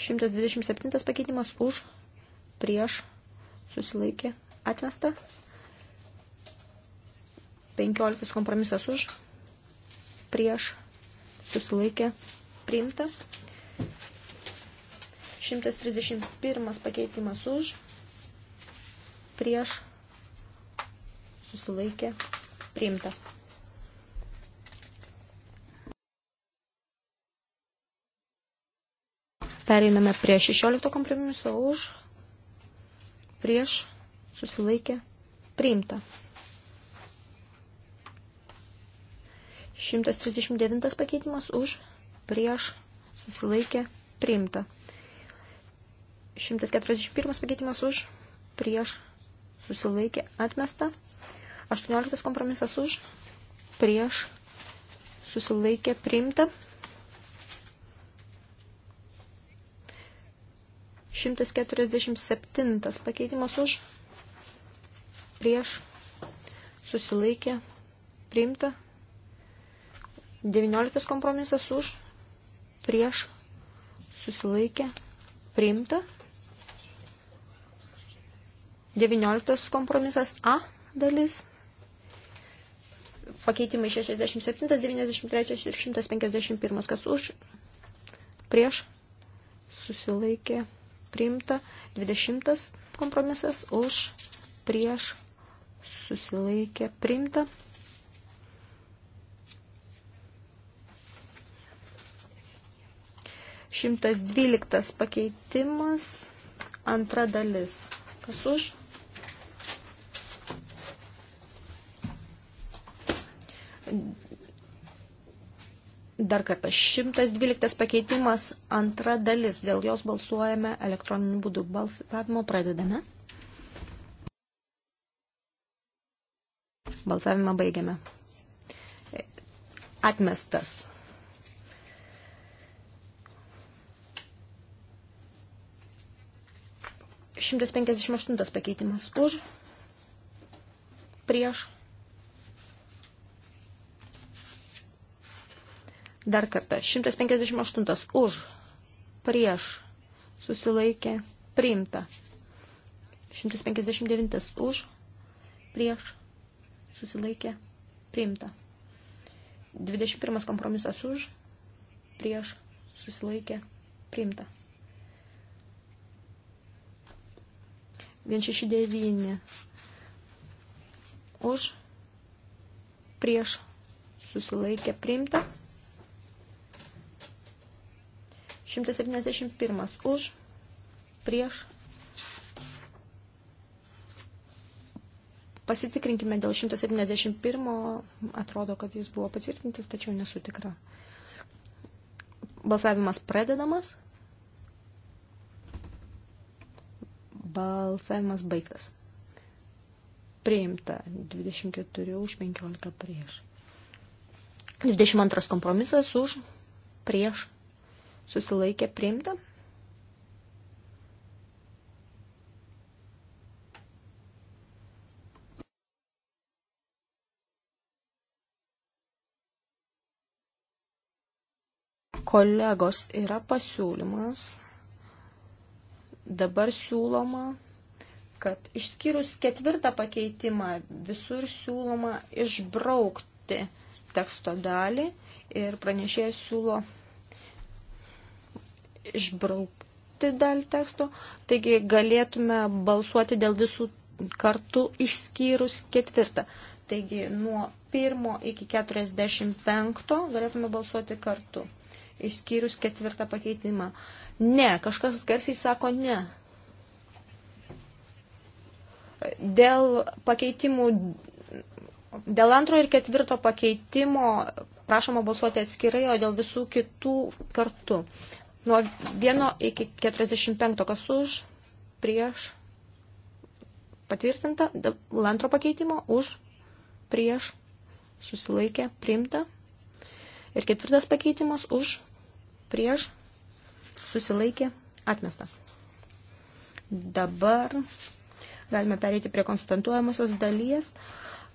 127 pakeitimas už prieš susilaikė atmesta. 15 kompromisas už, prieš, susilaikė, priimta. 131 pakeitimas už, prieš, susilaikė, priimta. Pereiname prie 16 kompromiso už, prieš, susilaikė, priimta. 139 pakeitimas už, prieš, susilaikė, priimta. 141 pakeitimas už, prieš, susilaikė, atmesta. 18 kompromisas už, prieš, susilaikė, priimta. 147 pakeitimas už, prieš, susilaikė, priimta. 19 kompromisas už, prieš, susilaikė, priimta. 19 kompromisas A dalis. Pakeitimai 67, 93 ir 151, kas už, prieš, susilaikė, priimta. 20 kompromisas už, prieš, susilaikė, priimta. 112 pakeitimas, antra dalis. Kas už? Dar kartą, 112 pakeitimas, antra dalis, dėl jos balsuojame elektroniniu būdu. Balsavimo pradedame. Balsavimą baigiame. Atmestas. 158 pakeitimas už, prieš. Dar kartą, 158 už, prieš, susilaikė, priimta. 159 už, prieš, susilaikė, priimta. 21 kompromisas už, prieš, susilaikė, priimta. 169 už prieš susilaikę priimta. 171 už prieš Pasitikrinkime dėl 171, atrodo, kad jis buvo patvirtintas, tačiau nesu tikra. Balsavimas pradedamas. Balsavimas baigtas. Priimta 24 už 15 prieš. 22 kompromisas už prieš susilaikė priimta. Kolegos yra pasiūlymas Dabar siūloma, kad išskyrus ketvirtą pakeitimą visur siūloma išbraukti teksto dalį ir pranešėjas siūlo išbraukti dalį teksto. Taigi galėtume balsuoti dėl visų kartu išskyrus ketvirtą. Taigi nuo 1 iki 45 galėtume balsuoti kartu išskyrus ketvirtą pakeitimą. Ne, kažkas garsiai sako ne. Dėl pakeitimų, dėl antro ir ketvirto pakeitimo prašoma balsuoti atskirai, o dėl visų kitų kartu. Nuo 1 iki 45, kas už, prieš, patvirtinta, dėl antro pakeitimo, už, prieš, susilaikė, priimta. Ir ketvirtas pakeitimas už, prieš, susilaikė, atmesta. Dabar galime pereiti prie konstantuojamosios dalies.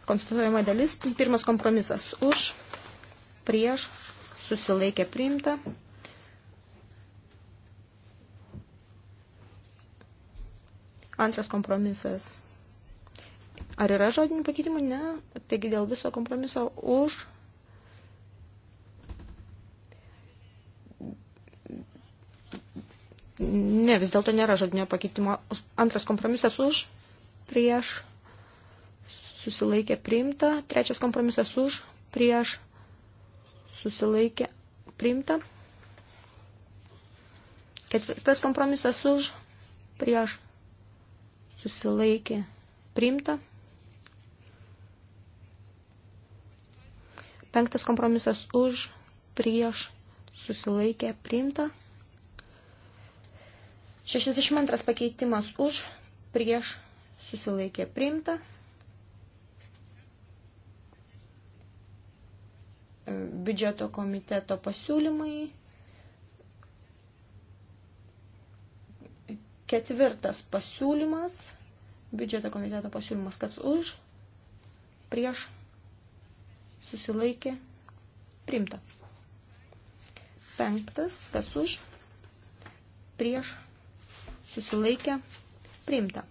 Konstantuojama dalis, pirmas kompromisas už, prieš, susilaikė, priimta. Antras kompromisas. Ar yra žodinių pakeitimų? Ne. Taigi dėl viso kompromiso už Ne, vis dėlto nėra žodinio pakeitimo. Antras kompromisas už, prieš, susilaikė priimta. Trečias kompromisas už, prieš, susilaikė priimta. Ketvirtas kompromisas už, prieš, susilaikė priimta. Penktas kompromisas už, prieš, susilaikė priimta. 62 pakeitimas už, prieš, susilaikė priimta. Biudžeto komiteto pasiūlymai. Ketvirtas pasiūlymas. Biudžeto komiteto pasiūlymas, kad už, prieš, susilaikė priimta. Penktas, kas už, prieš, susilaikė, priimta.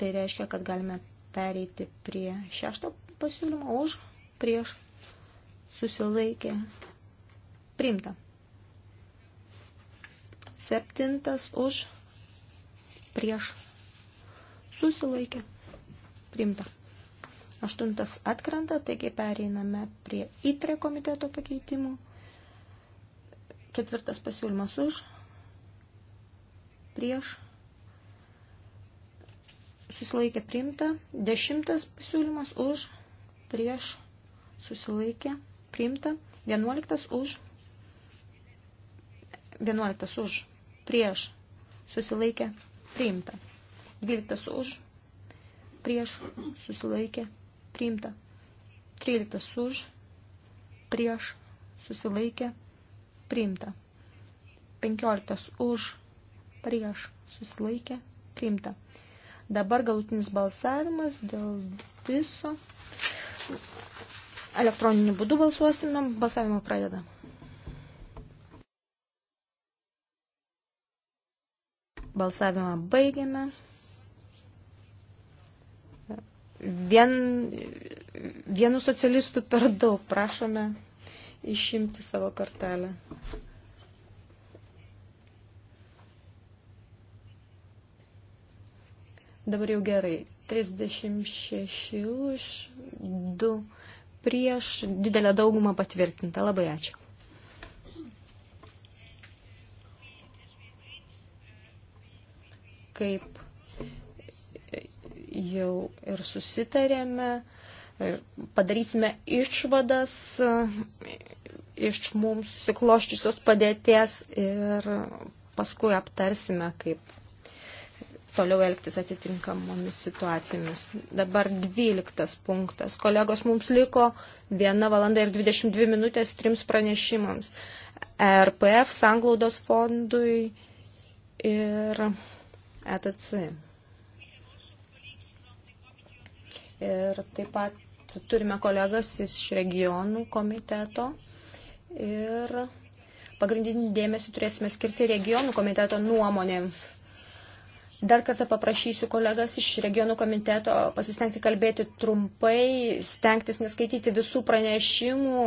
Tai reiškia, kad galime pereiti prie šešto pasiūlymo už, prieš, susilaikė, priimta. Septintas už, prieš, susilaikė, priimta. Aštuntas atkrenta, taigi pereiname prie įtre komiteto pakeitimų. Ketvirtas pasiūlymas už, prieš, susilaikė priimta. Dešimtas pasiūlymas už, prieš, susilaikė priimta. Vienuoliktas už, vienuoliktas už, prieš, susilaikė priimta. Dvyliktas už, prieš, susilaikė priimta. Tryliktas už, prieš, susilaikė priimta priimta. 15 už, prieš, susilaikė, priimta. Dabar galutinis balsavimas dėl viso. Elektroniniu būdu balsuosime, balsavimą pradeda. Balsavimą baigiame. Vien, vienu socialistu per daug prašome išimti savo kortelę. Dabar jau gerai. 36 už 2 prieš didelę daugumą patvirtinta. Labai ačiū. Kaip jau ir susitarėme, padarysime išvadas iš mums susikloščiusios padėties ir paskui aptarsime, kaip toliau elgtis atitinkamomis situacijomis. Dabar 12 punktas. Kolegos mums liko 1 valanda ir 22 minutės trims pranešimams. E RPF, Sanglaudos fondui ir ETC. Ir taip pat turime kolegas iš regionų komiteto ir pagrindinį dėmesį turėsime skirti regionų komiteto nuomonėms. Dar kartą paprašysiu kolegas iš regionų komiteto pasistengti kalbėti trumpai, stengtis neskaityti visų pranešimų,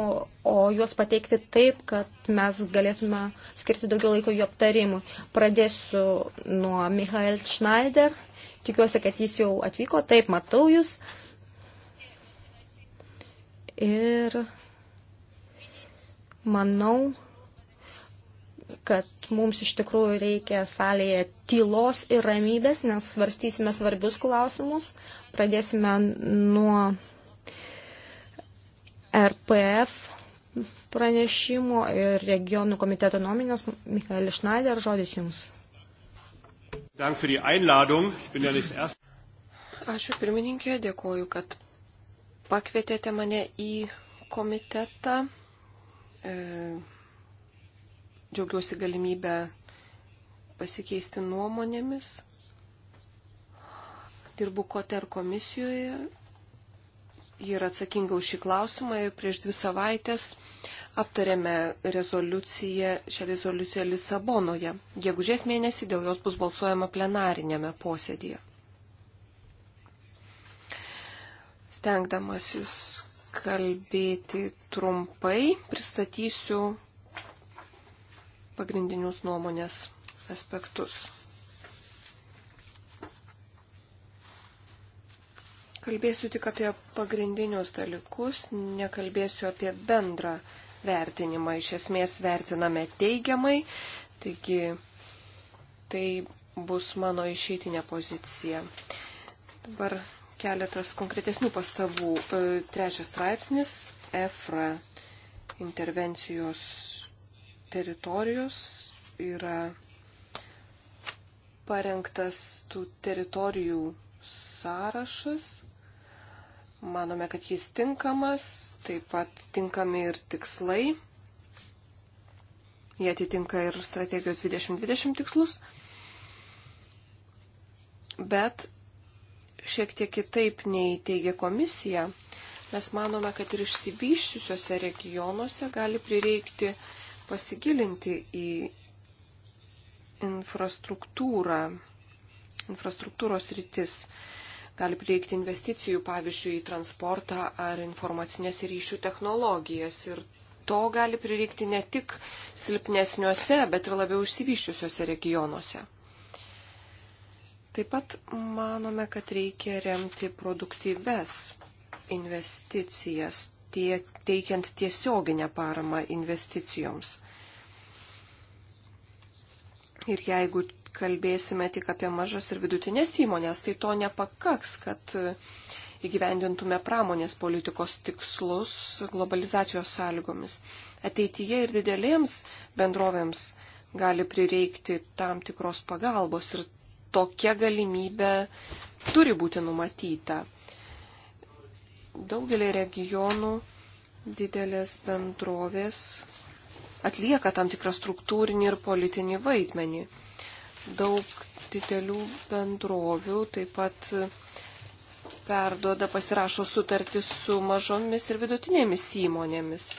o juos pateikti taip, kad mes galėtume skirti daugiau laiko jų aptarimui. Pradėsiu nuo Michael Schneider. Tikiuosi, kad jis jau atvyko. Taip, matau jūs. Ir Manau, kad mums iš tikrųjų reikia salėje tylos ir ramybės, nes svarstysime svarbius klausimus. Pradėsime nuo RPF pranešimo ir regionų komiteto nuomonės. Michaelis Schneider, žodis jums. Ačiū pirmininkė, dėkoju, kad pakvietėte mane į komitetą. E, džiaugiuosi galimybę pasikeisti nuomonėmis. Dirbu Koter komisijoje. Ji yra atsakinga už šį klausimą ir prieš dvi savaitės aptarėme rezoliuciją, šią rezoliuciją Lisabonoje. Gegužės mėnesį dėl jos bus balsuojama plenarinėme posėdėje. Stengdamasis kalbėti trumpai, pristatysiu pagrindinius nuomonės aspektus. Kalbėsiu tik apie pagrindinius dalykus, nekalbėsiu apie bendrą vertinimą. Iš esmės vertiname teigiamai, taigi tai bus mano išeitinė pozicija. Dabar keletas konkretesnių pastabų. E, trečias straipsnis - EFRA intervencijos teritorijos yra parengtas tų teritorijų sąrašas. Manome, kad jis tinkamas, taip pat tinkami ir tikslai. Jie atitinka ir strategijos 2020 tikslus. Bet šiek tiek kitaip nei teigia komisija. Mes manome, kad ir išsivyščiusiuose regionuose gali prireikti pasigilinti į infrastruktūrą, infrastruktūros rytis. Gali prireikti investicijų, pavyzdžiui, į transportą ar informacinės ryšių technologijas. Ir to gali prireikti ne tik silpnesniuose, bet ir labiau išsivyščiusiuose regionuose. Taip pat manome, kad reikia remti produktyves investicijas, tiek, teikiant tiesioginę paramą investicijoms. Ir jeigu kalbėsime tik apie mažas ir vidutinės įmonės, tai to nepakaks, kad įgyvendintume pramonės politikos tikslus globalizacijos sąlygomis. Ateityje ir didelėms bendrovėms gali prireikti tam tikros pagalbos ir tokia galimybė turi būti numatyta. Daugelį regionų didelės bendrovės atlieka tam tikrą struktūrinį ir politinį vaidmenį. Daug didelių bendrovių taip pat perduoda, pasirašo sutartis su mažomis ir vidutinėmis įmonėmis.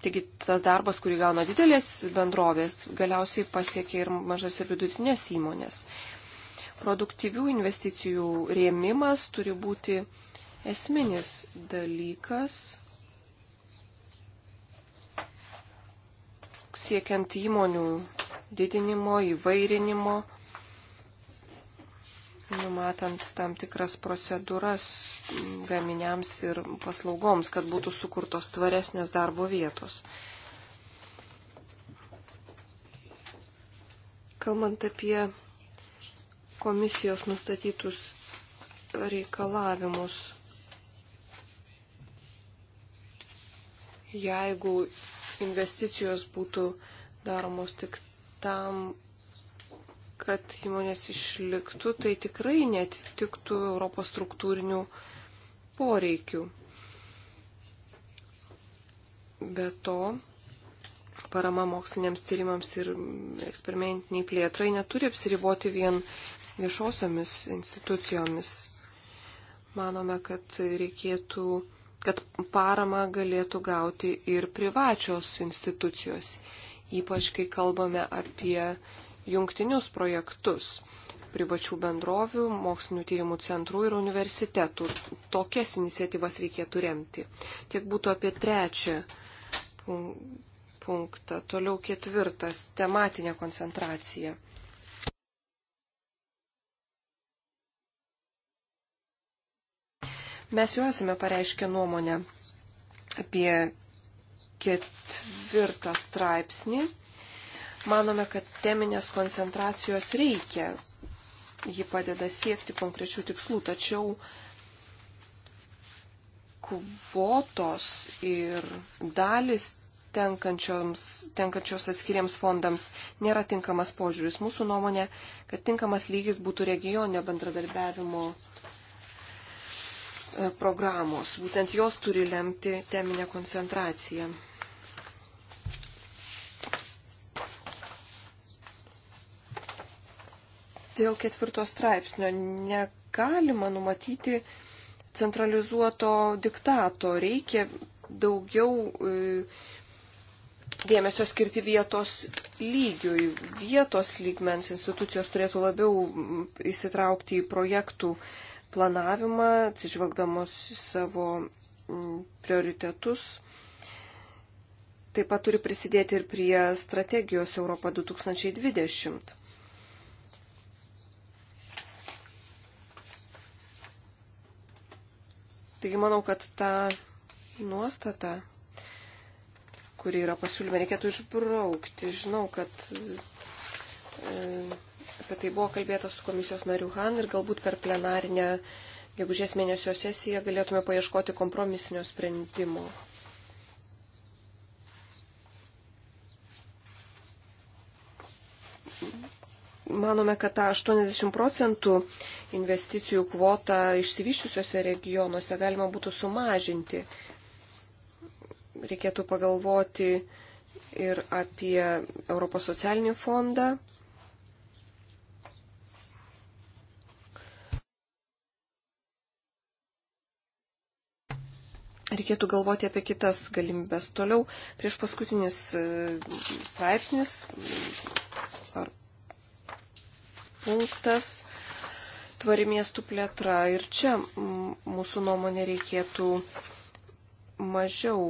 Taigi tas darbas, kurį gauna didelės bendrovės, galiausiai pasiekia ir mažas ir vidutinės įmonės. Produktyvių investicijų rėmimas turi būti esminis dalykas, siekiant įmonių didinimo, įvairinimo, numatant tam tikras procedūras gaminiams ir paslaugoms, kad būtų sukurtos tvaresnės darbo vietos. Kalbant apie komisijos nustatytus reikalavimus, jeigu investicijos būtų daromos tik tam, kad įmonės išliktų, tai tikrai netitiktų Europos struktūrinių poreikių. Be to, parama moksliniams tyrimams ir eksperimentiniai plėtrai neturi apsiriboti vien viešosiomis institucijomis. Manome, kad reikėtų, kad parama galėtų gauti ir privačios institucijos, ypač kai kalbame apie jungtinius projektus privačių bendrovių, mokslinių tyrimų centrų ir universitetų. Tokias iniciatyvas reikėtų remti. Tiek būtų apie trečią punktą. Toliau ketvirtas - tematinė koncentracija. Mes jau esame pareiškę nuomonę apie ketvirtą straipsnį manome, kad teminės koncentracijos reikia. Ji padeda siekti konkrečių tikslų, tačiau kvotos ir dalis tenkančios atskiriems fondams nėra tinkamas požiūris. Mūsų nuomonė, kad tinkamas lygis būtų regioninio bendradarbiavimo e, programos. Būtent jos turi lemti teminę koncentraciją. Dėl ketvirto straipsnio negalima numatyti centralizuoto diktato. Reikia daugiau e, dėmesio skirti vietos lygiui. Vietos lygmens institucijos turėtų labiau įsitraukti į projektų planavimą, atsižvelgdamos į savo prioritetus. Taip pat turi prisidėti ir prie strategijos Europa 2020. Taigi manau, kad tą nuostatą, kuri yra pasiūlyme, reikėtų išbraukti. Žinau, kad e, apie tai buvo kalbėta su komisijos nariu Han ir galbūt per plenarinę gegužės mėnesio sesiją galėtume paieškoti kompromisinio sprendimo. manome, kad tą 80 procentų investicijų kvotą išsivyščiusiuose regionuose galima būtų sumažinti. Reikėtų pagalvoti ir apie Europos socialinį fondą. Reikėtų galvoti apie kitas galimybės. Toliau prieš paskutinis e, straipsnis ar punktas - tvari miestų plėtra. Ir čia mūsų nuomonė reikėtų mažiau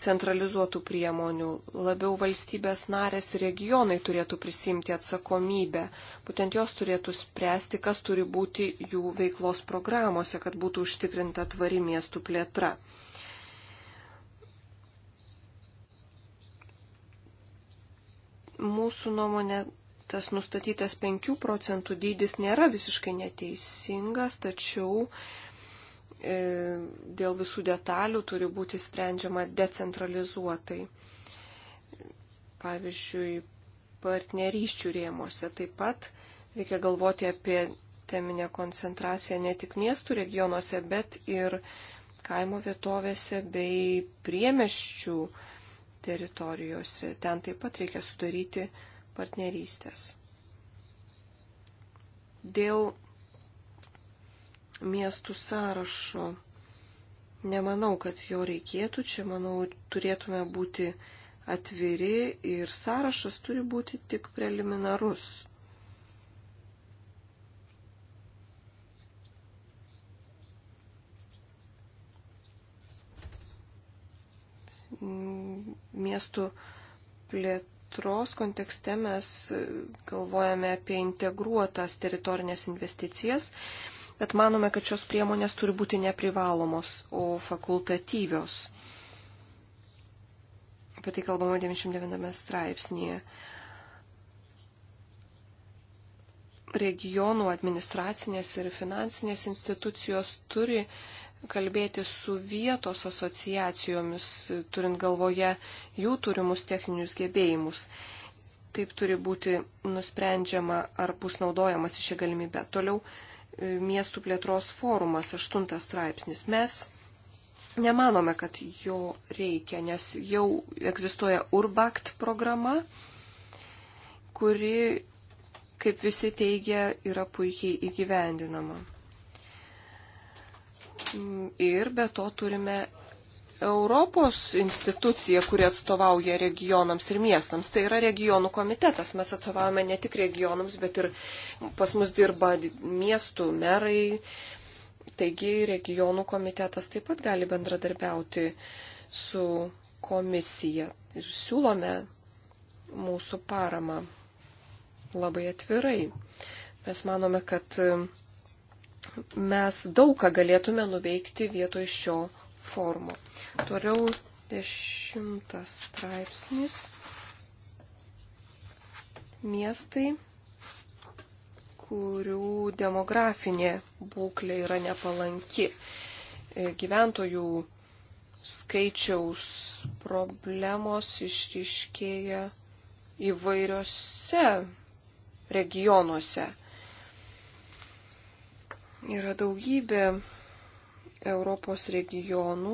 centralizuotų priemonių, labiau valstybės narės ir regionai turėtų prisimti atsakomybę. Būtent jos turėtų spręsti, kas turi būti jų veiklos programuose, kad būtų užtikrinta tvari miestų plėtra. Mūsų nuomonė tas nustatytas 5 procentų dydis nėra visiškai neteisingas, tačiau e, dėl visų detalių turi būti sprendžiama decentralizuotai. Pavyzdžiui, partnerysčių rėmose taip pat reikia galvoti apie teminę koncentraciją ne tik miestų regionuose, bet ir kaimo vietovėse bei priemeščių teritorijose. Ten taip pat reikia sudaryti partnerystės. Dėl miestų sąrašo nemanau, kad jo reikėtų. Čia, manau, turėtume būti atviri ir sąrašas turi būti tik preliminarus. miestų plėtros plėtros kontekste mes e, galvojame apie integruotas teritorinės investicijas, bet manome, kad šios priemonės turi būti neprivalomos, o fakultatyvios. Apie tai kalbama 99 straipsnėje. Regionų administracinės ir finansinės institucijos turi uh, kalbėti su vietos asociacijomis, turint galvoje jų turimus techninius gebėjimus. Taip turi būti nusprendžiama, ar bus naudojamas ši galimybė. Toliau e, miestų plėtros forumas, aštuntas straipsnis. Mes nemanome, kad jo reikia, nes jau egzistuoja Urbakt programa, kuri, kaip visi teigia, yra puikiai įgyvendinama. Ir be to turime Europos institucija, kuri atstovauja regionams ir miestams. Tai yra regionų komitetas. Mes atstovaujame ne tik regionams, bet ir pas mus dirba miestų merai. Taigi regionų komitetas taip pat gali bendradarbiauti su komisija. Ir siūlome mūsų paramą labai atvirai. Mes manome, kad mes daug ką galėtume nuveikti vietoj šio formo. Toliau dešimtas straipsnis. Miestai, kurių demografinė būklė yra nepalanki. E, gyventojų skaičiaus problemos išryškėja įvairiose regionuose. Yra daugybė Europos regionų,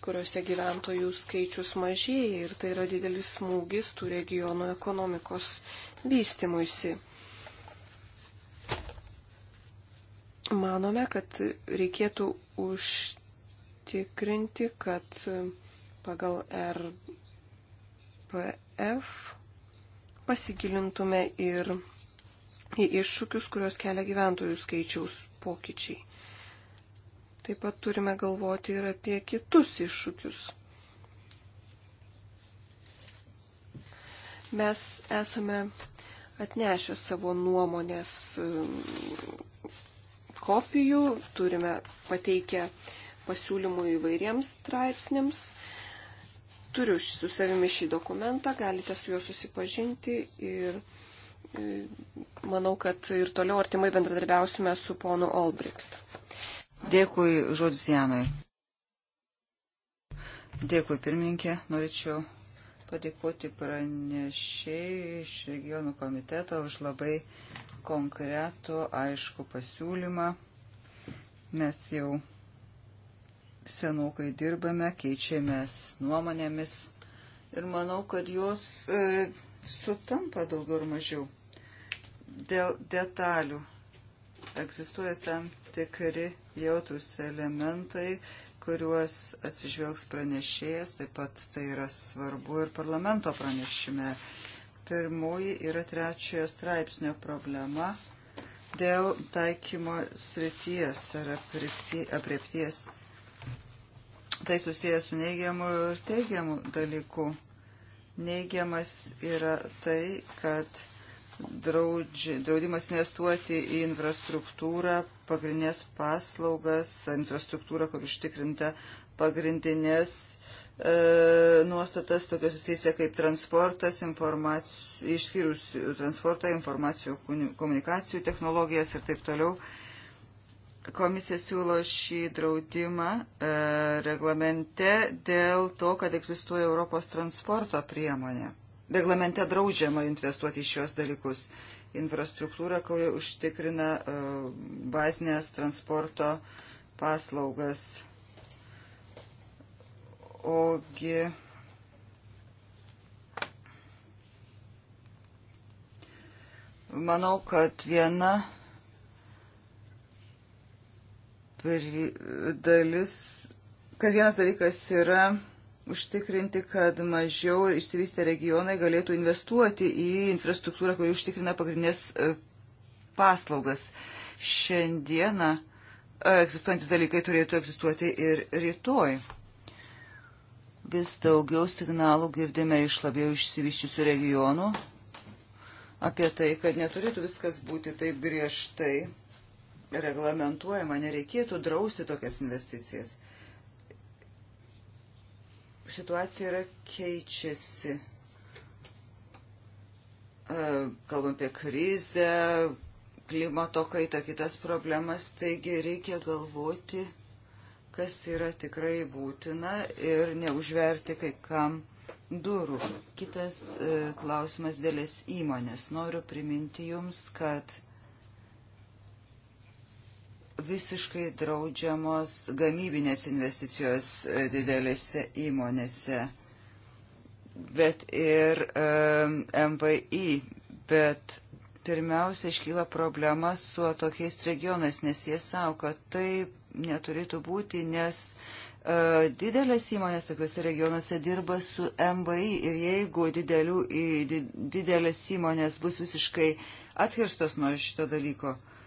kuriuose gyventojų skaičius mažėja ir tai yra didelis smūgis tų regionų ekonomikos vystimuisi. Manome, kad reikėtų užtikrinti, kad pagal RPF pasigilintume ir į iššūkius, kuriuos kelia gyventojų skaičiaus pokyčiai. Taip pat turime galvoti ir apie kitus iššūkius. Mes esame atnešę savo nuomonės um, kopijų, turime pateikę pasiūlymų įvairiems straipsniams. Turiu su savimi šį dokumentą, galite su juo susipažinti ir manau, kad ir toliau artimai bendradarbiausime su ponu Olbricht. Dėkui žodis Janui. Dėkui pirmininkė. Norėčiau padėkoti pranešėjai iš regionų komiteto už labai konkretų, aišku pasiūlymą. Mes jau senokai dirbame, keičiamės nuomonėmis ir manau, kad jos e, sutampa daugiau ir mažiau. Dėl detalių egzistuoja tam tikri jautrus elementai, kuriuos atsižvelgs pranešėjas, taip pat tai yra svarbu ir parlamento pranešime. Pirmoji yra trečiojo straipsnio problema dėl taikymo srities ar apriepties. Tai susijęs su neigiamu ir teigiamu dalyku. Neigiamas yra tai, kad draudži, draudimas investuoti į infrastruktūrą, pagrindinės paslaugas, infrastruktūrą, kur užtikrinta pagrindinės e, nuostatas, tokios susijusia kaip transportas, išskyrus transportą, informacijų komunikacijų technologijas ir taip toliau. Komisija siūlo šį draudimą e, reglamente dėl to, kad egzistuoja Europos transporto priemonė reglamente draudžiama investuoti į šios dalykus. Infrastruktūra, kuri užtikrina e, bazinės transporto paslaugas. Ogi manau, kad viena dalis, kad vienas dalykas yra užtikrinti, kad mažiau išsivystę regionai galėtų investuoti į infrastruktūrą, kuri užtikrina pagrindinės e, paslaugas. Šiandieną e, egzistuojantis dalykai turėtų egzistuoti ir rytoj. Vis daugiau signalų girdime iš labiau išsivyščiusių regionų apie tai, kad neturėtų viskas būti taip griežtai reglamentuojama, nereikėtų drausti tokias investicijas situacija yra keičiasi. E, kalbam apie krizę, klimato kaitą, kitas problemas, taigi reikia galvoti, kas yra tikrai būtina ir neužverti kai kam durų. Kitas e, klausimas dėlės įmonės. Noriu priminti Jums, kad visiškai draudžiamos gamybinės investicijos e, didelėse įmonėse, bet ir e, MVI. Bet pirmiausia iškyla problema su tokiais regionais, nes jie savo, kad tai neturėtų būti, nes e, didelės įmonės tokiuose regionuose dirba su MVI ir jeigu didelių, didelės įmonės bus visiškai atkirstos nuo šito dalyko, uh,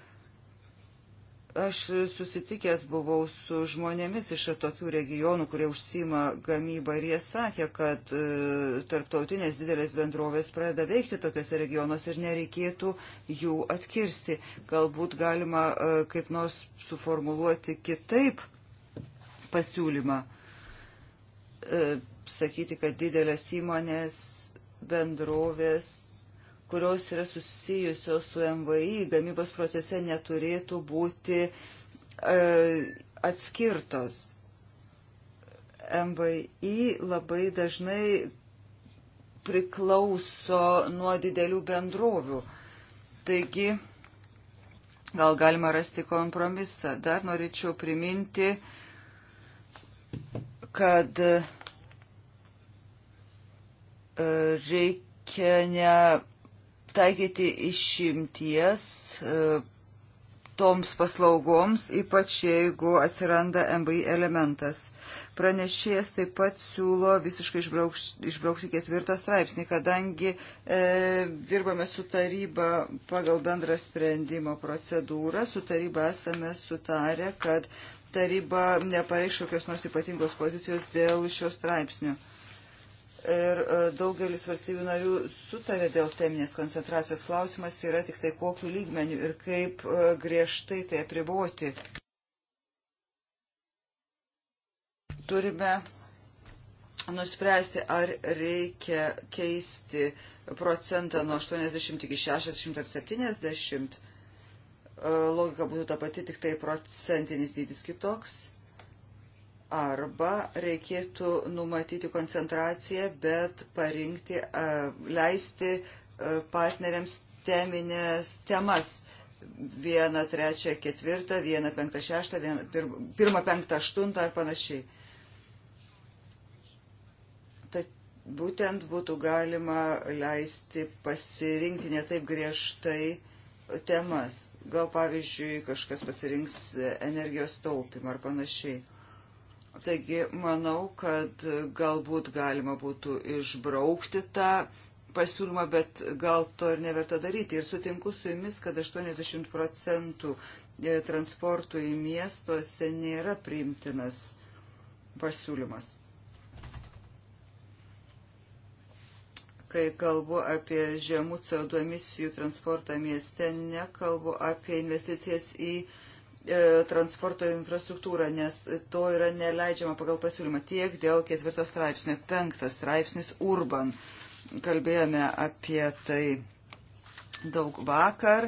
Aš susitikęs buvau su žmonėmis iš tokių regionų, kurie užsima gamybą ir jie sakė, kad e, tarptautinės didelės bendrovės pradeda veikti tokiuose regionuose ir nereikėtų jų atkirsti. Galbūt galima e, kaip nors suformuluoti kitaip pasiūlymą. E, sakyti, kad didelės įmonės bendrovės kurios yra susijusios su MVI gamybos procese neturėtų būti e, atskirtos. MVI labai dažnai priklauso nuo didelių bendrovių. Taigi, gal galima rasti kompromisą. Dar norėčiau priminti, kad e, reikia ne taikyti išimties e, toms paslaugoms, ypač jeigu atsiranda MBI elementas. Pranešėjas taip pat siūlo visiškai išbraukš, išbraukti ketvirtą straipsnį, kadangi e, dirbame su taryba pagal bendrą sprendimo procedūrą, su taryba esame sutarę, kad taryba nepareikš kokios nors ypatingos pozicijos dėl šios straipsnio. E, ir e, daugelis valstybių narių sutarė dėl teminės koncentracijos klausimas yra tik tai kokiu lygmeniu ir kaip e, griežtai tai apriboti. Turime nuspręsti, ar reikia keisti procentą nuo 80 iki 60 ar 70. E, logika būtų ta pati, tik tai procentinis dydis kitoks arba reikėtų numatyti koncentraciją, bet parinkti, leisti partneriams teminės temas. Vieną, trečią, ketvirtą, vieną, penktą, šeštą, vieną, pirmą, penktą, aštuntą ar panašiai. Tad būtent būtų galima leisti pasirinkti ne taip griežtai temas. Gal pavyzdžiui, kažkas pasirinks energijos taupimą ar panašiai Taigi manau, kad galbūt galima būtų išbraukti tą pasiūlymą, bet gal to ir neverta daryti. Ir sutinku su jumis, kad 80 procentų e, transportų į miestuose nėra priimtinas pasiūlymas. Kai kalbu apie žemų CO2 emisijų transportą mieste, nekalbu apie investicijas į uh, E, transporto infrastruktūrą, nes to yra neleidžiama pagal pasiūlymą tiek dėl ketvirto straipsnio. Penktas straipsnis Urban. Kalbėjome apie tai daug vakar.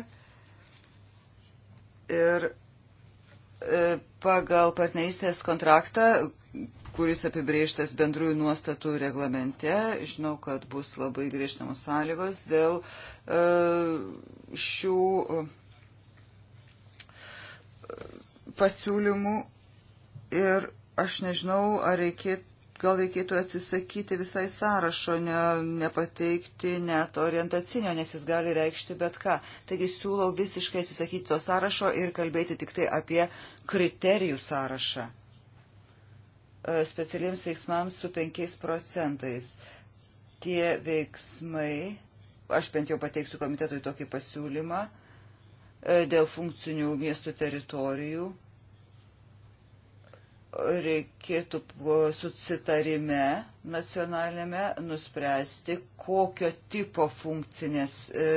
Ir e, pagal partnerystės kontraktą, kuris apibrėžtas bendrųjų nuostatų reglamente, žinau, kad bus labai griežtamos sąlygos dėl e, šių pasiūlymų ir aš nežinau, ar reikėtų, gal reikėtų atsisakyti visai sąrašo, ne, nepateikti net orientacinio, nes jis gali reikšti bet ką. Taigi siūlau visiškai atsisakyti to sąrašo ir kalbėti tik tai apie kriterijų sąrašą e, specialiems veiksmams su 5 procentais. Tie veiksmai, aš bent jau pateiksiu komitetui tokį pasiūlymą, E, dėl funkcinių miestų teritorijų reikėtų susitarime nacionalinėme nuspręsti, kokio tipo funkcinės e,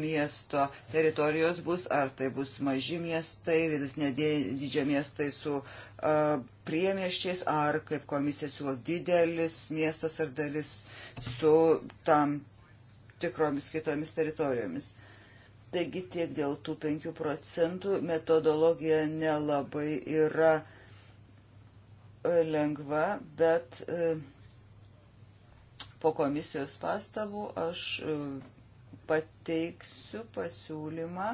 miesto teritorijos bus, ar tai bus maži miestai, vidutinė didžia miestai su e, priemieščiais, ar kaip komisija siūlo didelis miestas ar dalis su tam tikromis kitomis teritorijomis. Taigi tiek dėl tų 5 procentų metodologija nelabai yra e, lengva, bet e, po komisijos pastabų aš e, pateiksiu pasiūlymą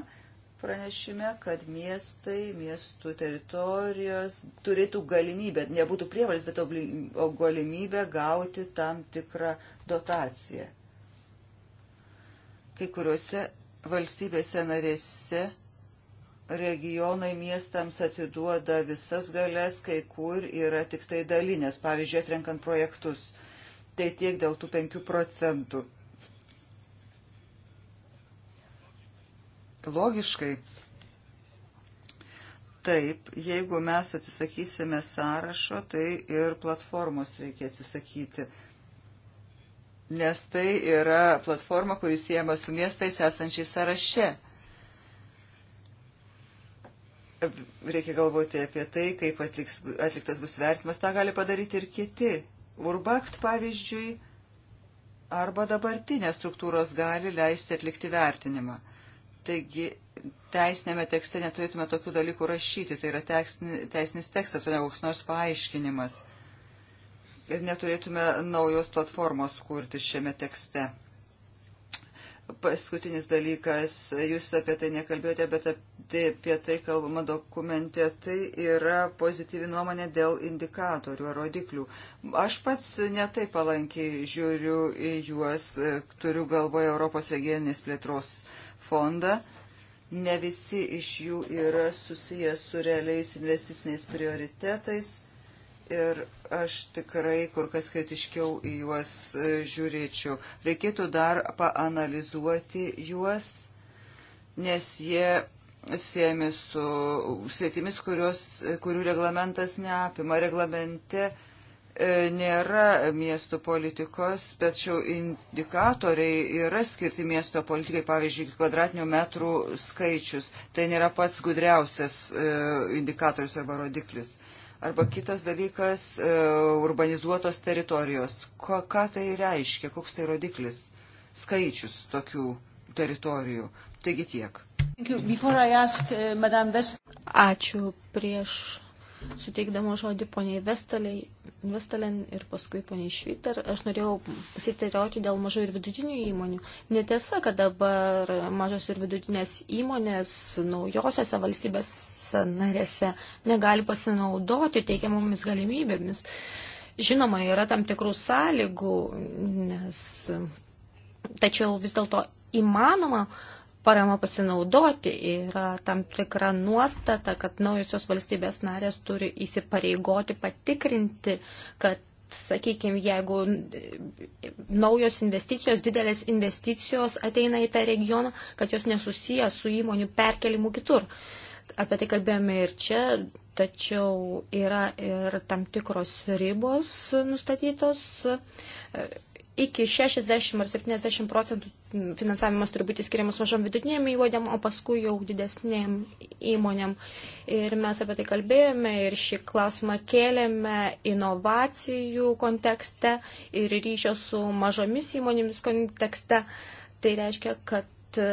pranešime, kad miestai, miestų teritorijos turėtų galimybę, nebūtų prievalis, bet o galimybę gauti tam tikrą dotaciją. Kai kuriuose valstybėse narėse regionai miestams atiduoda visas galės, kai kur yra tik tai dalinės, pavyzdžiui, atrenkant projektus. Tai tiek dėl tų 5 procentų. Logiškai. Taip, jeigu mes atsisakysime sąrašo, tai ir platformos reikia atsisakyti nes tai yra platforma, kuris siejama su miestais esančiai sąraše. Reikia galvoti apie tai, kaip atliks, atliktas bus vertimas, tą gali padaryti ir kiti. Urbakt, pavyzdžiui, arba dabartinės struktūros gali leisti atlikti vertinimą. Taigi teisinėme tekste neturėtume tokių dalykų rašyti, tai yra teksni, teisinis tekstas, o ne koks nors paaiškinimas ir neturėtume naujos platformos kurti šiame tekste. Paskutinis dalykas, jūs apie tai nekalbėjote, bet apie tai kalbama dokumente, tai yra pozityvi nuomonė dėl indikatorių ar rodiklių. Aš pats netai palankiai žiūriu į juos, turiu galvoje Europos regioninės plėtros fondą. Ne visi iš jų yra susijęs su realiais investiciniais prioritetais ir aš tikrai kur kas kritiškiau į juos e, žiūrėčiau. Reikėtų dar paanalizuoti juos, nes jie siemi su sėtimis, kurios, kurių reglamentas neapima. Reglamente e, nėra miesto politikos, bet šio indikatoriai yra skirti miesto politikai, pavyzdžiui, kvadratinių metrų skaičius. Tai nėra pats gudriausias e, indikatorius arba rodiklis. Arba kitas dalykas e, - urbanizuotos teritorijos. Ko, ką tai reiškia, koks tai rodiklis, skaičius tokių teritorijų. Taigi tiek. E, Ačiū prieš suteikdama žodį poniai Vestalen ir paskui poniai Šviter, aš norėjau pasiteirauti dėl mažų ir vidutinių įmonių. Netiesa, kad dabar mažos ir vidutinės įmonės naujosiose valstybės narėse negali pasinaudoti teikiamomis galimybėmis. Žinoma, yra tam tikrų sąlygų, nes tačiau vis dėlto įmanoma uh, parama pasinaudoti. Yra tam tikra nuostata, kad naujosios valstybės narės turi įsipareigoti patikrinti, kad, sakykime, jeigu naujos investicijos, didelės investicijos ateina į tą regioną, kad jos nesusiję su įmonių perkelimu kitur. Apie tai kalbėjome ir čia, tačiau yra ir tam tikros ribos nustatytos iki 60 ar 70 procentų finansavimas turi būti skiriamas mažom vidutinėm įmonėm, o paskui jau didesnėm įmonėm. Ir mes apie tai kalbėjome ir šį klausimą kėlėme inovacijų kontekste ir ryšio su mažomis įmonėmis kontekste. Tai reiškia, kad e,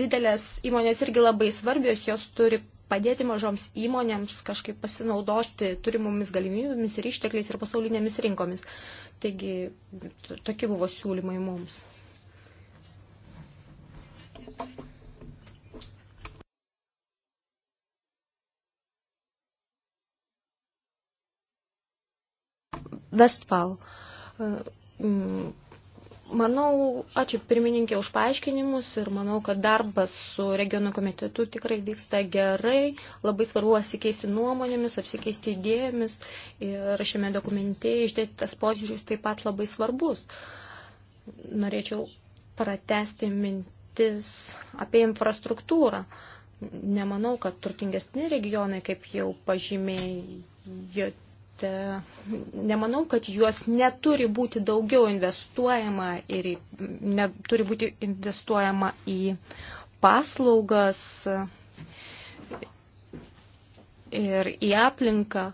didelės įmonės irgi labai svarbios, jos turi padėti mažoms įmonėms kažkaip pasinaudoti turimomis galimybėmis ir ištekliais ir pasaulinėmis rinkomis. Taigi tokie buvo siūlymai mums. Westfall. E, Manau, ačiū pirmininkė už paaiškinimus ir manau, kad darbas su regionų komitetu tikrai vyksta gerai. Labai svarbu apsikeisti nuomonėmis, apsikeisti idėjomis ir šiame dokumente išdėtas požiūris taip pat labai svarbus. Norėčiau pratesti mintis apie infrastruktūrą. Nemanau, kad turtingesni regionai, kaip jau pažymėjai, nemanau, kad juos neturi būti daugiau investuojama ir neturi būti investuojama į paslaugas ir į aplinką.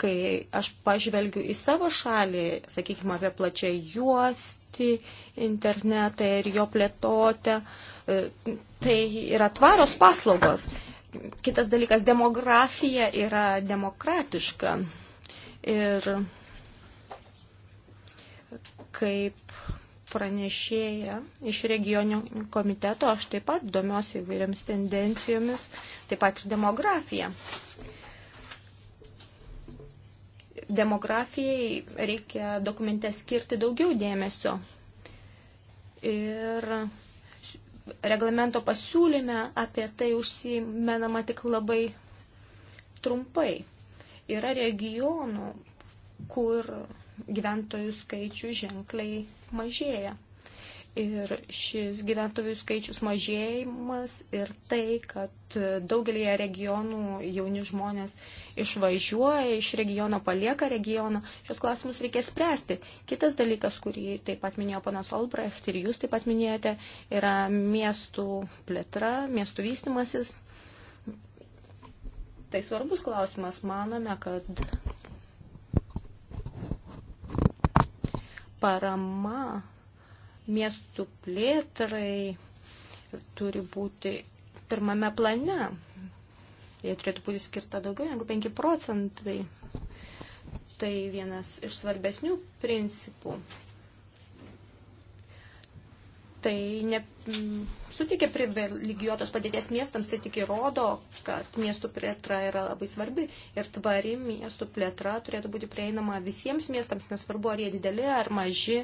Kai aš pažvelgiu į savo šalį, sakykime, apie plačiai juosti internetą ir jo plėtotę, e, tai yra tvarios paslaugos. Kitas dalykas, demografija yra demokratiška. Ir kaip pranešėja iš regioninio komiteto, aš taip pat domiuosi įvairiams tendencijomis, taip pat ir demografija. Demografijai reikia dokumente skirti daugiau dėmesio. Ir reglamento pasiūlyme apie tai užsimenama tik labai trumpai. Yra regionų, kur gyventojų skaičių ženkliai mažėja. Ir šis gyventojų skaičius mažėjimas ir tai, kad daugelį regionų jauni žmonės išvažiuoja iš regiono, palieka regioną, šios klausimus reikės spręsti. Kitas dalykas, kurį taip pat minėjo panas Olbrecht ir jūs taip pat minėjote, yra miestų plėtra, miestų vystimasis. Tai svarbus klausimas. Manome, kad parama miestų plėtrai turi būti pirmame plane. Jie turėtų būti skirta daugiau negu 5 procentai. Tai vienas iš svarbesnių principų tai ne, mm, suteikia privilegijuotos padėties miestams, tai tik įrodo, kad miestų plėtra yra labai svarbi ir tvari miestų plėtra turėtų būti prieinama visiems miestams, nesvarbu, ar jie dideli, ar maži,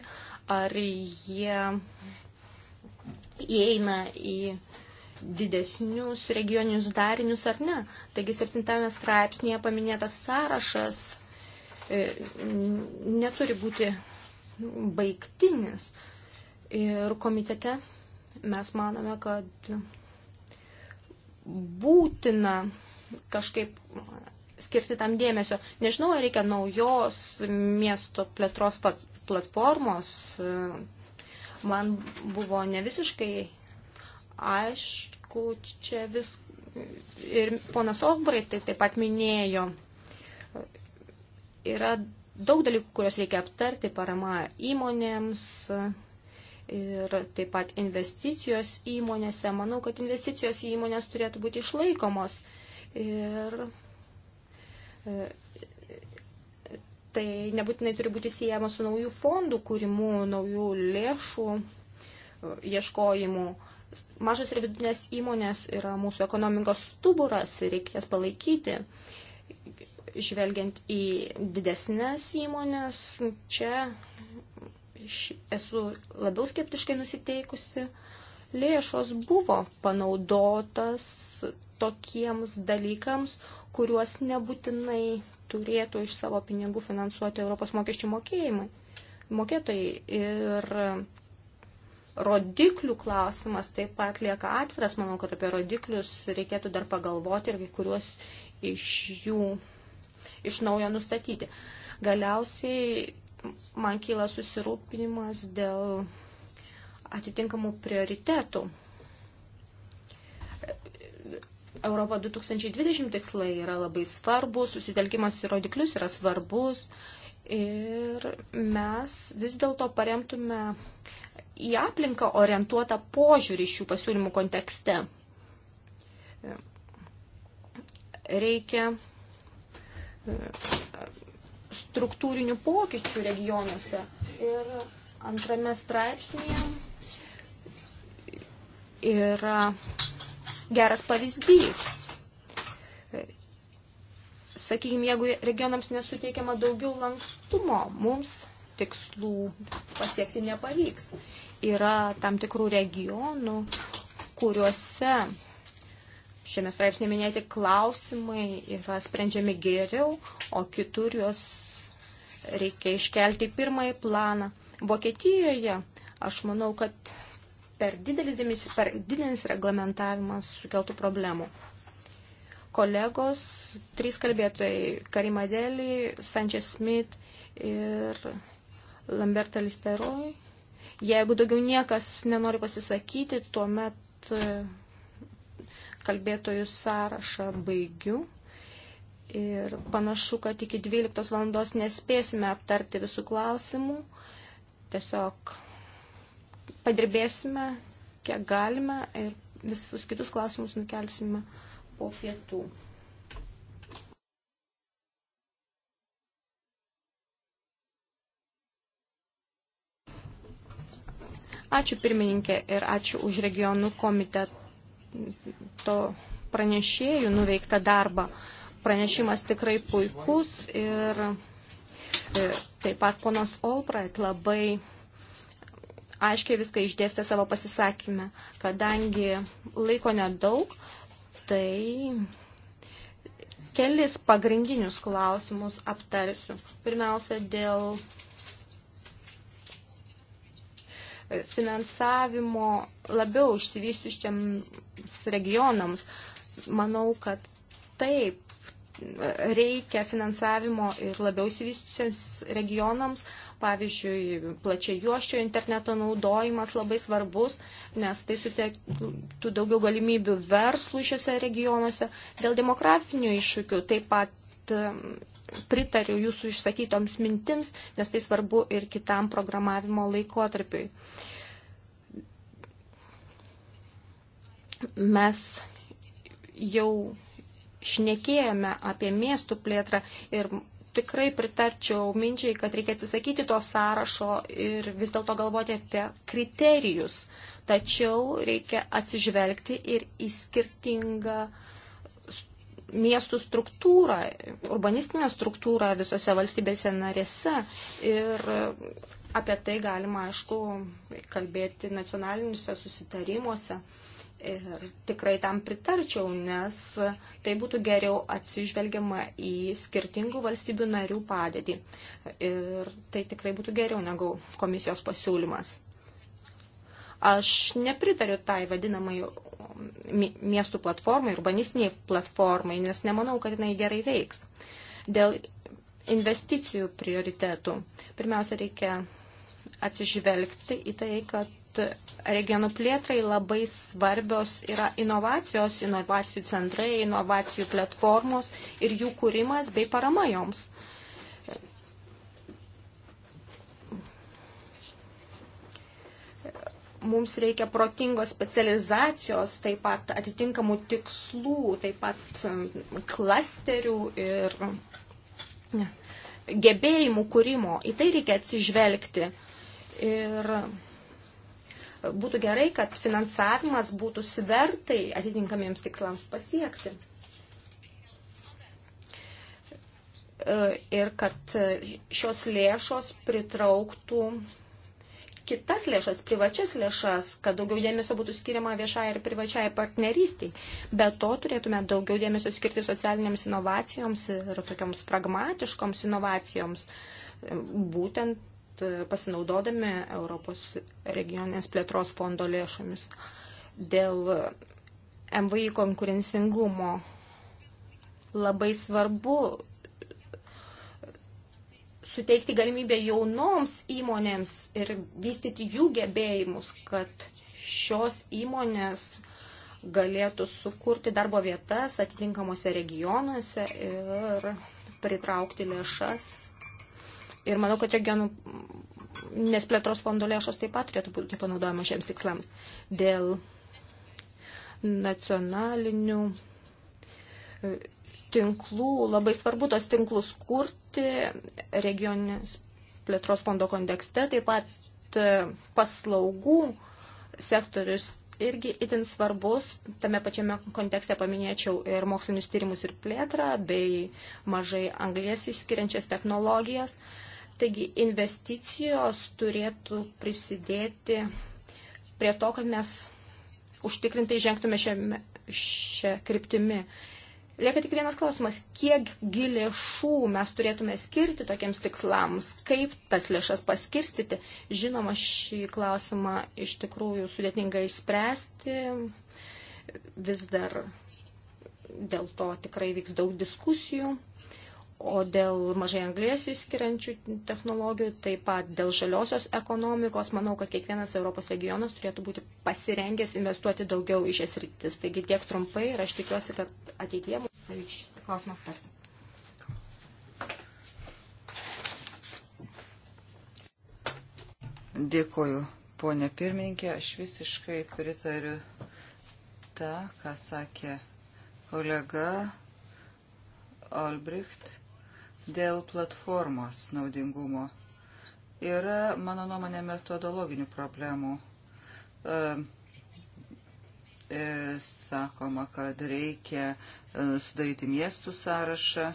ar jie įeina į didesnius regioninius darinius ar ne. Taigi septintame straipsnėje paminėtas sąrašas e, neturi būti baigtinis. Ir komitete mes manome, kad būtina kažkaip skirti tam dėmesio. Nežinau, ar reikia naujos miesto plėtros platformos. Man buvo ne visiškai aišku, čia vis. Ir ponas Obrai tai taip pat minėjo. Yra daug dalykų, kuriuos reikia aptarti, parama įmonėms. Uh, ir taip pat investicijos įmonėse. Manau, kad investicijos į įmonės turėtų būti išlaikomos. Ir e, tai nebūtinai turi būti siejama su naujų fondų kūrimu, naujų lėšų e, ieškojimu. Mažas ir vidutinės įmonės yra mūsų ekonomikos stuburas ir reikės palaikyti. Žvelgiant į didesnės įmonės, čia esu labiau skeptiškai nusiteikusi. Lėšos buvo panaudotas tokiems dalykams, kuriuos nebūtinai turėtų iš savo pinigų finansuoti Europos mokesčių mokėjimai, mokėtojai. Ir rodiklių klausimas taip pat lieka atviras. Manau, kad apie rodiklius reikėtų dar pagalvoti ir kai kuriuos iš jų iš naujo nustatyti. Galiausiai man kyla susirūpinimas dėl atitinkamų prioritetų. Europa 2020 tikslai yra labai svarbus, susitelkimas į rodiklius yra svarbus ir mes vis dėlto paremtume į aplinką orientuotą požiūrį šių pasiūlymų kontekste. Reikia struktūrinių pokyčių regionuose. Ir antrame straipsnėje yra geras pavyzdys. Sakykime, jeigu regionams nesuteikiama daugiau lankstumo, mums tikslų pasiekti nepavyks. Yra tam tikrų regionų, kuriuose šiame straipsnėje minėti klausimai yra sprendžiami geriau, o kitur juos reikia iškelti į pirmąjį planą. Vokietijoje aš manau, kad per didelis, dėmesys, per didelis reglamentavimas sukeltų problemų. Kolegos, trys kalbėtojai, Karimadėlį, Sančias Smith ir Lamberta Listeroj. Jeigu daugiau niekas nenori pasisakyti, tuomet kalbėtojų sąrašą baigiu. Ir panašu, kad iki 12 valandos nespėsime aptarti visų klausimų. Tiesiog padirbėsime, kiek galime ir visus kitus klausimus nukelsime po pietų. Ačiū pirmininkė ir ačiū už regionų komitetą komiteto pranešėjų nuveiktą darbą. Pranešimas tikrai puikus ir e, taip pat ponas Olbrait labai aiškiai viską išdėstė savo pasisakymę. Kadangi laiko nedaug, tai kelis pagrindinius klausimus aptarsiu. Pirmiausia, dėl finansavimo labiau išsivystyščiams regionams. Manau, kad taip reikia finansavimo ir labiau įsivystysiams regionams. Pavyzdžiui, plačiai juoščio interneto naudojimas labai svarbus, nes tai suteiktų daugiau galimybių verslų šiuose regionuose. Dėl demografinių iššūkių taip pat pritariu jūsų išsakytoms mintims, nes tai svarbu ir kitam programavimo laikotarpiui. Mes jau šnekėjome apie miestų plėtrą ir tikrai pritarčiau minčiai, kad reikia atsisakyti to sąrašo ir vis dėlto galvoti apie kriterijus. Tačiau reikia atsižvelgti ir į skirtingą uh, miestų struktūrą, urbanistinę struktūrą visose valstybėse narėse. Ir apie tai galima, aišku, kalbėti nacionaliniuose susitarimuose. Ir tikrai tam pritarčiau, nes tai būtų geriau atsižvelgiama į skirtingų valstybių narių padėtį. Ir tai tikrai būtų geriau negu komisijos pasiūlymas. Aš nepritariu tai vadinamai miestų platformai, urbanistiniai platformai, nes nemanau, kad jinai gerai veiks. Dėl investicijų prioritetų pirmiausia reikia atsižvelgti į tai, kad regionų plėtrai labai svarbios yra inovacijos, inovacijų centrai, inovacijų platformos ir jų kūrimas bei parama joms. Uh, mums reikia protingos specializacijos, taip pat atitinkamų tikslų, taip pat um, klasterių ir ne, gebėjimų kūrimo. Į tai reikia atsižvelgti. Ir būtų gerai, kad finansavimas būtų svertai atitinkamiems tikslams pasiekti. E, ir kad e, šios lėšos pritrauktų kitas lėšas, privačias lėšas, kad daugiau dėmesio būtų skiriama viešai ir privačiai partnerystiai. Be to turėtume daugiau dėmesio skirti socialiniams inovacijoms ir tokioms pragmatiškoms inovacijoms, būtent e, pasinaudodami Europos regionės plėtros fondo lėšomis. Dėl MVI konkurencingumo labai svarbu suteikti galimybę jaunoms įmonėms ir vystyti jų gebėjimus, kad šios įmonės galėtų sukurti darbo vietas atitinkamuose regionuose ir pritraukti lėšas. Ir manau, kad regionų nesplėtros fondo lėšos taip pat turėtų būti panaudojamos šiems tikslams dėl nacionalinių e, tinklų. Labai svarbu tos tinklus kurti plėtoti regioninės plėtros fondo kontekste, taip pat e, paslaugų sektorius irgi itin svarbus. Tame pačiame kontekste paminėčiau ir mokslinius tyrimus ir plėtrą, bei mažai anglės išskiriančias technologijas. Taigi investicijos turėtų prisidėti prie to, kad mes užtikrintai žengtume šiame, šią kryptimį. Lieka tik vienas klausimas, kiek lėšų mes turėtume skirti tokiems tikslams, kaip tas lėšas paskirstyti. Žinoma, šį klausimą iš tikrųjų sudėtinga išspręsti, vis dar dėl to tikrai vyks daug diskusijų. O dėl mažai anglės įskiriančių technologijų, taip pat dėl žaliosios ekonomikos, manau, kad kiekvienas Europos regionas turėtų būti pasirengęs investuoti daugiau į šias rytis. Taigi tiek trumpai ir aš tikiuosi, kad ateityje pavyzdžiui, šitą klausimą aptarti. Dėkoju, ponė pirmininkė. Aš visiškai pritariu tą, ką sakė kolega Olbricht dėl platformos naudingumo. Yra, mano nuomonė, metodologinių problemų. E, E, sakoma, kad reikia e, sudaryti miestų sąrašą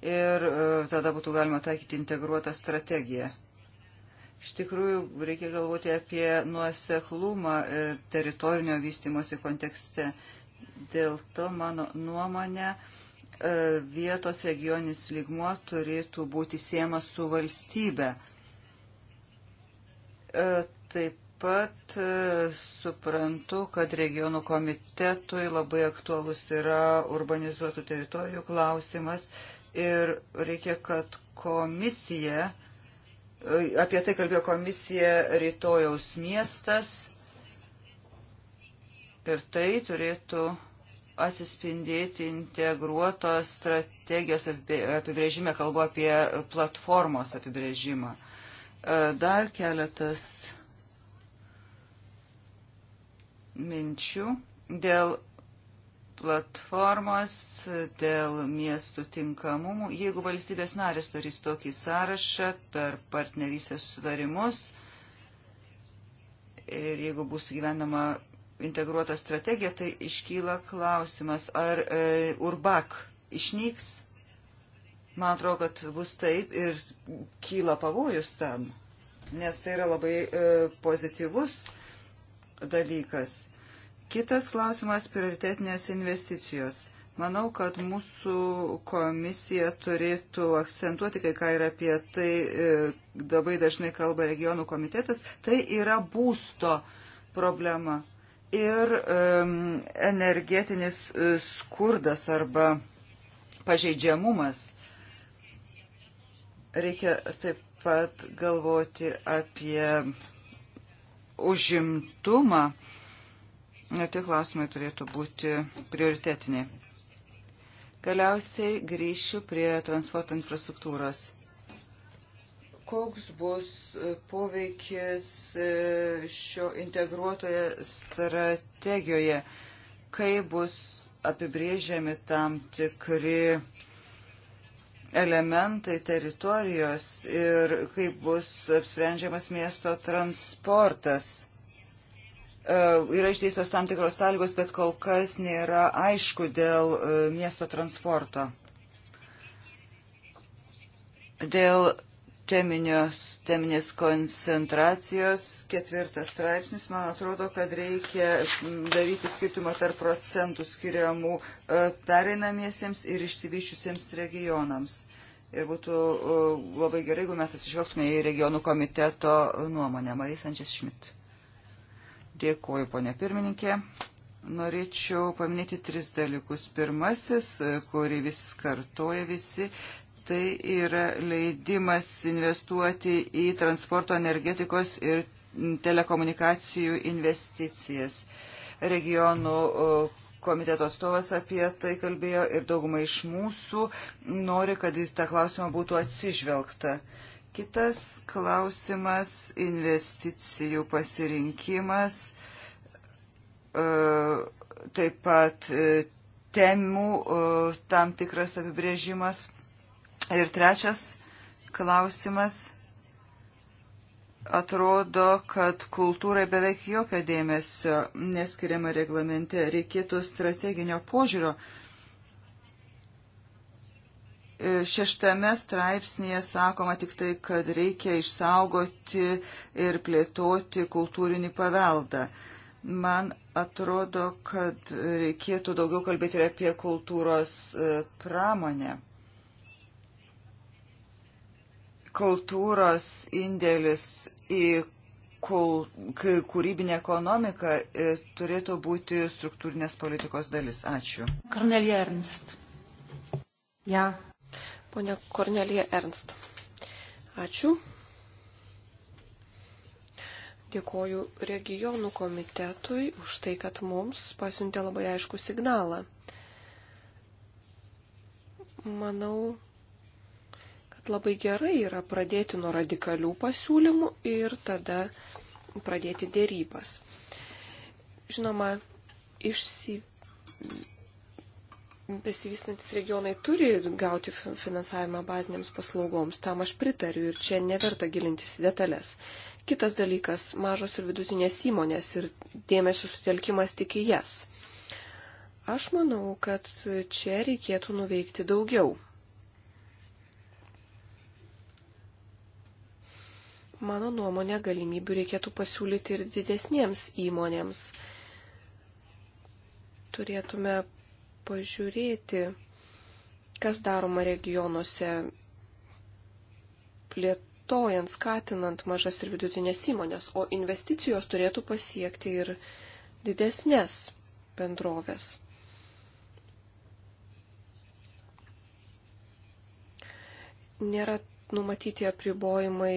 ir e, tada būtų galima taikyti integruotą strategiją. Iš tikrųjų, reikia galvoti apie nuoseklumą teritorinio vystimosi kontekste. Dėl to, mano nuomonė, vietos regioninis lygmuo turėtų būti siemas su valstybe. Taip pat e, suprantu, kad regionų komitetui labai aktualus yra urbanizuotų teritorijų klausimas ir reikia, kad komisija, e, apie tai kalbėjo komisija rytojaus miestas ir tai turėtų atsispindėti integruotos strategijos apibrėžime, kalbu apie platformos apibrėžimą. E, dar keletas minčių dėl platformos, dėl miestų tinkamumų. Jeigu valstybės narės darys tokį sąrašą per partnerystę susidarimus ir jeigu bus gyvenama integruota strategija, tai iškyla klausimas, ar e, urbak išnyks. Man atrodo, kad bus taip ir kyla pavojus tam, nes tai yra labai e, pozityvus dalykas Kitas klausimas - prioritetinės investicijos. Manau, kad mūsų komisija turėtų akcentuoti kai ką ir apie tai e, labai dažnai kalba regionų komitetas. Tai yra būsto problema ir um, energetinis e, skurdas arba pažeidžiamumas. Reikia taip pat galvoti apie užimtumą. Uh, tie klausimai turėtų būti prioritetiniai. Galiausiai grįšiu prie transporto infrastruktūros. Koks bus e, poveikis e, šio integruotoje strategijoje, kai bus apibrėžiami tam tikri elementai teritorijos ir kaip bus apsprendžiamas miesto transportas E, yra išdėstos tam tikros sąlygos, bet kol kas nėra aišku dėl e, miesto transporto. Dėl teminios, teminės koncentracijos ketvirtas straipsnis, man atrodo, kad reikia daryti skirtumą tarp procentų skiriamų e, pereinamiesiems ir išsivyščiusiems regionams. Ir būtų labai gerai, jeigu mes atsižvelgtume į regionų komiteto nuomonę. Marijas Ančias Šmit. Dėkuoju, ponė pirmininkė. Norėčiau paminėti tris dalykus. Pirmasis, kurį vis kartoja visi, tai yra leidimas investuoti į transporto energetikos ir telekomunikacijų investicijas. Regionų komiteto atstovas apie tai kalbėjo ir dauguma iš mūsų nori, kad į tą klausimą būtų atsižvelgta. Uh, Kitas klausimas - investicijų pasirinkimas, e, taip pat e, temų e, tam tikras apibrėžimas. Ir trečias klausimas atrodo, kad kultūrai beveik jokio dėmesio neskiriama reglamente, reikėtų strateginio požiūrio Šeštame straipsnėje sakoma tik tai, kad reikia išsaugoti ir plėtoti kultūrinį paveldą. Man atrodo, kad reikėtų daugiau kalbėti ir apie kultūros e, pramonę. Kultūros indėlis į kol, kūrybinė ekonomika e, turėtų būti struktūrinės politikos dalis. Ačiū. Kornelija Ernst. Ja, Pone Kornelija Ernst. Ačiū. Dėkoju regionų komitetui už tai, kad mums pasiuntė labai aišku signalą. Manau, kad labai gerai yra pradėti nuo radikalių pasiūlymų ir tada pradėti dėrybas. Žinoma, išsi besivystantis regionai turi gauti finansavimą bazinėms paslaugoms. Tam aš pritariu ir čia neverta gilintis į detalės. Kitas dalykas - mažos ir vidutinės įmonės ir dėmesio sutelkimas tik į jas. Aš manau, kad čia reikėtų nuveikti daugiau. Mano nuomonė, galimybių reikėtų pasiūlyti ir didesniems įmonėms. Turėtume pažiūrėti, kas daroma regionuose plėtojant, skatinant mažas ir vidutinės įmonės, o investicijos turėtų pasiekti ir didesnės bendrovės. Nėra numatyti apribojimai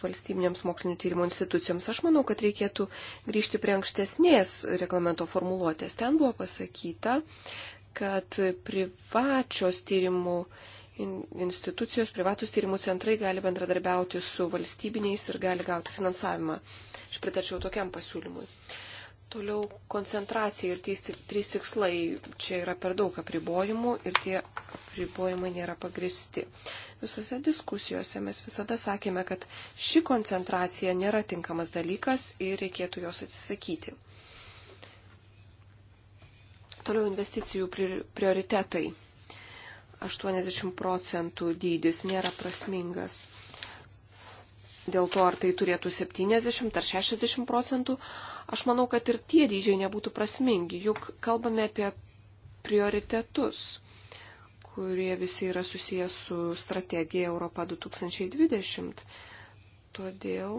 valstybinėms mokslinio tyrimo institucijoms. Aš manau, kad reikėtų grįžti prie ankstesnės reglamento formuluotės. Ten buvo pasakyta, kad privačios tyrimų institucijos, privatus tyrimų centrai gali bendradarbiauti su valstybiniais ir gali gauti finansavimą. Aš pritačiau tokiam pasiūlymui. Toliau koncentracija ir trys tikslai. Čia yra per daug apribojimų ir tie apribojimai nėra pagristi. Visose diskusijose mes visada sakėme, kad ši koncentracija nėra tinkamas dalykas ir reikėtų jos atsisakyti. Toliau investicijų prioritetai. 80 procentų dydis nėra prasmingas. Dėl to, ar tai turėtų 70 ar 60 procentų, aš manau, kad ir tie dydžiai nebūtų prasmingi, juk kalbame apie prioritetus, kurie visi yra susijęs su strategija Europa 2020. Todėl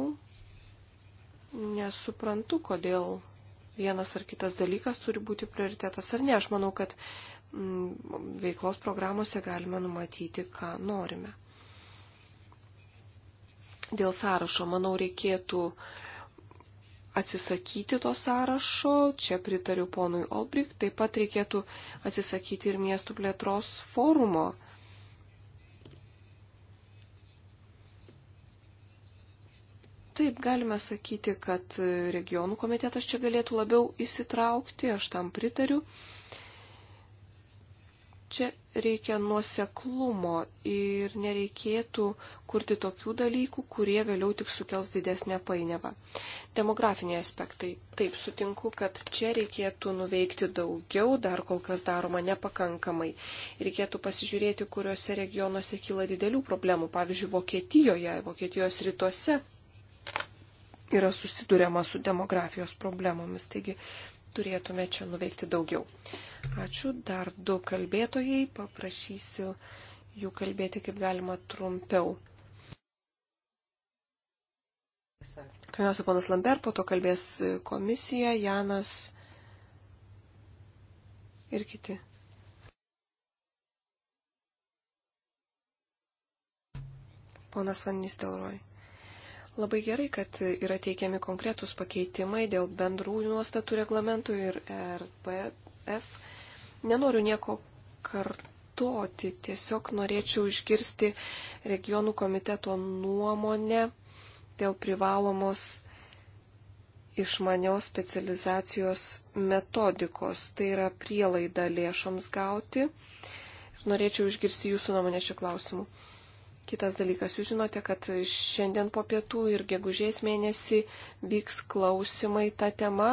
nesuprantu, kodėl vienas ar kitas dalykas turi būti prioritetas ar ne. Aš manau, kad mm, veiklos programuose galime numatyti, ką norime. Dėl sąrašo, manau, reikėtų atsisakyti to sąrašo, čia pritariu ponui Olbrich, taip pat reikėtų atsisakyti ir miestų plėtros forumo Taip, galime sakyti, kad regionų komitetas čia galėtų labiau įsitraukti, aš tam pritariu. Čia reikia nuoseklumo ir nereikėtų kurti tokių dalykų, kurie vėliau tik sukels didesnę painiavą. Demografiniai aspektai. Taip, sutinku, kad čia reikėtų nuveikti daugiau, dar kol kas daroma nepakankamai. Reikėtų pasižiūrėti, kuriuose regionuose kyla didelių problemų. Pavyzdžiui, Vokietijoje, Vokietijos rytuose yra susidūrėma su demografijos problemomis, taigi turėtume čia nuveikti daugiau. Ačiū. Dar du kalbėtojai. Paprašysiu jų kalbėti kaip galima trumpiau. Pirmiausia, panas Lambert, po to kalbės komisija, Janas ir kiti. Ponas Vannis Delroj. Labai gerai, kad yra teikiami konkretūs pakeitimai dėl bendrų nuostatų reglamentų ir RPF. Nenoriu nieko kartoti, tiesiog norėčiau išgirsti regionų komiteto nuomonę dėl privalomos išmanios specializacijos metodikos. Tai yra prielaida lėšoms gauti. Norėčiau išgirsti jūsų nuomonę šiuo klausimu. Kitas dalykas, jūs žinote, kad šiandien po pietų ir gegužės mėnesį vyks klausimai tą temą,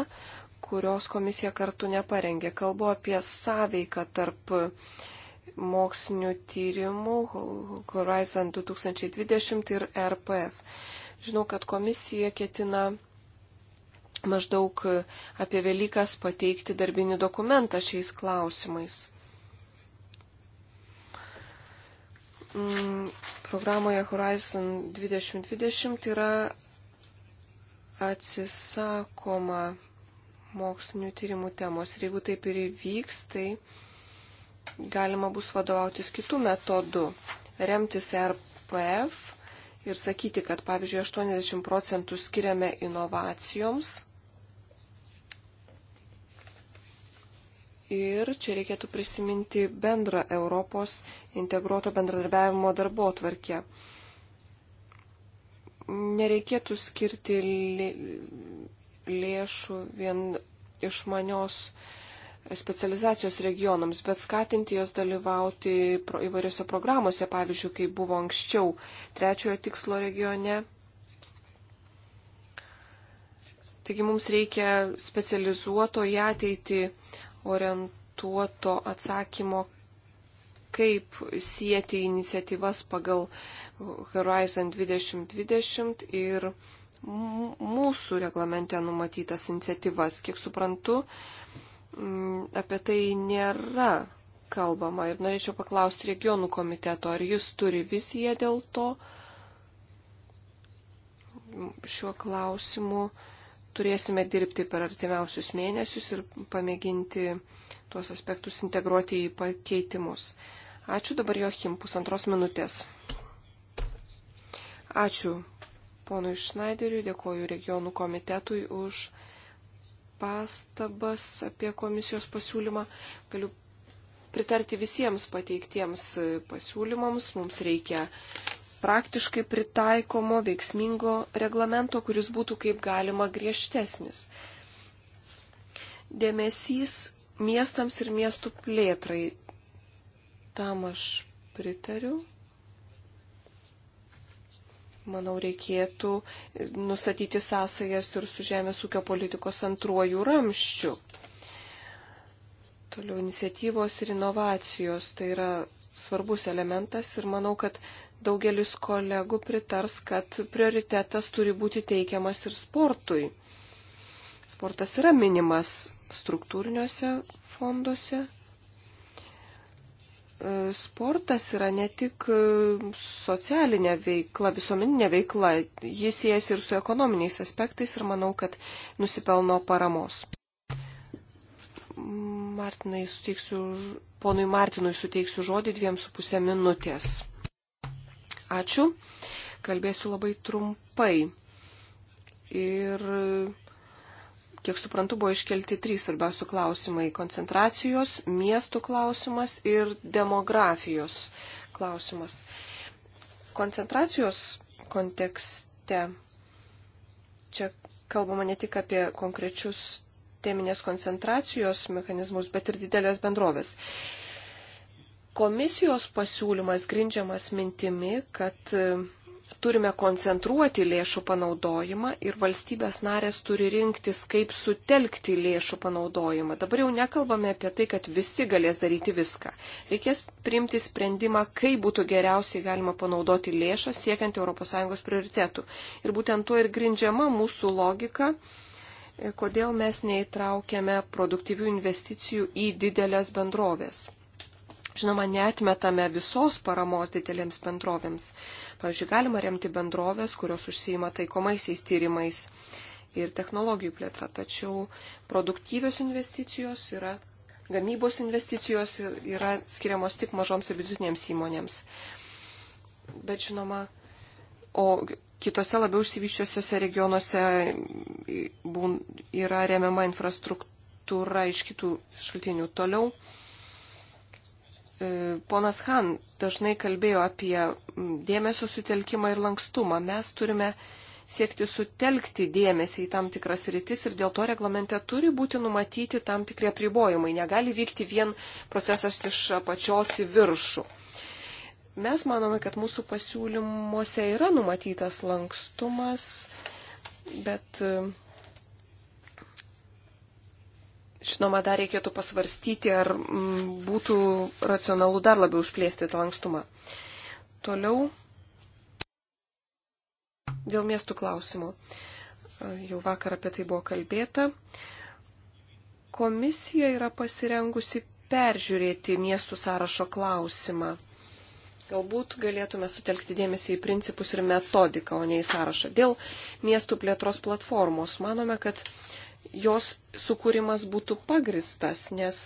kurios komisija kartu neparengė. Kalbu apie sąveiką tarp mokslinių tyrimų Horizon 2020 ir RPF. Žinau, kad komisija ketina maždaug apie Velykas pateikti darbinį dokumentą šiais klausimais. Mm, programoje Horizon 2020 yra atsisakoma mokslinių tyrimų temos. Ir jeigu taip ir įvyks, tai galima bus vadovautis kitų metodų, remtis RPF ir sakyti, kad pavyzdžiui 80 procentų skiriame inovacijoms, Ir čia reikėtų prisiminti bendrą Europos integruoto bendradarbiavimo darbo tvarkę. Nereikėtų skirti lėšų vien išmanios specializacijos regionams, bet skatinti jos dalyvauti įvairiose programuose, pavyzdžiui, kaip buvo anksčiau trečiojo tikslo regione. Taigi mums reikia specializuoto į ateitį orientuoto atsakymo, kaip sieti iniciatyvas pagal Horizon 2020 ir mūsų reglamente numatytas iniciatyvas. Kiek suprantu, apie tai nėra kalbama ir norėčiau paklausti regionų komiteto, ar jis turi viziją dėl to šiuo klausimu turėsime dirbti per artimiausius mėnesius ir pamėginti tuos aspektus integruoti į pakeitimus. Ačiū dabar Johim, pusantros minutės. Ačiū ponui Šnaideriui, dėkoju regionų komitetui už pastabas apie komisijos pasiūlymą. Galiu pritarti visiems pateiktiems pasiūlymams. Mums reikia praktiškai pritaikomo, veiksmingo reglamento, kuris būtų kaip galima griežtesnis. Dėmesys miestams ir miestų plėtrai. Tam aš pritariu. Manau, reikėtų nustatyti sąsajas ir su žemės ūkio politikos antruoju ramščiu. Toliau iniciatyvos ir inovacijos tai yra svarbus elementas ir manau, kad daugelis kolegų pritars, kad prioritetas turi būti teikiamas ir sportui. Sportas yra minimas struktūriniuose fonduose. E, sportas yra ne tik e, socialinė veikla, visuomeninė veikla, jis siejasi ir su ekonominiais aspektais ir manau, kad nusipelno paramos. Martinai suteiksiu, ponui Martinui suteiksiu žodį dviem su pusė minutės. Ačiū. Kalbėsiu labai trumpai. Ir, kiek suprantu, buvo iškelti trys svarbiausių klausimai - koncentracijos, miestų klausimas ir demografijos klausimas. Koncentracijos kontekste čia kalbama ne tik apie konkrečius teminės koncentracijos mechanizmus, bet ir didelės bendrovės. Komisijos pasiūlymas grindžiamas mintimi, kad e, turime koncentruoti lėšų panaudojimą ir valstybės narės turi rinktis, kaip sutelkti lėšų panaudojimą. Dabar jau nekalbame apie tai, kad visi galės daryti viską. Reikės priimti sprendimą, kaip būtų geriausiai galima panaudoti lėšas siekiant ES prioritetų. Ir būtent tuo ir grindžiama mūsų logika, e, kodėl mes neįtraukėme produktyvių investicijų į didelės bendrovės. Žinoma, netmetame visos paramos didelėms bendrovėms. Pavyzdžiui, galima remti bendrovės, kurios užsima taikomaisiais tyrimais ir technologijų plėtra, tačiau produktyvios investicijos yra, gamybos investicijos yra skiriamos tik mažoms ir vidutinėms įmonėms. Bet žinoma, o kitose labiau užsivyščiuose regionuose yra remiama infrastruktūra iš kitų šaltinių toliau E, ponas Han dažnai kalbėjo apie dėmesio sutelkimą ir lankstumą. Mes turime siekti sutelkti dėmesį į tam tikras rytis ir dėl to reglamente turi būti numatyti tam tikrie pribojimai. Negali vykti vien procesas iš apačios į viršų. Mes manome, kad mūsų pasiūlymuose yra numatytas lankstumas, bet e, Žinoma, dar reikėtų pasvarstyti, ar mm, būtų racionalu dar labiau užplėsti tą lankstumą. Toliau dėl miestų klausimo. E, jau vakar apie tai buvo kalbėta. Komisija yra pasirengusi peržiūrėti miestų sąrašo klausimą. Galbūt galėtume sutelkti dėmesį į principus ir metodiką, o ne į sąrašą. Dėl miestų plėtros platformos manome, kad jos sukūrimas būtų pagristas, nes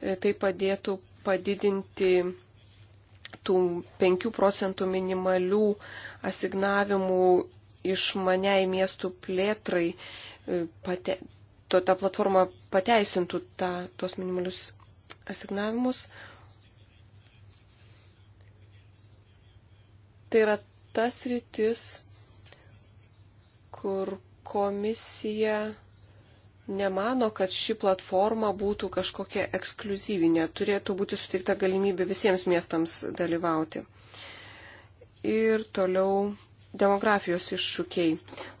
e, tai padėtų padidinti tų 5 procentų minimalių asignavimų išmaniai miestų plėtrai, e, pate, to, ta platforma pateisintų ta, tuos minimalius asignavimus. Tai yra tas rytis, kur komisija nemano, kad ši platforma būtų kažkokia ekskluzyvinė. Turėtų būti suteikta galimybė visiems miestams dalyvauti. Ir toliau demografijos iššūkiai.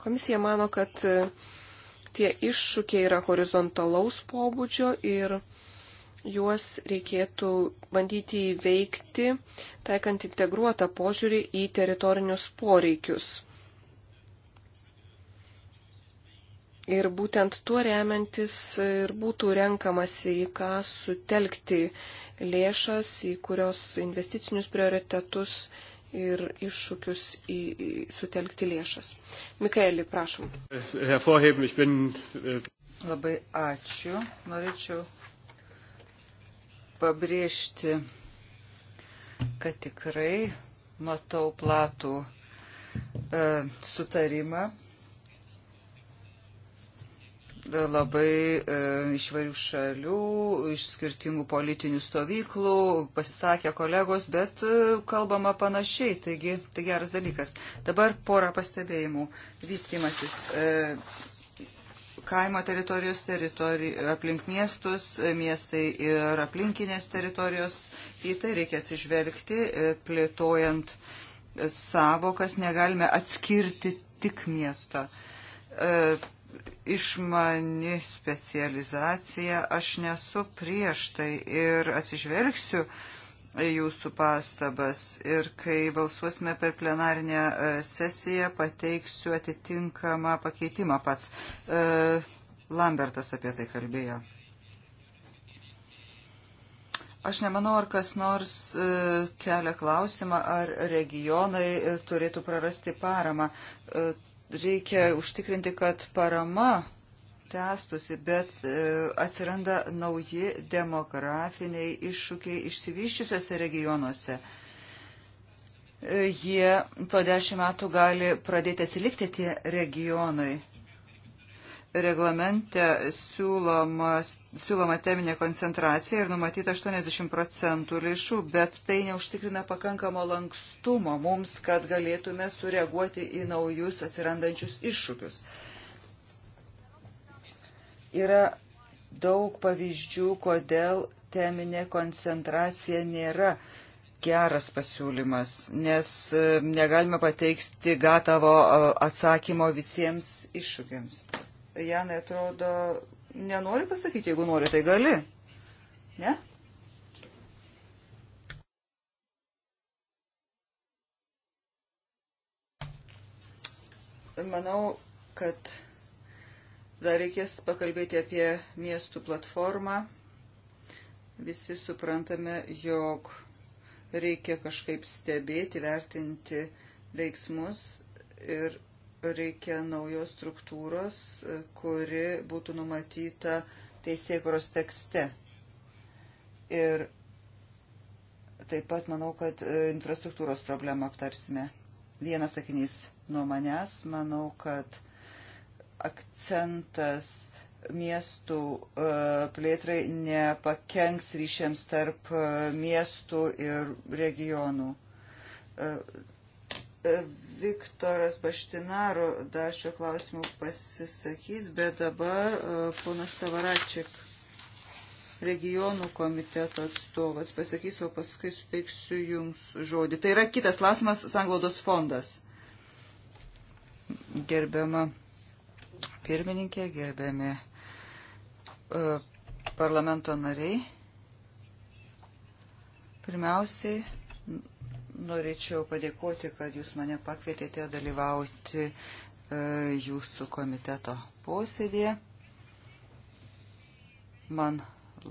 Komisija mano, kad e, tie iššūkiai yra horizontalaus pobūdžio ir juos reikėtų bandyti įveikti, taikant integruotą požiūrį į teritorinius poreikius. Ir būtent tuo remiantis ir būtų renkamasi, į ką sutelkti lėšas, į kurios investicinius prioritetus ir iššūkius į, į, sutelkti lėšas. Mikaeli, prašom. Äh, Labai ačiū. Norėčiau pabrėžti, kad tikrai matau platų e, sutarimą labai e, iš varių šalių, iš skirtingų politinių stovyklų, pasisakė kolegos, bet e, kalbama panašiai, taigi tai geras dalykas. Dabar pora pastebėjimų. Vystimasis. E, kaimo teritorijos, teritori, aplink miestus, miestai ir aplinkinės teritorijos, į tai reikia atsižvelgti, e, plėtojant savokas, negalime atskirti tik miesto. E, išmani specializacija. Aš nesu prieš tai ir atsižvelgsiu jūsų pastabas ir kai balsuosime per plenarinę e, sesiją, pateiksiu atitinkamą pakeitimą pats. E, Lambertas apie tai kalbėjo. Aš nemanau, ar kas nors e, kelia klausimą, ar regionai turėtų prarasti paramą reikia užtikrinti, kad parama tęstusi, bet e, atsiranda nauji demografiniai iššūkiai išsivyščiusiuose regionuose. E, jie po dešimt metų gali pradėti atsilikti tie regionai reglamente siūloma, siūloma teminė koncentracija ir numatyta 80 procentų lėšų, bet tai neužtikrina pakankamo lankstumo mums, kad galėtume sureaguoti į naujus atsirandančius iššūkius. Yra daug pavyzdžių, kodėl teminė koncentracija nėra geras pasiūlymas, nes e, negalime pateikti gatavo e, atsakymo visiems iššūkiams Janai atrodo, nenori pasakyti, jeigu nori, tai gali. Ne? Manau, kad dar reikės pakalbėti apie miestų platformą. Visi suprantame, jog reikia kažkaip stebėti, vertinti veiksmus ir reikia naujos struktūros, e, kuri būtų numatyta teisėkuros tekste. Ir taip pat manau, kad e, infrastruktūros problemą aptarsime. Vienas sakinys nuo manęs, manau, kad akcentas miestų e, plėtrai nepakenks ryšiams tarp miestų ir regionų Viktoras Baštinaro dar šio klausimu pasisakys, bet dabar e, ponas Tavaračiak, regionų komiteto atstovas, pasakys, o paskui suteiksiu jums žodį. Tai yra kitas klausimas, Sanglaudos fondas. Gerbiama pirmininkė, gerbiami e, parlamento nariai. Pirmiausiai Norėčiau padėkoti, kad jūs mane pakvietėte dalyvauti e, jūsų komiteto posėdėje. Man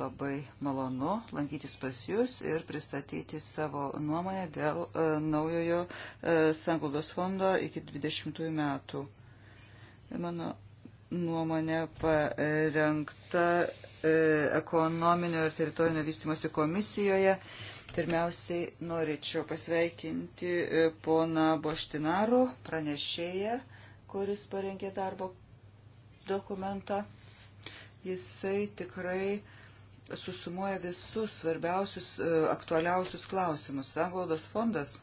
labai malonu lankytis pas Jūs ir pristatyti savo nuomonę dėl e, naujojo e, sanglaudos fondo iki 20 metų. Mano nuomonė parengta e, ekonominio ir teritorinio vystimosi komisijoje. E, Pirmiausiai norėčiau pasveikinti e, poną Boštinarų, pranešėją, kuris parengė darbo dokumentą. Jisai tikrai susumuoja visus svarbiausius, e, aktualiausius klausimus. Sanglaudos fondas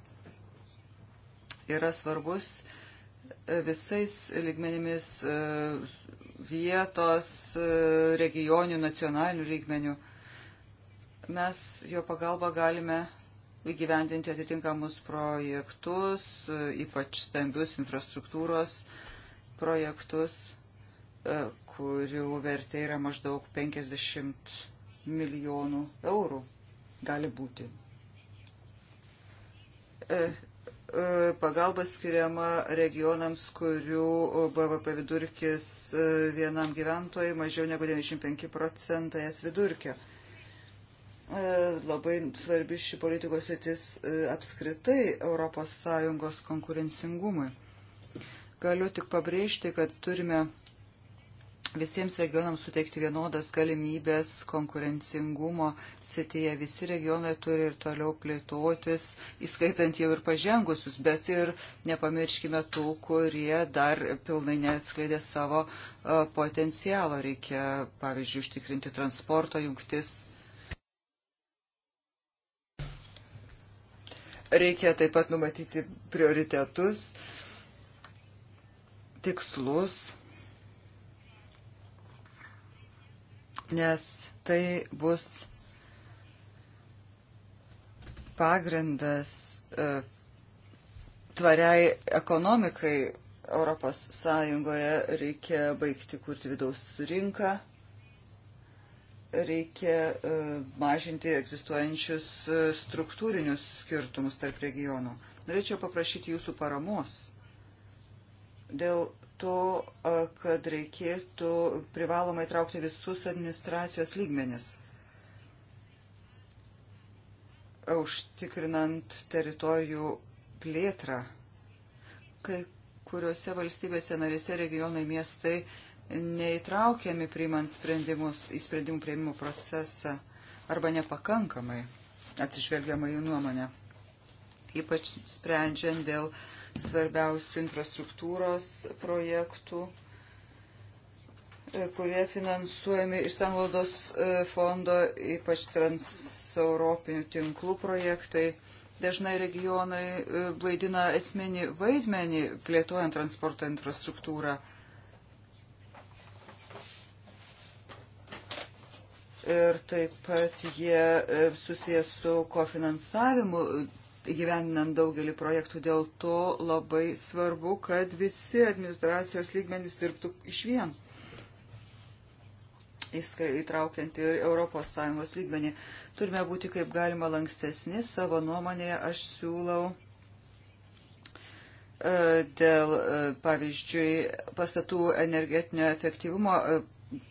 yra svarbus e, visais ligmenimis vietos, regionių, nacionalinių lygmenių Mes jo pagalba galime įgyvendinti atitinkamus projektus, ypač stambius infrastruktūros projektus, e, kurių vertė yra maždaug 50 milijonų eurų. Gali būti. E, e, pagalba skiriama regionams, kurių BVP vidurkis vienam gyventojui mažiau negu 95 procentai es vidurkio. E, labai svarbi ši politikos sritis e, apskritai ES konkurencingumui. Galiu tik pabrėžti, kad turime visiems regionams suteikti vienodas galimybės konkurencingumo sityje. Visi regionai turi ir toliau plėtotis, įskaitant jau ir pažengusius, bet ir nepamirškime tų, kurie dar pilnai neatskleidė savo e, potencialo. Reikia, pavyzdžiui, užtikrinti transporto jungtis Reikia taip pat numatyti prioritetus, tikslus, nes tai bus pagrindas e, tvariai ekonomikai Europos Sąjungoje reikia baigti kurti vidaus rinką, reikia e, mažinti egzistuojančius e, struktūrinius skirtumus tarp regionų. Norėčiau paprašyti jūsų paramos dėl to, e, kad reikėtų privalomai traukti visus administracijos lygmenis, užtikrinant teritorijų plėtrą. Kai kuriuose valstybėse narėse regionai miestai uh, neįtraukiami priimant sprendimus į sprendimų prieimimų procesą arba nepakankamai atsižvelgiama jų nuomonę, ypač sprendžiant dėl svarbiausių infrastruktūros projektų, e, kurie finansuojami iš Sanglaudos e, fondo, ypač transeuropinių tinklų projektai. Dažnai regionai e, vaidina esminį vaidmenį plėtojant transporto infrastruktūrą. ir taip pat jie e, susijęs su kofinansavimu įgyvendinant daugelį projektų. Dėl to labai svarbu, kad visi administracijos lygmenys dirbtų iš vien, įtraukiant ir ES lygmenį. Turime būti kaip galima lankstesni. Savo nuomonėje aš siūlau e, dėl, e, pavyzdžiui, pastatų energetinio efektyvumo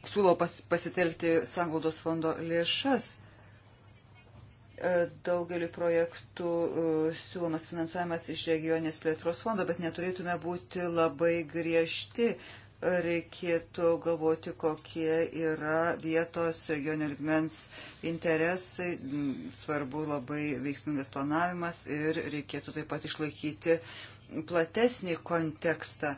siūlo pas, pasitelkti sanglaudos fondo lėšas. E, Daugelį projektų e, siūlomas finansavimas iš regionės plėtros fondo, bet neturėtume būti labai griežti. Reikėtų galvoti, kokie yra vietos regionio ligmens interesai. Mm, svarbu labai veiksmingas planavimas ir reikėtų taip pat išlaikyti platesnį kontekstą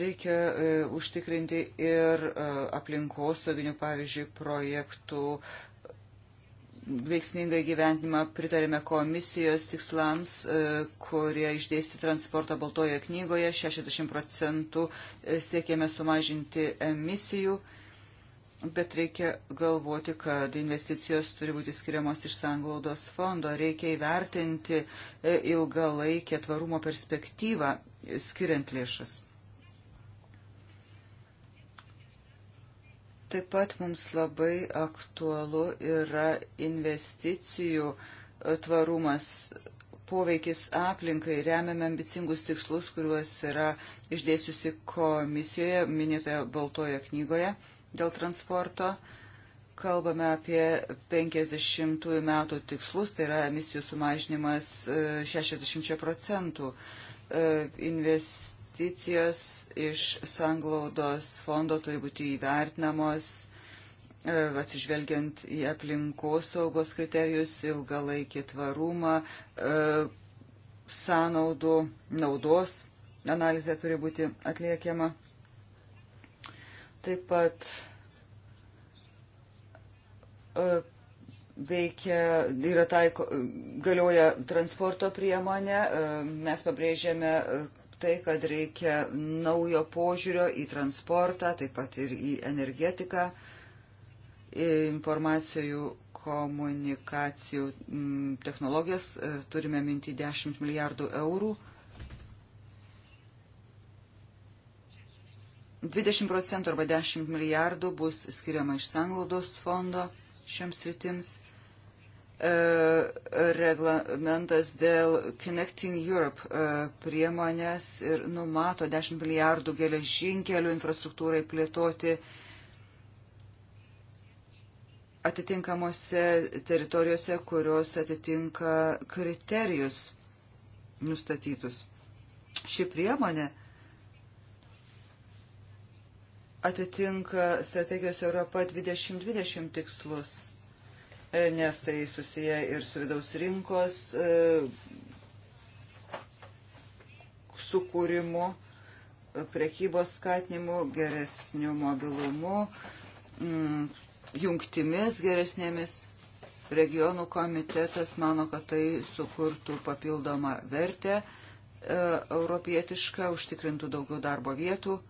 Reikia e, užtikrinti ir e, aplinkosauginių, pavyzdžiui, projektų veiksmingą gyvenimą pritarėme komisijos tikslams, e, kurie išdėsti transportą Baltojoje knygoje. 60 procentų e, siekėme sumažinti emisijų, bet reikia galvoti, kad investicijos turi būti skiriamos iš sanglaudos fondo. Reikia įvertinti e, ilgalaikę tvarumo perspektyvą skiriant lėšas. Taip pat mums labai aktualu yra investicijų e, tvarumas, poveikis aplinkai, remiame ambicingus tikslus, kuriuos yra išdėsiusi komisijoje, minėtoje Baltoje knygoje dėl transporto. Kalbame apie 50 metų tikslus, tai yra emisijų sumažinimas 60 e, procentų. E, invest investicijos iš sanglaudos fondo turi būti įvertinamos e, atsižvelgiant į aplinkos saugos kriterijus, ilgalaikį tvarumą, e, sąnaudų, naudos analizė turi būti atliekiama. Taip pat e, veikia, yra taiko, galioja transporto priemonė, mes pabrėžėme tai, kad reikia naujo požiūrio į transportą, taip pat ir į energetiką, į informacijų komunikacijų mm, technologijas. E, turime minti 10 milijardų eurų. 20 procentų arba 10 milijardų bus skiriama iš sanglaudos fondo šiems rytims. E, reglamentas dėl Connecting Europe e, priemonės ir numato 10 milijardų geležinkelių infrastruktūrai plėtoti atitinkamuose teritorijose, kurios atitinka kriterijus nustatytus. Ši priemonė atitinka strategijos Europa 2020 tikslus E, nes tai susiję ir su vidaus rinkos e, sukūrimu, prekybos skatinimu, geresniu mobilumu, mm, jungtimis geresnėmis. Regionų komitetas mano, kad tai sukurtų papildomą vertę e, europietišką, užtikrintų daugiau darbo vietų.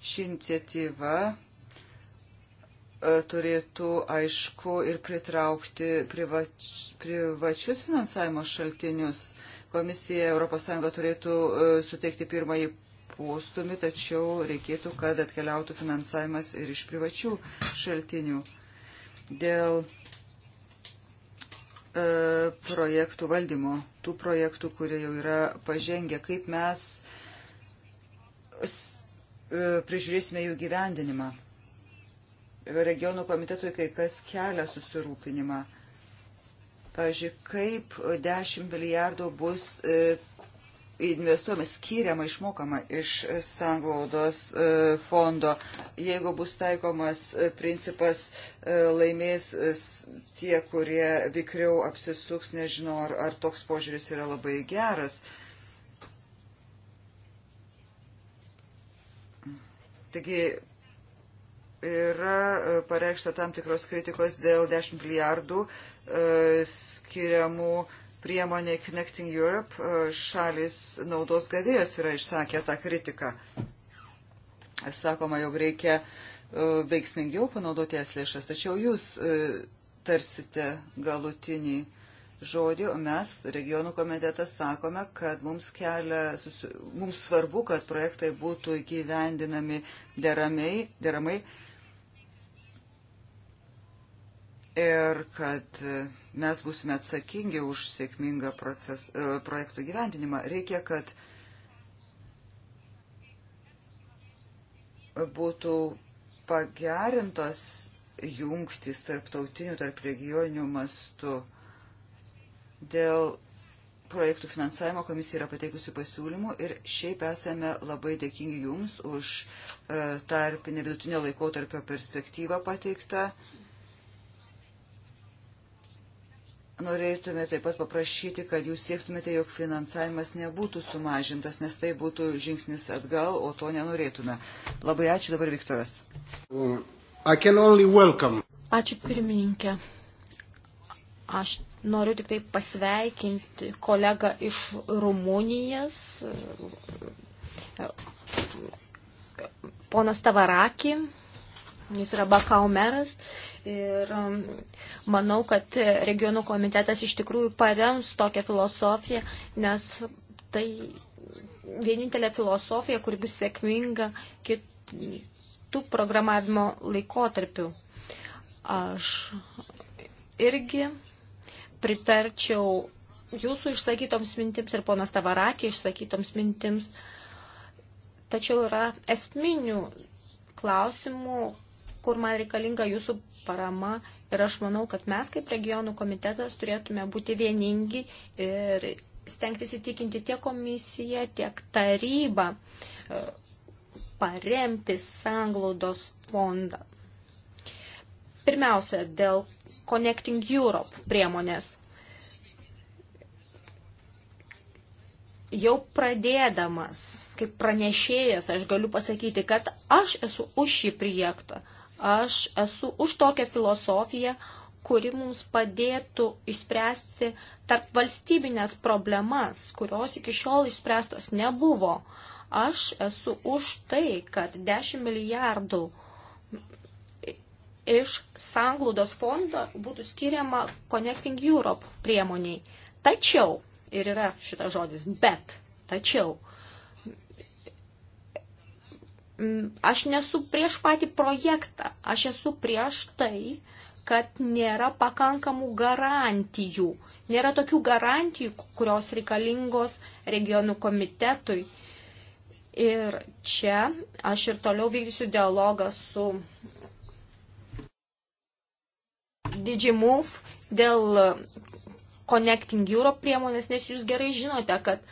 Ši iniciatyva E, turėtų, aišku, ir pritraukti privač, privačius finansavimo šaltinius. Komisija ES turėtų e, suteikti pirmąjį postumį, tačiau reikėtų, kad atkeliautų finansavimas ir iš privačių šaltinių. Dėl e, projektų valdymo, tų projektų, kurie jau yra pažengę, kaip mes e, prižiūrėsime jų gyvendinimą regionų komitetui kai kas kelia susirūpinimą. Pavyzdžiui, kaip 10 milijardų bus e, investuojama, skiriama, išmokama iš sanglaudos e, fondo. Jeigu bus taikomas e, principas, laimės tie, kurie vikriau apsisuks, nežinau, ar, ar toks požiūris yra labai geras. Taigi yra e, pareikšta tam tikros kritikos dėl 10 milijardų e, skiriamų priemonė Connecting Europe. E, šalis naudos gavėjos yra išsakę tą kritiką. Sakoma, jog reikia veiksmingiau panaudoti es lėšas, tačiau jūs tarsite galutinį žodį, o mes, regionų komitetas, sakome, kad mums, kelia, mums svarbu, kad projektai būtų įgyvendinami deramai, deramai ir kad mes būsime atsakingi už sėkmingą proces, e, projektų gyvendinimą. Reikia, kad būtų pagerintos jungtis tarptautinių, tarp regioninių mastų. Dėl projektų finansavimo komisija yra pateikusi pasiūlymų ir šiaip esame labai dėkingi Jums už e, tarpinę vidutinio laikotarpio perspektyvą pateiktą. Uh, norėtume taip pat paprašyti, kad jūs siektumėte, jog finansavimas nebūtų sumažintas, nes tai būtų žingsnis atgal, o to nenorėtume. Labai ačiū dabar, Viktoras. Uh, ačiū pirmininkė. Aš noriu tik tai pasveikinti kolegą iš Rumunijas, uh, uh, ponas Tavarakį Jis yra Bakau meras ir um, manau, kad regionų komitetas iš tikrųjų parems tokią filosofiją, nes tai vienintelė filosofija, kur bus sėkminga kitų programavimo laikotarpių. Aš irgi pritarčiau jūsų išsakytoms mintims ir ponas Tavarakė išsakytoms mintims, tačiau yra esminių klausimų, kur man reikalinga jūsų parama ir aš manau, kad mes kaip regionų komitetas turėtume būti vieningi ir stengtis įtikinti tiek komisiją, tiek tarybą e, paremti sanglaudos fondą. Pirmiausia, dėl Connecting Europe priemonės. Jau pradėdamas, kaip pranešėjas, aš galiu pasakyti, kad aš esu už šį projektą. Aš esu už tokią filosofiją, kuri mums padėtų išspręsti tarp valstybinės problemas, kurios iki šiol išspręstos nebuvo. Aš esu už tai, kad 10 milijardų iš sanglaudos fondo būtų skiriama Connecting Europe priemoniai. Tačiau, ir yra šitas žodis, bet, tačiau, Mm, aš nesu prieš patį projektą, aš esu prieš tai, kad nėra pakankamų garantijų. Nėra tokių garantijų, kurios reikalingos regionų komitetui. Ir čia aš ir toliau vykdysiu dialogą su DigiMove dėl Connecting Europe priemonės, nes jūs gerai žinote, kad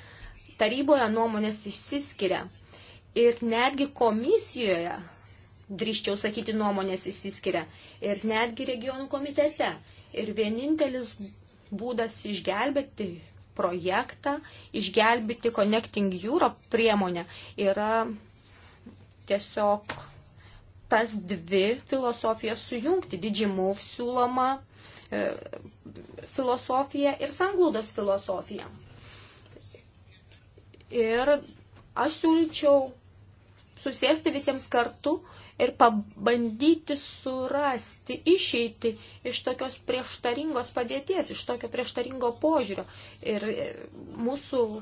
taryboje nuomonės išsiskiria. Ir netgi komisijoje, drįščiau sakyti, nuomonės įsiskiria. Ir netgi regionų komitete. Ir vienintelis būdas išgelbėti projektą, išgelbėti Connecting Europe priemonę yra tiesiog tas dvi filosofijas sujungti. Digimove siūloma e, filosofija ir sanglaudos filosofija. Ir aš siūlyčiau susėsti visiems kartu ir pabandyti surasti išeiti iš tokios prieštaringos padėties, iš tokio prieštaringo požiūrio. Ir e, mūsų e,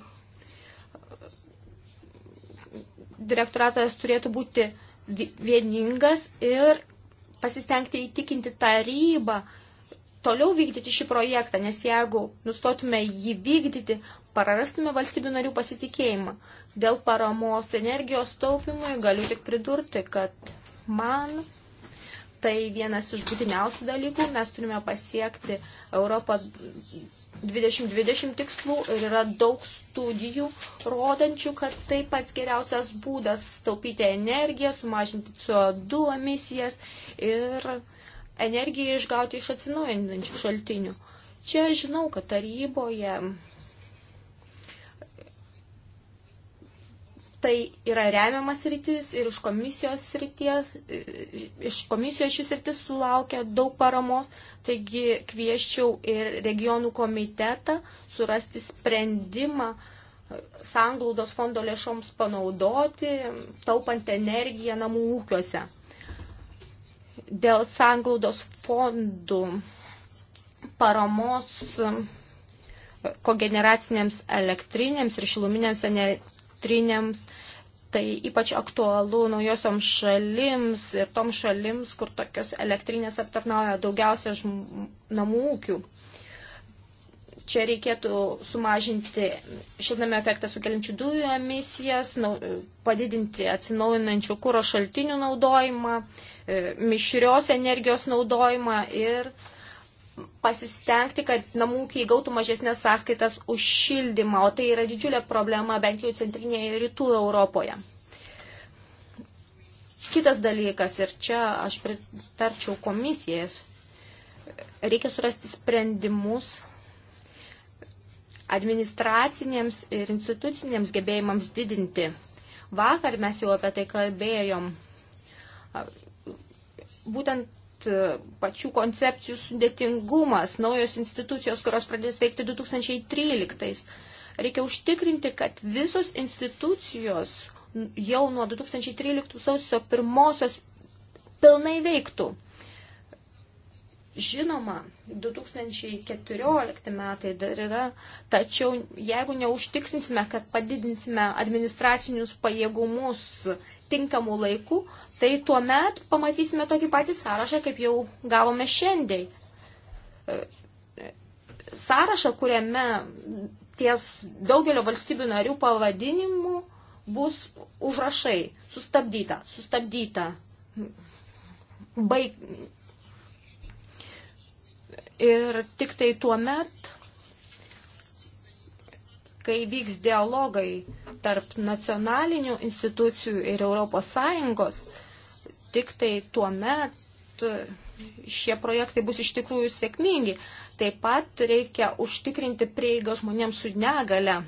direktoratas turėtų būti vieningas ir pasistengti įtikinti tarybą toliau vykdyti šį projektą, nes jeigu nustotume jį vykdyti, prarastume valstybių narių pasitikėjimą. Dėl paramos energijos taupimui galiu tik pridurti, kad man tai vienas iš būtiniausių dalykų. Mes turime pasiekti Europą 2020 tikslų ir yra daug studijų rodančių, kad tai pats geriausias būdas taupyti energiją, sumažinti CO2 emisijas ir energiją išgauti iš atsinaujinančių šaltinių. Čia žinau, kad taryboje tai yra remiamas rytis ir iš komisijos, ryties, iš komisijos šis rytis sulaukia daug paramos, taigi kvieščiau ir regionų komitetą surasti sprendimą sanglaudos fondo lėšoms panaudoti, taupant energiją namų ūkiuose dėl sanglaudos fondų paramos e, kogeneracinėms elektrinėms ir šiluminėms elektrinėms. Tai ypač aktualu naujosioms šalims ir toms šalims, kur tokios elektrinės aptarnauja daugiausia namų ūkių. Čia reikėtų sumažinti šiltnamio efektą sukeliančių dujų emisijas, padidinti atsinaujinančių kūro šaltinių naudojimą, e, mišrios energijos naudojimą ir pasistengti, kad namų ūkiai gautų mažesnės sąskaitas už šildymą, o tai yra didžiulė problema bent jau centrinėje ir rytų Europoje. Kitas dalykas, ir čia aš pritarčiau komisijas, reikia surasti sprendimus administraciniams ir instituciniams gebėjimams didinti. Vakar mes jau apie tai kalbėjom. Būtent e, pačių koncepcijų sudėtingumas, naujos institucijos, kurios pradės veikti 2013. Reikia užtikrinti, kad visos institucijos jau nuo 2013 sausio pirmosios pilnai veiktų. Žinoma, 2014 metai dar yra, tačiau jeigu neužtikrinsime, kad padidinsime administracinius pajėgumus tinkamų laikų, tai tuo met pamatysime tokį patį sąrašą, kaip jau gavome šiandien. Sąrašą, kuriame ties daugelio valstybių narių pavadinimų bus užrašai sustabdyta, sustabdyta, baig, Ir tik tai tuo met, kai vyks dialogai tarp nacionalinių institucijų ir ES, tik tai tuo met e, šie projektai bus iš tikrųjų sėkmingi. Taip pat reikia užtikrinti prieigą žmonėms su negale.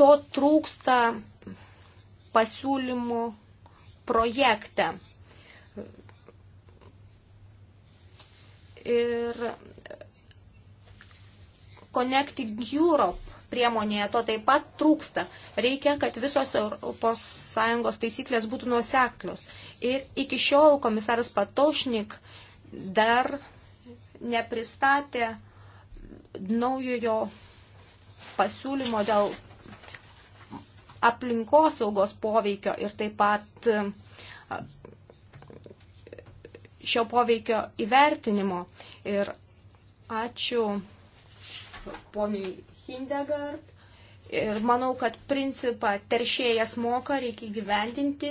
To trūksta pasiūlymų projekte. ir Connecting Europe priemonėje to taip pat trūksta. Reikia, kad visos ES taisyklės būtų nuoseklios. Ir iki šiol komisaras Patošnik dar nepristatė naujojo pasiūlymo dėl aplinkosaugos poveikio ir taip pat šio poveikio įvertinimo. Ir ačiū poniai Hindegard. Ir manau, kad principą teršėjas moka reikia gyventinti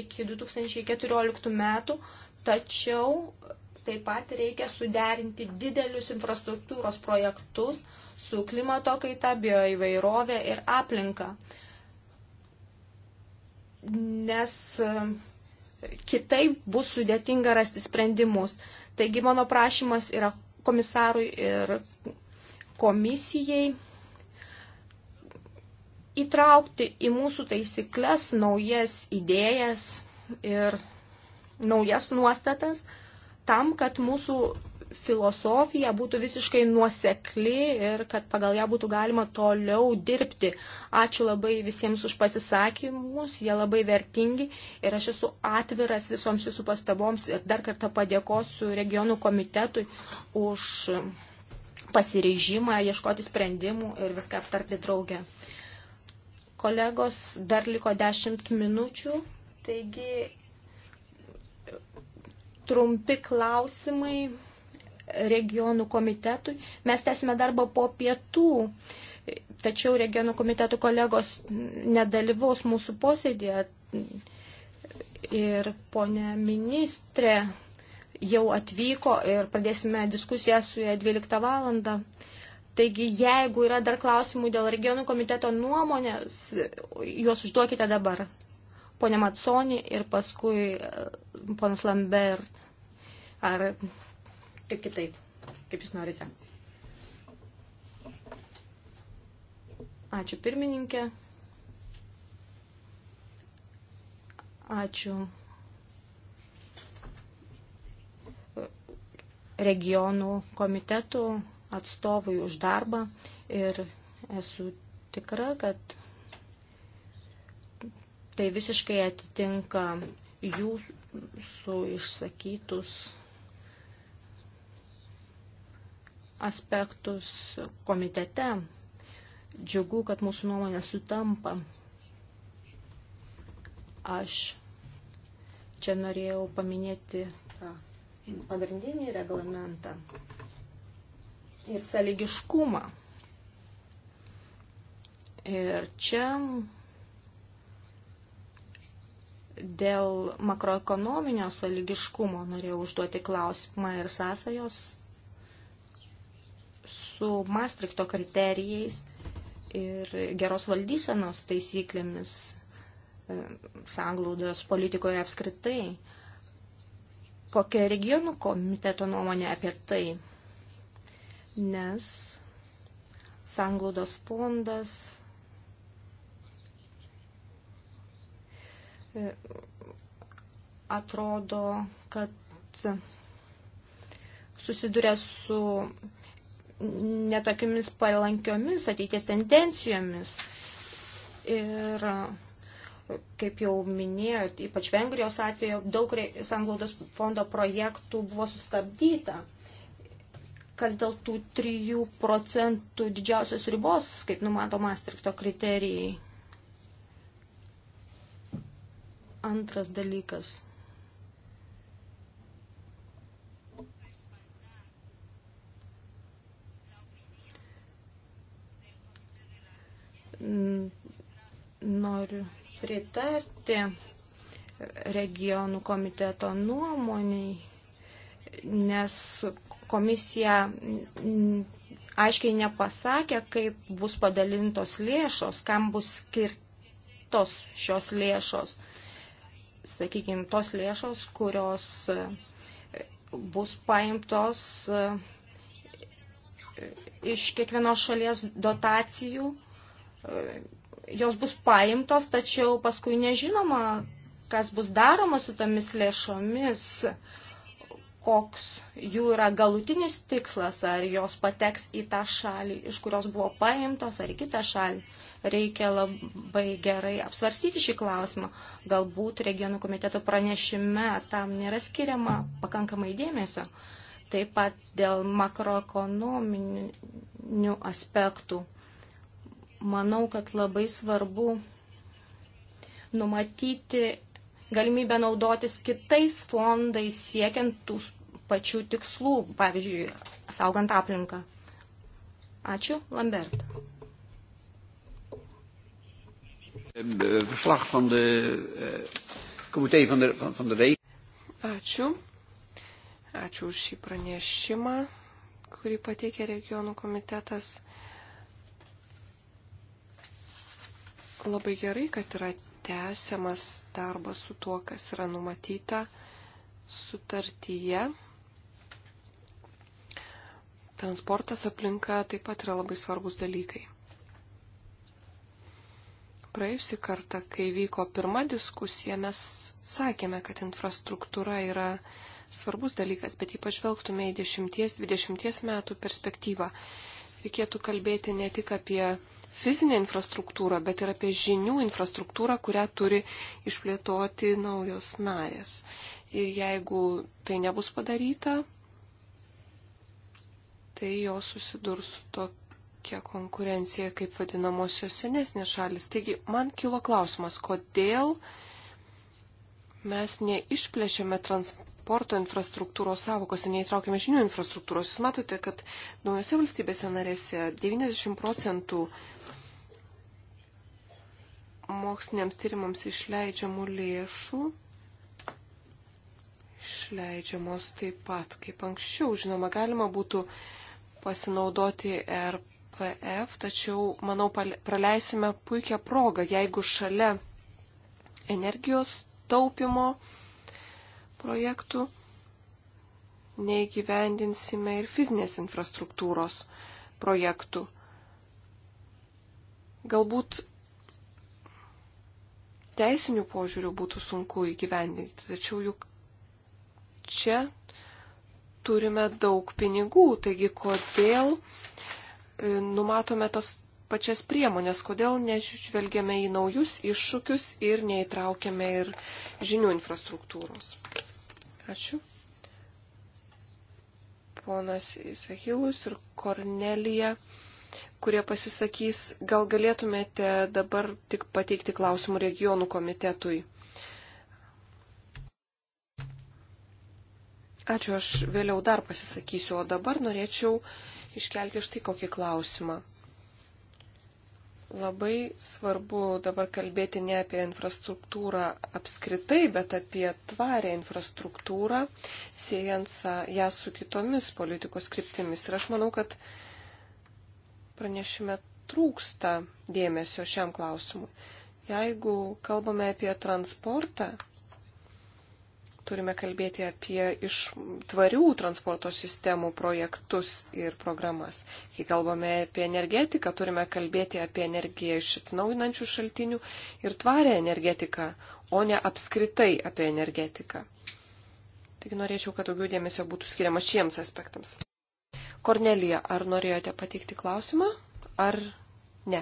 iki 2014 metų, tačiau taip pat reikia suderinti didelius infrastruktūros projektus su klimato kaita, bioįvairovė ir aplinka. Nes kitaip bus sudėtinga rasti sprendimus. Taigi mano prašymas yra komisarui ir komisijai įtraukti į mūsų taisyklės naujas idėjas ir naujas nuostatas tam, kad mūsų filosofija būtų visiškai nuosekli ir kad pagal ją būtų galima toliau dirbti. Ačiū labai visiems už pasisakymus, jie labai vertingi ir aš esu atviras visoms jūsų pastaboms ir dar kartą padėkosiu regionų komitetui už pasiryžimą ieškoti sprendimų ir viską aptarti draugę. Kolegos, dar liko 10 minučių, taigi trumpi klausimai regionų komitetui. Mes tęsime darbą po pietų, tačiau regionų komitetų kolegos nedalyvaus mūsų posėdėje. Ir ponė ministrė jau atvyko ir pradėsime diskusiją su ją 12 valandą. Taigi, jeigu yra dar klausimų dėl regionų komiteto nuomonės, juos užduokite dabar. Pone Matsoni ir paskui e, ponas Lambert. Ar kaip kitaip, kaip jūs norite. Ačiū pirmininkė. Ačiū regionų komitetų atstovui už darbą ir esu tikra, kad tai visiškai atitinka jūsų išsakytus aspektus komitete. Džiugu, kad mūsų nuomonė sutampa. Aš čia norėjau paminėti tą pagrindinį reglamentą ir sąlygiškumą. Ir čia dėl makroekonominio sąlygiškumo norėjau užduoti klausimą ir sąsajos su Maastrichto kriterijais ir geros valdysenos taisyklėmis e, sanglaudos politikoje apskritai. Kokia regionų komiteto nuomonė apie tai? Nes sanglaudos fondas e, atrodo, kad susiduria su netokiamis palankiomis ateities tendencijomis. Ir kaip jau minėjot, ypač Vengrijos atveju, daug sanglaudos fondo projektų buvo sustabdyta. Kas dėl tų 3 procentų didžiausios ribos, kaip numato Maastrichto kriterijai. Antras dalykas. noriu pritarti regionų komiteto nuomoniai, nes komisija aiškiai nepasakė, kaip bus padalintos lėšos, kam bus skirtos šios lėšos. Sakykime, tos lėšos, kurios bus paimtos iš kiekvienos šalies dotacijų jos bus paimtos, tačiau paskui nežinoma, kas bus daroma su tomis lėšomis, koks jų yra galutinis tikslas, ar jos pateks į tą šalį, iš kurios buvo paimtos, ar į kitą šalį. Reikia labai gerai apsvarstyti šį klausimą. Galbūt regionų komiteto pranešime tam nėra skiriama pakankamai dėmesio. Taip pat dėl makroekonominių aspektų manau, kad labai svarbu numatyti galimybę naudotis kitais fondais siekiant tų pačių tikslų, pavyzdžiui, saugant aplinką. Ačiū, Lambert. Ehm, eh, Ačiū. Ačiū už šį pranešimą, kurį pateikė regionų komitetas. Labai gerai, kad yra tęsiamas darbas su tuo, kas yra numatyta sutartyje. Transportas aplinka taip pat yra labai svarbus dalykai. Praėjusį kartą, kai vyko pirma diskusija, mes sakėme, kad infrastruktūra yra svarbus dalykas, bet ypač žvelgtume į 10-20 metų perspektyvą. Reikėtų kalbėti ne tik apie fizinę infrastruktūrą, bet ir apie žinių infrastruktūrą, kurią turi išplėtoti naujos narės. Ir jeigu tai nebus padaryta, tai jos susidurs su tokia konkurencija kaip vadinamosios senesnės šalis. Taigi man kilo klausimas, kodėl mes neišplėšėme transporto infrastruktūros savokos ir neįtraukėme žinių infrastruktūros. Jūs matote, kad naujose valstybėse narėse 90 procentų moksliniams tyrimams išleidžiamų lėšų išleidžiamos taip pat kaip anksčiau. Žinoma, galima būtų pasinaudoti RPF, tačiau, manau, praleisime puikią progą, jeigu šalia energijos taupimo projektų neįgyvendinsime ir fizinės infrastruktūros projektų. Galbūt teisinių požiūrių būtų sunku įgyvendinti, tačiau juk čia turime daug pinigų, taigi kodėl e, numatome tas pačias priemonės, kodėl nežvelgiame į naujus iššūkius ir neįtraukiame ir žinių infrastruktūros. Ačiū. Ponas Isahilus ir Kornelija kurie pasisakys, gal galėtumėte dabar tik pateikti klausimų regionų komitetui. Ačiū, aš vėliau dar pasisakysiu, o dabar norėčiau iškelti štai kokį klausimą. Labai svarbu dabar kalbėti ne apie infrastruktūrą apskritai, bet apie tvarę infrastruktūrą, siejant ją su kitomis politikos kryptimis. Ir aš manau, kad pranešime trūksta dėmesio šiam klausimui. Jeigu kalbame apie transportą, turime kalbėti apie iš tvarių transporto sistemų projektus ir programas. Kai kalbame apie energetiką, turime kalbėti apie energiją iš atsinaujinančių šaltinių ir tvarę energetiką, o ne apskritai apie energetiką. Taigi norėčiau, kad daugiau dėmesio būtų skiriama šiems aspektams. Kornelija, ar norėjote pateikti klausimą, ar ne?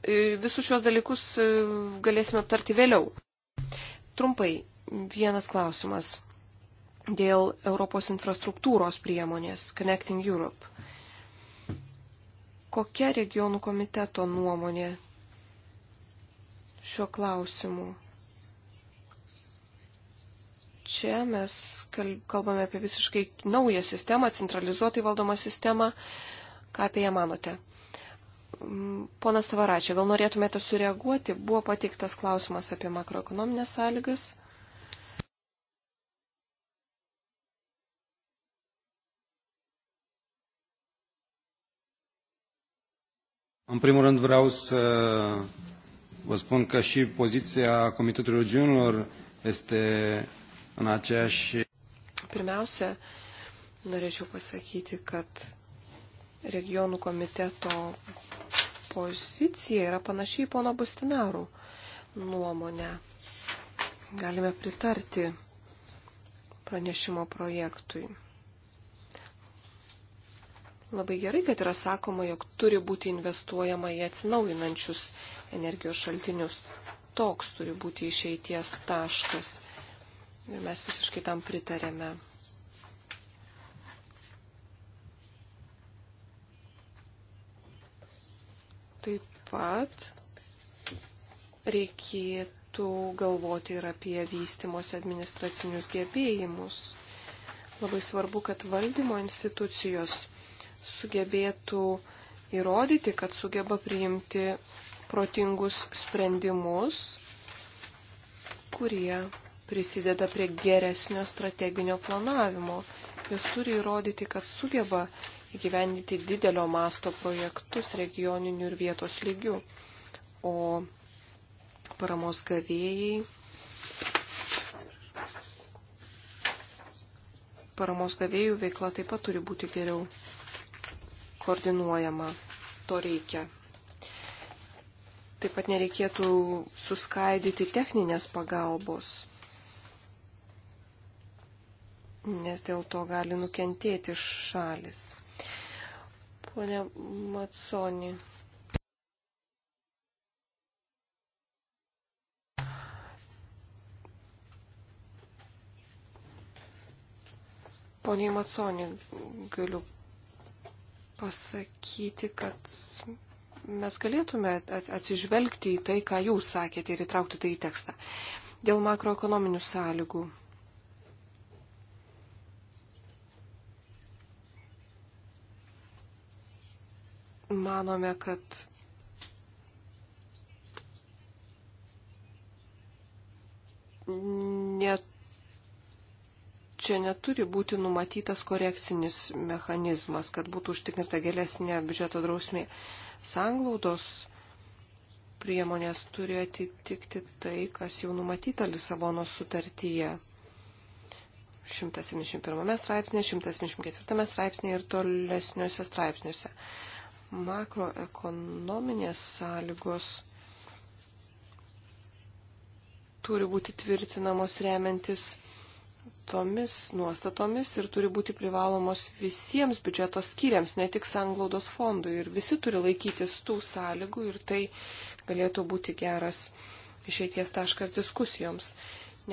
E, visus šios dalykus e, galėsime aptarti vėliau. Trumpai, vienas klausimas dėl Europos infrastruktūros priemonės Connecting Europe. Kokia regionų komiteto nuomonė šiuo klausimu? čia mes kalbame apie visiškai naują sistemą, centralizuotai valdomą sistemą. Ką apie ją manote? Mm, ponas Tavaračia, gal norėtumėte sureaguoti? Buvo pateiktas klausimas apie makroekonominės sąlygas. În primul rând vreau să vă spun că și poziția Comitetului Regiunilor este Pirmiausia, norėčiau pasakyti, kad regionų komiteto pozicija yra panašiai pono Bustinarų nuomonę. Galime pritarti pranešimo projektui. Labai gerai, kad yra sakoma, jog turi būti investuojama į atsinaujinančius energijos šaltinius. Toks turi būti išeities taškas. Ir mes visiškai tam pritarėme. Taip pat reikėtų galvoti ir apie vystimosi administracinius gebėjimus. Labai svarbu, kad valdymo institucijos sugebėtų įrodyti, kad sugeba priimti protingus sprendimus, kurie prisideda prie geresnio strateginio planavimo. Jos turi įrodyti, kad sugeba įgyvendyti didelio masto projektus regioninių ir vietos lygių. O paramos gavėjai. Paramos gavėjų veikla taip pat turi būti geriau koordinuojama. To reikia. Taip pat nereikėtų suskaidyti techninės pagalbos nes dėl to gali nukentėti šalis. Pone Matsoni. Pone Matsoni, galiu pasakyti, kad mes galėtume atsižvelgti į tai, ką jūs sakėte ir įtraukti tai į tekstą. Dėl makroekonominių sąlygų manome, kad net, čia neturi būti numatytas korekcinis mechanizmas, kad būtų užtikrinta gėlesnė biudžeto drausmė. Sanglaudos priemonės turi atitikti tai, kas jau numatyta Lisabonos sutartyje. 171 straipsnė, 174 straipsnė ir tolesniuose straipsniuose makroekonominės sąlygos turi būti tvirtinamos remiantis tomis nuostatomis ir turi būti privalomos visiems biudžeto skyriams, ne tik sanglaudos fondui. Ir visi turi laikytis tų sąlygų ir tai galėtų būti geras išeities taškas diskusijoms.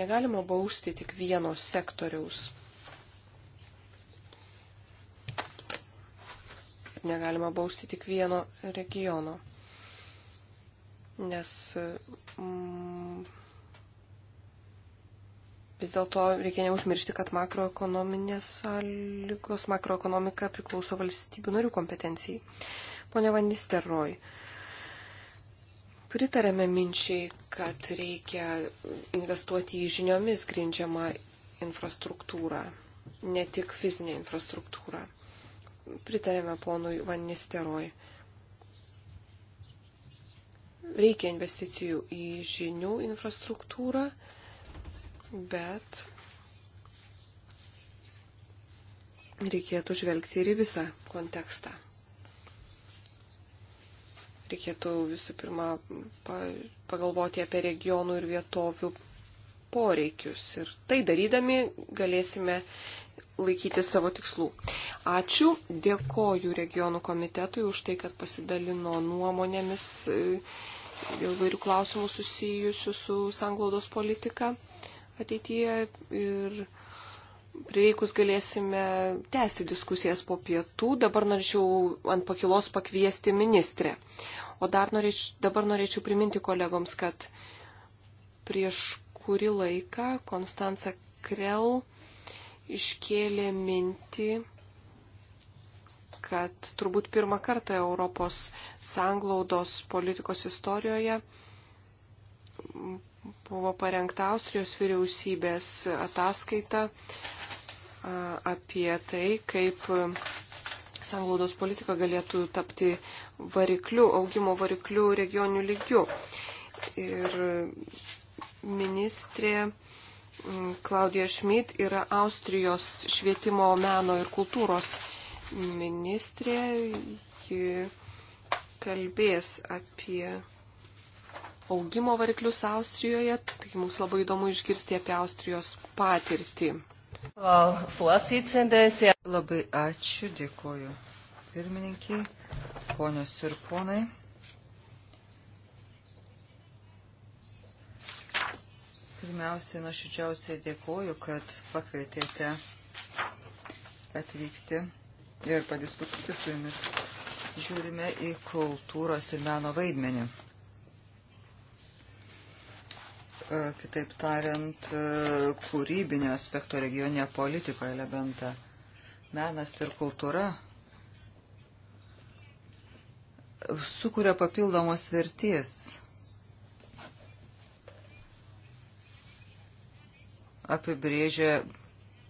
Negalima bausti tik vienos sektoriaus. kad negalima bausti tik vieno regiono. Nes mm, vis dėlto reikia neužmiršti, kad makroekonominės sąlygos, makroekonomika priklauso valstybių narių kompetencijai. Pone Vanisteroj, pritarėme minčiai, kad reikia investuoti į žiniomis grindžiamą infrastruktūrą, ne tik fizinę infrastruktūrą pritarėme ponui Van Nisteroj. Reikia investicijų į žinių infrastruktūrą, bet reikėtų žvelgti ir į visą kontekstą. Reikėtų visų pirma pagalvoti apie regionų ir vietovių poreikius. Ir tai darydami galėsime laikyti savo tikslų. Ačiū, dėkoju regionų komitetui už tai, kad pasidalino nuomonėmis e, dėl vairių klausimų susijusių su sanglaudos politika ateityje ir prireikus galėsime tęsti diskusijas po pietų. Dabar norėčiau ant pakilos pakviesti ministrę. O dar norėčiau, dabar norėčiau priminti kolegoms, kad prieš kurį laiką Konstanca Krell iškėlė mintį, kad turbūt pirmą kartą Europos sanglaudos politikos istorijoje buvo parengta Austrijos vyriausybės ataskaita apie tai, kaip sanglaudos politika galėtų tapti varikliu, augimo varikliu regionių lygių. Ir ministrė Klaudija mm, Šmit yra Austrijos švietimo, meno ir kultūros ministrė. Ji kalbės apie augimo variklius Austrijoje. Tai mums labai įdomu išgirsti apie Austrijos patirtį. Labai ačiū, dėkoju pirmininkiai, ponios ir ponai. Pirmiausiai nuoširdžiausiai dėkoju, kad pakvietėte atvykti ir padiskutuoti su jumis. Žiūrime į kultūros ir meno vaidmenį. E, kitaip tariant, e, kūrybinio aspekto regioninė politika elementą. Menas ir kultūra sukuria papildomos vertės apibrėžia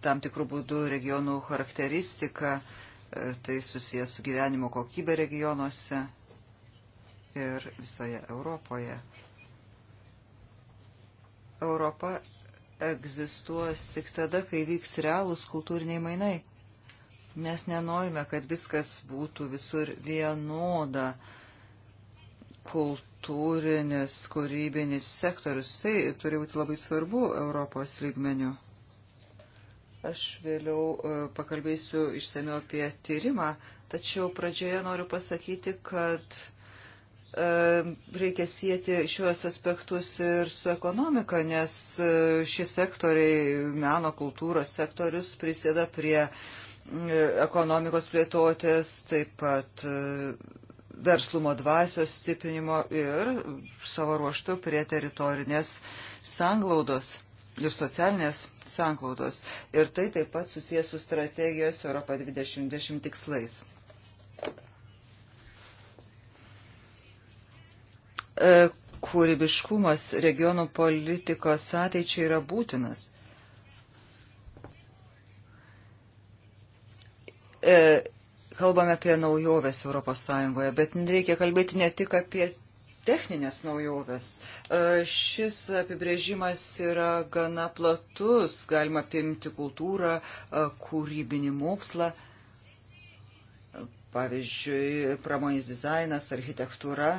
tam tikrų būdų regionų charakteristiką, e, tai susijęs su gyvenimo kokybė regionuose ir visoje Europoje. Europa egzistuos tik tada, kai vyks realūs kultūriniai mainai. Mes nenorime, kad viskas būtų visur vienoda. Kult kultūrinis, kūrybinis sektorius. Tai turi būti labai svarbu Europos lygmeniu. Aš vėliau e, pakalbėsiu išsamiau apie tyrimą, tačiau pradžioje noriu pasakyti, kad e, reikia sieti šiuos aspektus ir su ekonomika, nes e, šie sektoriai, meno kultūros sektorius prisėda prie ekonomikos plėtotės, taip pat verslumo dvasios stiprinimo ir savo ruoštų prie teritorinės sanglaudos ir socialinės sanglaudos. Ir tai taip pat susijęs su strategijos Europa 2020 tikslais. E, kūrybiškumas regionų politikos ateičiai yra būtinas. E, kalbame apie naujoves ES, bet reikia kalbėti ne tik apie techninės naujoves. E, šis apibrėžimas yra gana platus, galima apimti kultūrą, e, kūrybinį mokslą, pavyzdžiui, pramonės dizainas, architektūra,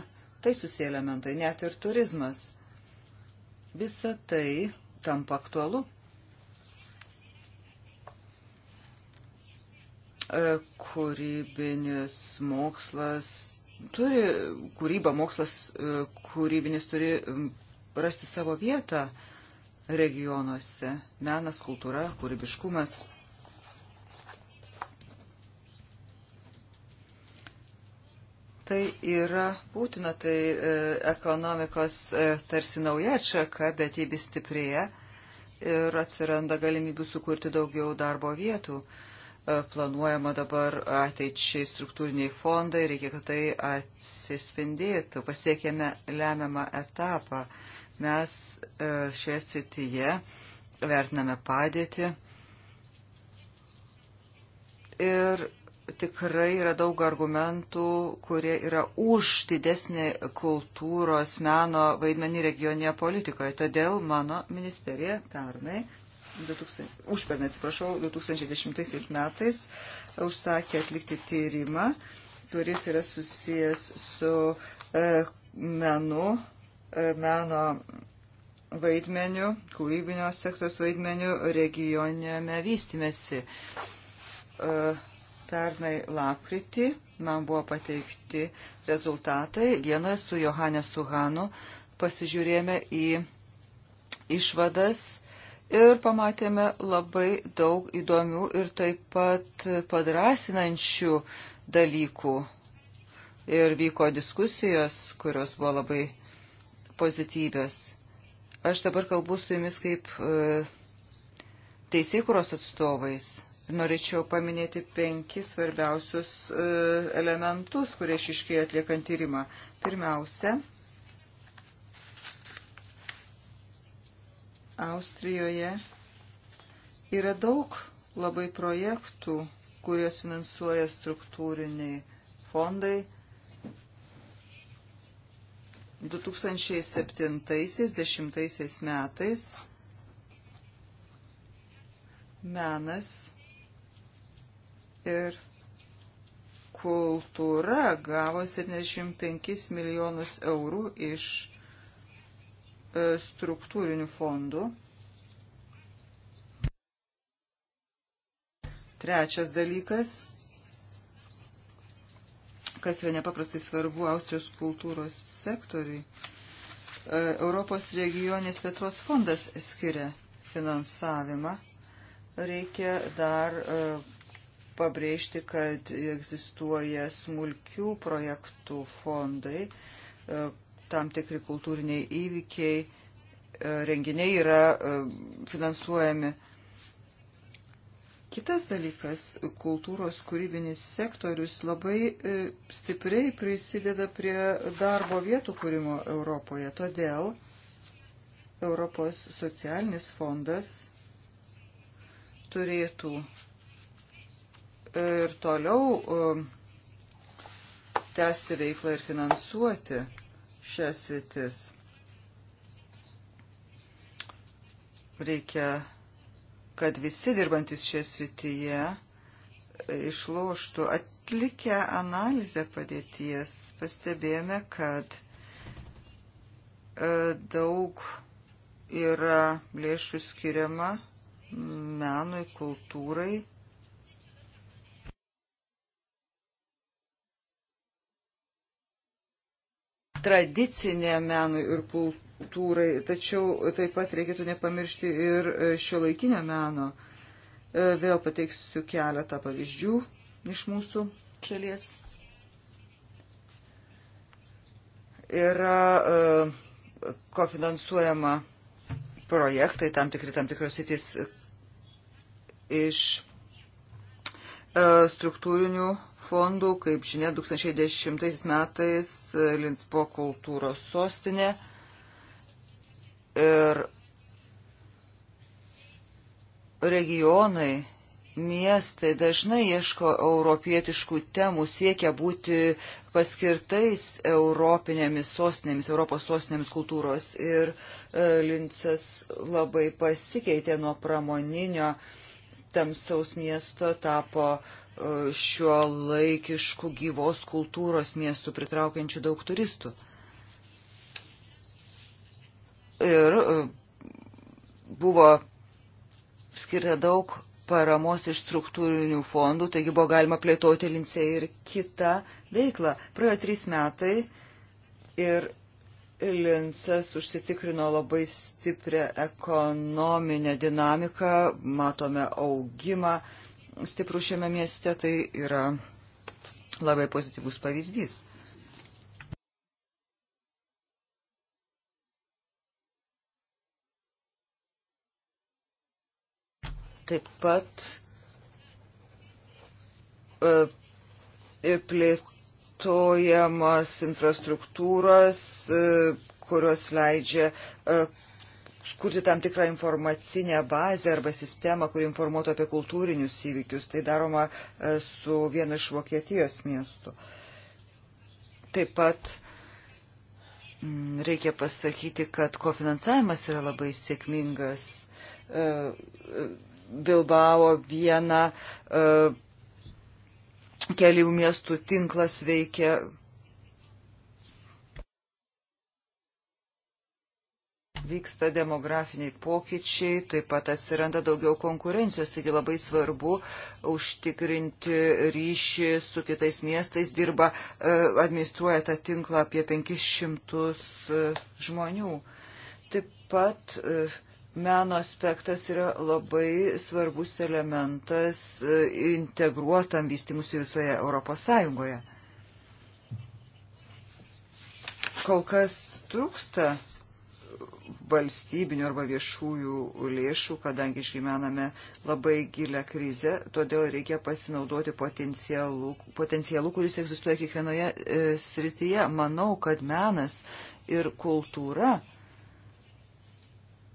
tai susiję elementai, net ir turizmas. Visa tai tampa aktualu E, kūrybinis mokslas turi, kūryba mokslas e, kūrybinis turi rasti savo vietą regionuose. Menas, kultūra, kūrybiškumas. Tai yra būtina, tai e, ekonomikos e, tarsi nauja atšaka, bet jį vis stiprėja ir atsiranda galimybių sukurti daugiau darbo vietų. E, E, planuojama dabar ateičiai struktūriniai fondai, reikia, kad tai atsispindėtų, pasiekėme lemiamą etapą. Mes e, šioje srityje vertiname padėtį ir tikrai yra daug argumentų, kurie yra už didesnį kultūros meno vaidmenį regioninėje politikoje. Todėl mano ministerija pernai užpernai atsiprašau, 2010 metais užsakė atlikti tyrimą, kuris yra susijęs su e, menu, e, meno vaidmeniu, kūrybinio sektoriaus vaidmeniu regioniame vystimėsi. E, pernai lapkritį man buvo pateikti rezultatai. Vienoje su Johanė Suhanu pasižiūrėjome į išvadas ir pamatėme labai daug įdomių ir taip pat padrasinančių dalykų. Ir vyko diskusijos, kurios buvo labai pozityvės. Aš dabar kalbu su jumis kaip e, teisėkuros atstovais. Norėčiau paminėti penkis svarbiausius e, elementus, kurie išiškėjo atliekant tyrimą. Pirmiausia, Austrijoje yra daug labai projektų, kuriuos finansuoja struktūriniai fondai. 2007-2010 metais menas ir kultūra gavo 75 milijonus eurų iš E, struktūrinių fondų. Trečias dalykas, kas yra nepaprastai svarbu Austrijos kultūros sektoriui, e, Europos regionės plėtros fondas skiria finansavimą. Reikia dar e, pabrėžti, kad egzistuoja smulkių projektų fondai, tam tikri kultūriniai įvykiai, e, renginiai yra e, finansuojami. Kitas dalykas - kultūros kūrybinis sektorius labai e, stipriai prisideda prie darbo vietų kūrimo Europoje. Todėl Europos socialinis fondas turėtų ir toliau tęsti veiklą ir finansuoti šias rytis. Reikia, kad visi dirbantis šią srityje e, išloštų. Atlikę analizę padėties, pastebėjome, kad e, daug yra lėšų skiriama menui, kultūrai tradiciniam menui ir kultūrai, tačiau taip pat reikėtų nepamiršti ir e, šio laikinio meno. E, vėl pateiksiu keletą pavyzdžių iš mūsų šalies. Yra e, kofinansuojama projektai, tam tikri, tam tikros sitys iš struktūrinių fondų, kaip žinia, 2010 metais e, Linspo kultūros sostinė ir regionai, miestai dažnai ieško europietiškų temų, siekia būti paskirtais europinėmis sostinėmis, Europos sostinėmis kultūros ir e, Lincas labai pasikeitė nuo pramoninio tamsaus miesto, tapo uh, E, šiuo laikišku gyvos kultūros miestu pritraukiančiu daug turistų. Ir e, buvo skirta daug paramos iš struktūrinių fondų, taigi buvo galima plėtoti lincę ir kitą veiklą. Praėjo trys metai ir Lincas užsitikrino labai stiprią ekonominę dinamiką, matome augimą stiprų šiame mieste, tai yra labai pozityvus pavyzdys. Taip pat e, e, plėtojamos infrastruktūros, e, kurios leidžia kurti tam tikrą informacinę bazę arba sistemą, kuri informuotų apie kultūrinius įvykius. Tai daroma e, su vienu iš Vokietijos miestų. Taip pat mm, reikia pasakyti, kad kofinansavimas yra labai sėkmingas. E, e, Bilbao vieną kelių miestų tinklas veikia vyksta demografiniai pokyčiai, taip pat atsiranda daugiau konkurencijos, taigi labai svarbu užtikrinti ryšį su kitais miestais, dirba, e, administruoja tą tinklą apie 500 e, žmonių. Taip pat e, meno aspektas yra labai svarbus elementas integruotam vystimusi visoje Europos Sąjungoje. Kol kas trūksta valstybinių arba viešųjų lėšų, kadangi išgyvename labai gilę krizę, todėl reikia pasinaudoti potencialu, potencialu kuris egzistuoja kiekvienoje e, srityje. Manau, kad menas ir kultūra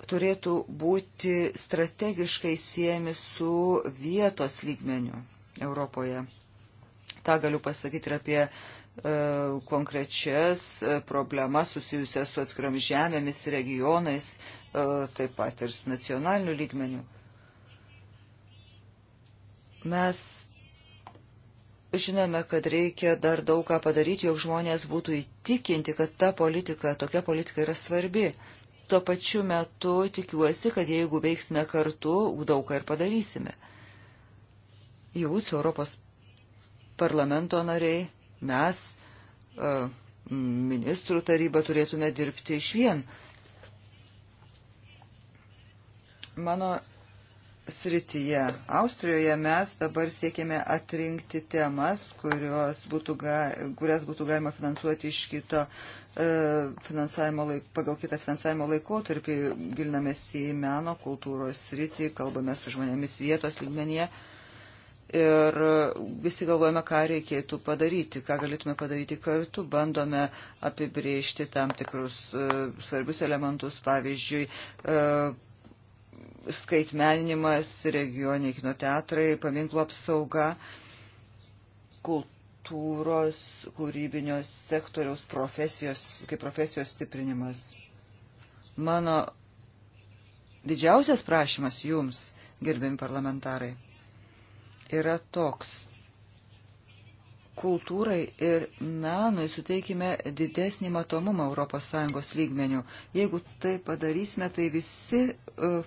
turėtų būti strategiškai siejami su vietos lygmeniu Europoje. Ta galiu pasakyti ir apie E, konkrečias e, problemas susijusias su atskirom žemėmis, regionais, e, taip pat ir su nacionaliniu lygmeniu. Mes žinome, kad reikia dar daug ką padaryti, jog žmonės būtų įtikinti, kad ta politika, tokia politika yra svarbi. Tuo pačiu metu tikiuosi, kad jeigu veiksime kartu, daug ką ir padarysime. Jūs, Europos parlamento nariai, mes, e, ministrų taryba, turėtume dirbti iš vien. Mano srityje, Austrijoje, mes dabar siekėme atrinkti temas, būtų ga, kurias būtų galima finansuoti iš kito e, finansavimo laik, pagal kitą finansavimo laikotarpį gilinamės į meno kultūros sritį, kalbame su žmonėmis vietos lygmenyje. Uh, ir visi galvojame, ką reikėtų padaryti, ką galėtume padaryti kartu, bandome apibriežti tam tikrus uh, svarbius elementus, pavyzdžiui, uh, skaitmeninimas, regioniai kino teatrai, paminklo apsauga, kultūros, kūrybinio sektoriaus profesijos, kaip profesijos stiprinimas. Mano didžiausias prašymas jums, gerbimi parlamentarai yra toks. Kultūrai ir menui suteikime didesnį matomumą ES lygmenių. Jeigu tai padarysime, tai visi uh,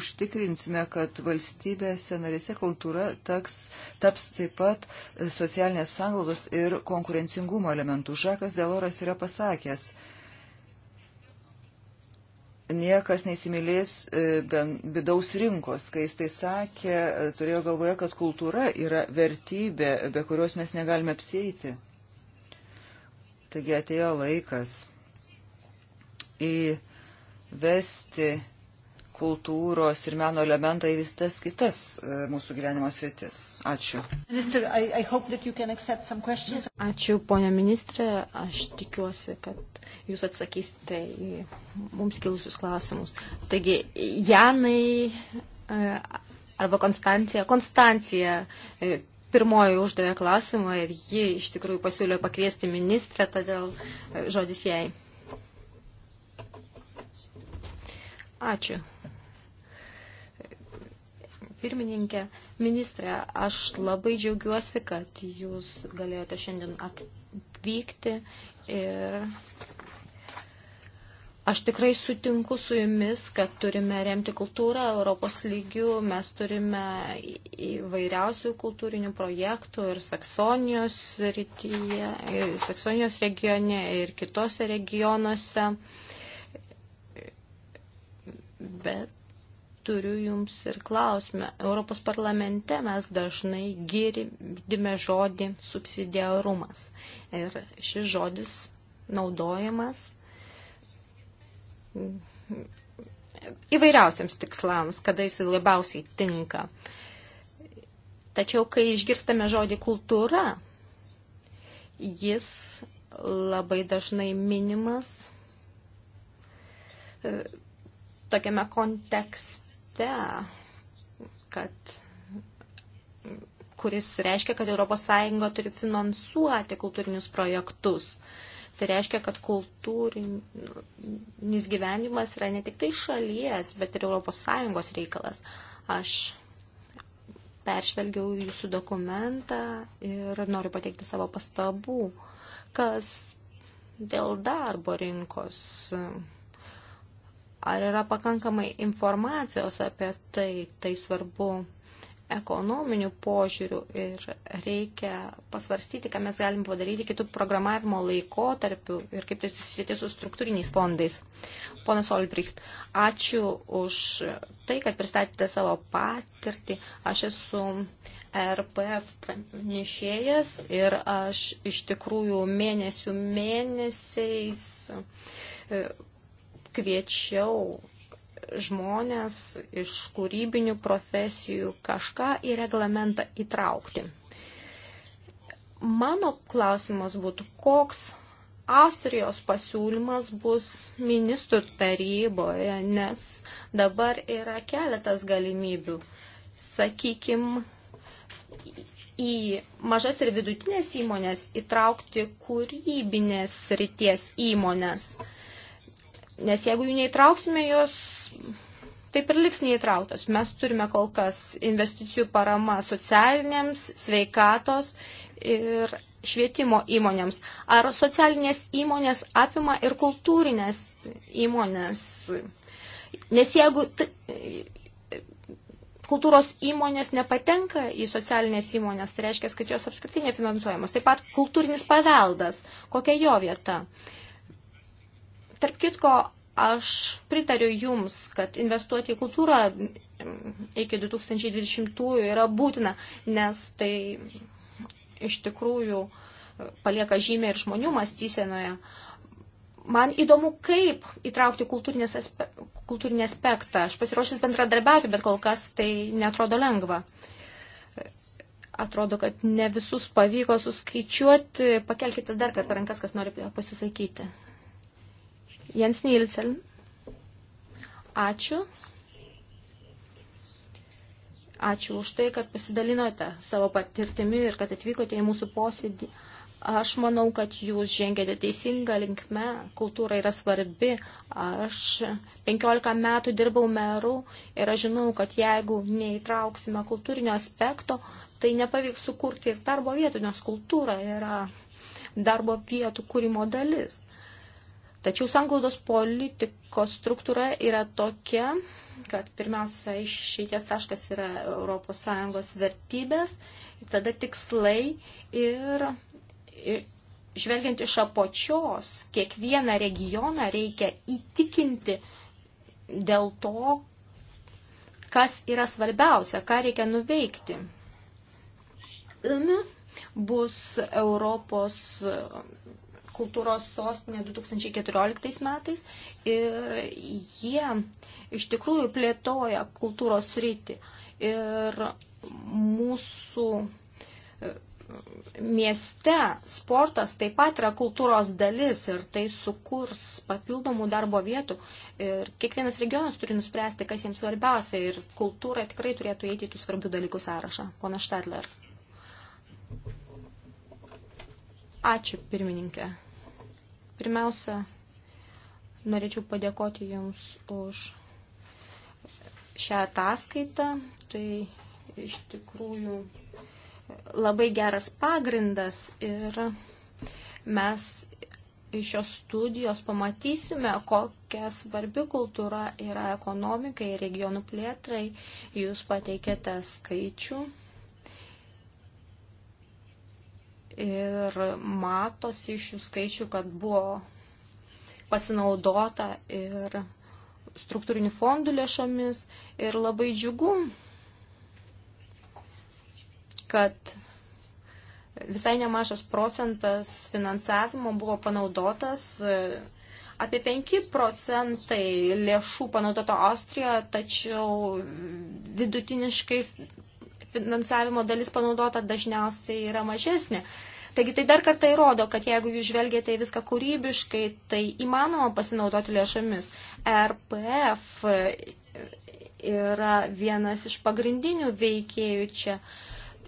užtikrinsime, kad valstybėse narėse kultūra taks, taps taip pat e, socialinės sanglaudos ir konkurencingumo elementų. Žakas Deloras yra pasakęs, uh, niekas neįsimylės e, vidaus rinkos. Kai jis tai sakė, e, turėjo galvoje, kad kultūra yra vertybė, be kurios mes negalime apsėti. Taigi atėjo laikas įvesti kultūros ir meno elementą į visas kitas e, mūsų gyvenimo sritis. Ačiū. Minister, I, I Ačiū, ponia ministrė. Aš tikiuosi, kad jūs atsakysite į mums kilusius klausimus. Taigi, Janai e, arba Konstancija. Konstancija e, pirmoji uždavė klausimą ir ji iš tikrųjų pasiūlė pakviesti ministrę, todėl žodis jai. Ačiū pirmininkė. Ministrė, aš labai džiaugiuosi, kad jūs galėjote šiandien atvykti ir aš tikrai sutinku su jumis, kad turime remti kultūrą Europos lygių. Mes turime įvairiausių kultūrinių projektų ir Saksonijos, rytyje, ir Saksonijos regione, ir kitose regionuose. Bet turiu jums ir klausimą. Europos parlamente mes dažnai girdime žodį subsidiarumas. Ir šis žodis naudojamas įvairiausiams tikslams, kada jis labiausiai tinka. Tačiau, kai išgirstame žodį kultūra, jis labai dažnai minimas e, tokiame kontekste tekste, kad, kuris reiškia, kad ES turi finansuoti kultūrinius projektus. Tai reiškia, kad kultūrinis gyvenimas yra ne tik tai šalies, bet ir ES reikalas. Aš peržvelgiau jūsų dokumentą ir noriu pateikti savo pastabų, kas dėl darbo rinkos ar yra pakankamai informacijos apie tai, tai svarbu ekonominių požiūrių ir reikia pasvarstyti, ką mes galim padaryti kitų programavimo laikotarpių ir kaip tai susijęti su struktūriniais fondais. Ponas Olbricht, ačiū už tai, kad pristatėte savo patirtį. Aš esu RPF pranešėjas ir aš iš tikrųjų mėnesių mėnesiais kviečiau žmonės iš kūrybinių profesijų kažką į reglamentą įtraukti. Mano klausimas būtų, koks Austrijos pasiūlymas bus ministrų taryboje, nes dabar yra keletas galimybių. Sakykime, į mažas ir vidutinės įmonės įtraukti kūrybinės ryties įmonės Nes jeigu jų neįtrauksime, jos taip ir liks neįtrauktos. Mes turime kol kas investicijų parama socialinėms, sveikatos ir švietimo įmonėms. Ar socialinės įmonės apima ir kultūrinės įmonės? Nes jeigu kultūros įmonės nepatenka į socialinės įmonės, tai reiškia, kad jos apskritai nefinansuojamos. Taip pat kultūrinis paveldas, kokia jo vieta. Uh, Tarp kitko, aš pritariu Jums, kad investuoti į kultūrą iki 2020 yra būtina, nes tai iš tikrųjų palieka žymę ir žmonių mąstysenoje. Man įdomu, kaip įtraukti aspe, kultūrinį aspektą. Aš pasiruošęs bendradarbiauti, bet kol kas tai netrodo lengva. Atrodo, kad ne visus pavyko suskaičiuoti. Pakelkite dar kartą rankas, kas nori pasisakyti. Jens Nielsen. Ačiū. Ačiū už tai, kad pasidalinote savo patirtimi ir kad atvykote į mūsų posėdį. Aš manau, kad jūs žengėte teisingą linkmę, kultūra yra svarbi. Aš 15 metų dirbau meru ir aš žinau, kad jeigu neįtrauksime kultūrinio aspekto, tai nepavyks sukurti ir darbo vietų, nes kultūra yra darbo vietų kūrimo dalis. Tačiau sanglaudos politikos struktūra yra tokia, kad pirmiausia išeities taškas yra ES vertybės, tada tikslai ir žvelgiant iš apačios, kiekvieną regioną reikia įtikinti dėl to, kas yra svarbiausia, ką reikia nuveikti. Bus Europos kultūros sostinė 2014 metais ir jie iš tikrųjų plėtoja kultūros rytį. Ir mūsų e, mieste sportas taip pat yra kultūros dalis ir tai sukurs papildomų darbo vietų. Ir kiekvienas regionas turi nuspręsti, kas jiems svarbiausia ir kultūra tikrai turėtų įeiti į tų svarbių dalykų sąrašą. Pona Štadler. Ačiū, pirmininkė. Pirmiausia, norėčiau padėkoti Jums už šią ataskaitą. Tai iš tikrųjų labai geras pagrindas ir mes iš šios studijos pamatysime, kokia svarbi kultūra yra ekonomikai, regionų plėtrai. Jūs pateikėte skaičių Ir matosi iš šių skaičių, kad buvo pasinaudota ir struktūrinių fondų lėšomis ir labai džiugu, kad visai nemažas procentas finansavimo buvo panaudotas, apie 5 procentai lėšų panaudoto Austrijoje, tačiau vidutiniškai finansavimo dalis panaudota dažniausiai yra mažesnė. Taigi tai dar kartą įrodo, kad jeigu jūs žvelgėte į viską kūrybiškai, tai įmanoma pasinaudoti lėšomis. RPF yra vienas iš pagrindinių veikėjų čia.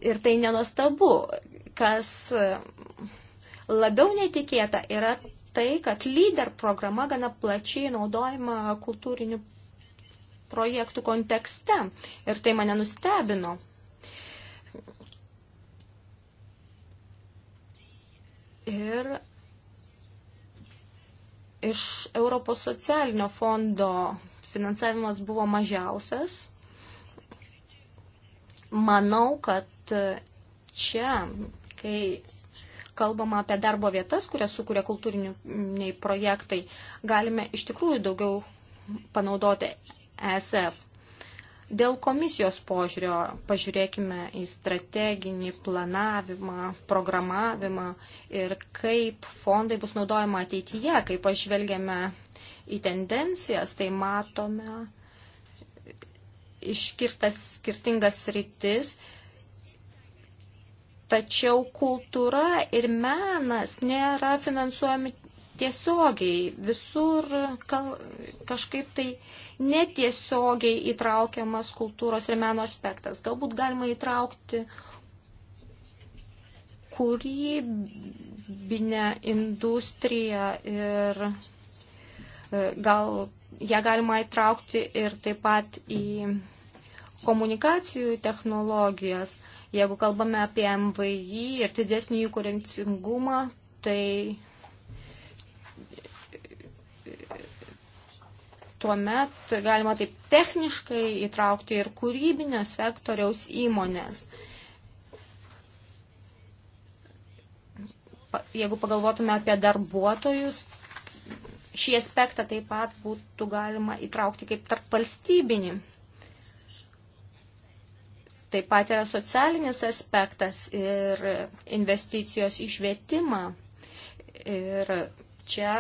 Ir tai nenostabu, kas labiau netikėta yra tai, kad lyder programa gana plačiai naudojama kultūrinių projektų kontekste. Ir tai mane nustebino. ir iš Europos socialinio fondo finansavimas buvo mažiausias. Manau, kad čia, kai kalbama apie darbo vietas, kurias sukuria kultūriniai projektai, galime iš tikrųjų daugiau panaudoti ESF. Dėl komisijos požiūrio pažiūrėkime į strateginį planavimą, programavimą ir kaip fondai bus naudojama ateityje, kaip pažvelgiame į tendencijas, tai matome iškirtas skirtingas rytis. Tačiau kultūra ir menas nėra finansuojami tiesiogiai, visur kažkaip tai netiesiogiai įtraukiamas kultūros ir meno aspektas. Galbūt galima įtraukti kūrybinę industriją ir e, gal ją galima įtraukti ir taip pat į komunikacijų technologijas. Jeigu kalbame apie MVI ir didesnį jų konkurencingumą, tai tuomet galima taip techniškai įtraukti ir kūrybinio sektoriaus įmonės. Jeigu pagalvotume apie darbuotojus, šį aspektą taip pat būtų galima įtraukti kaip tarp valstybinį. Taip pat yra socialinis aspektas ir investicijos išvietimą. Ir čia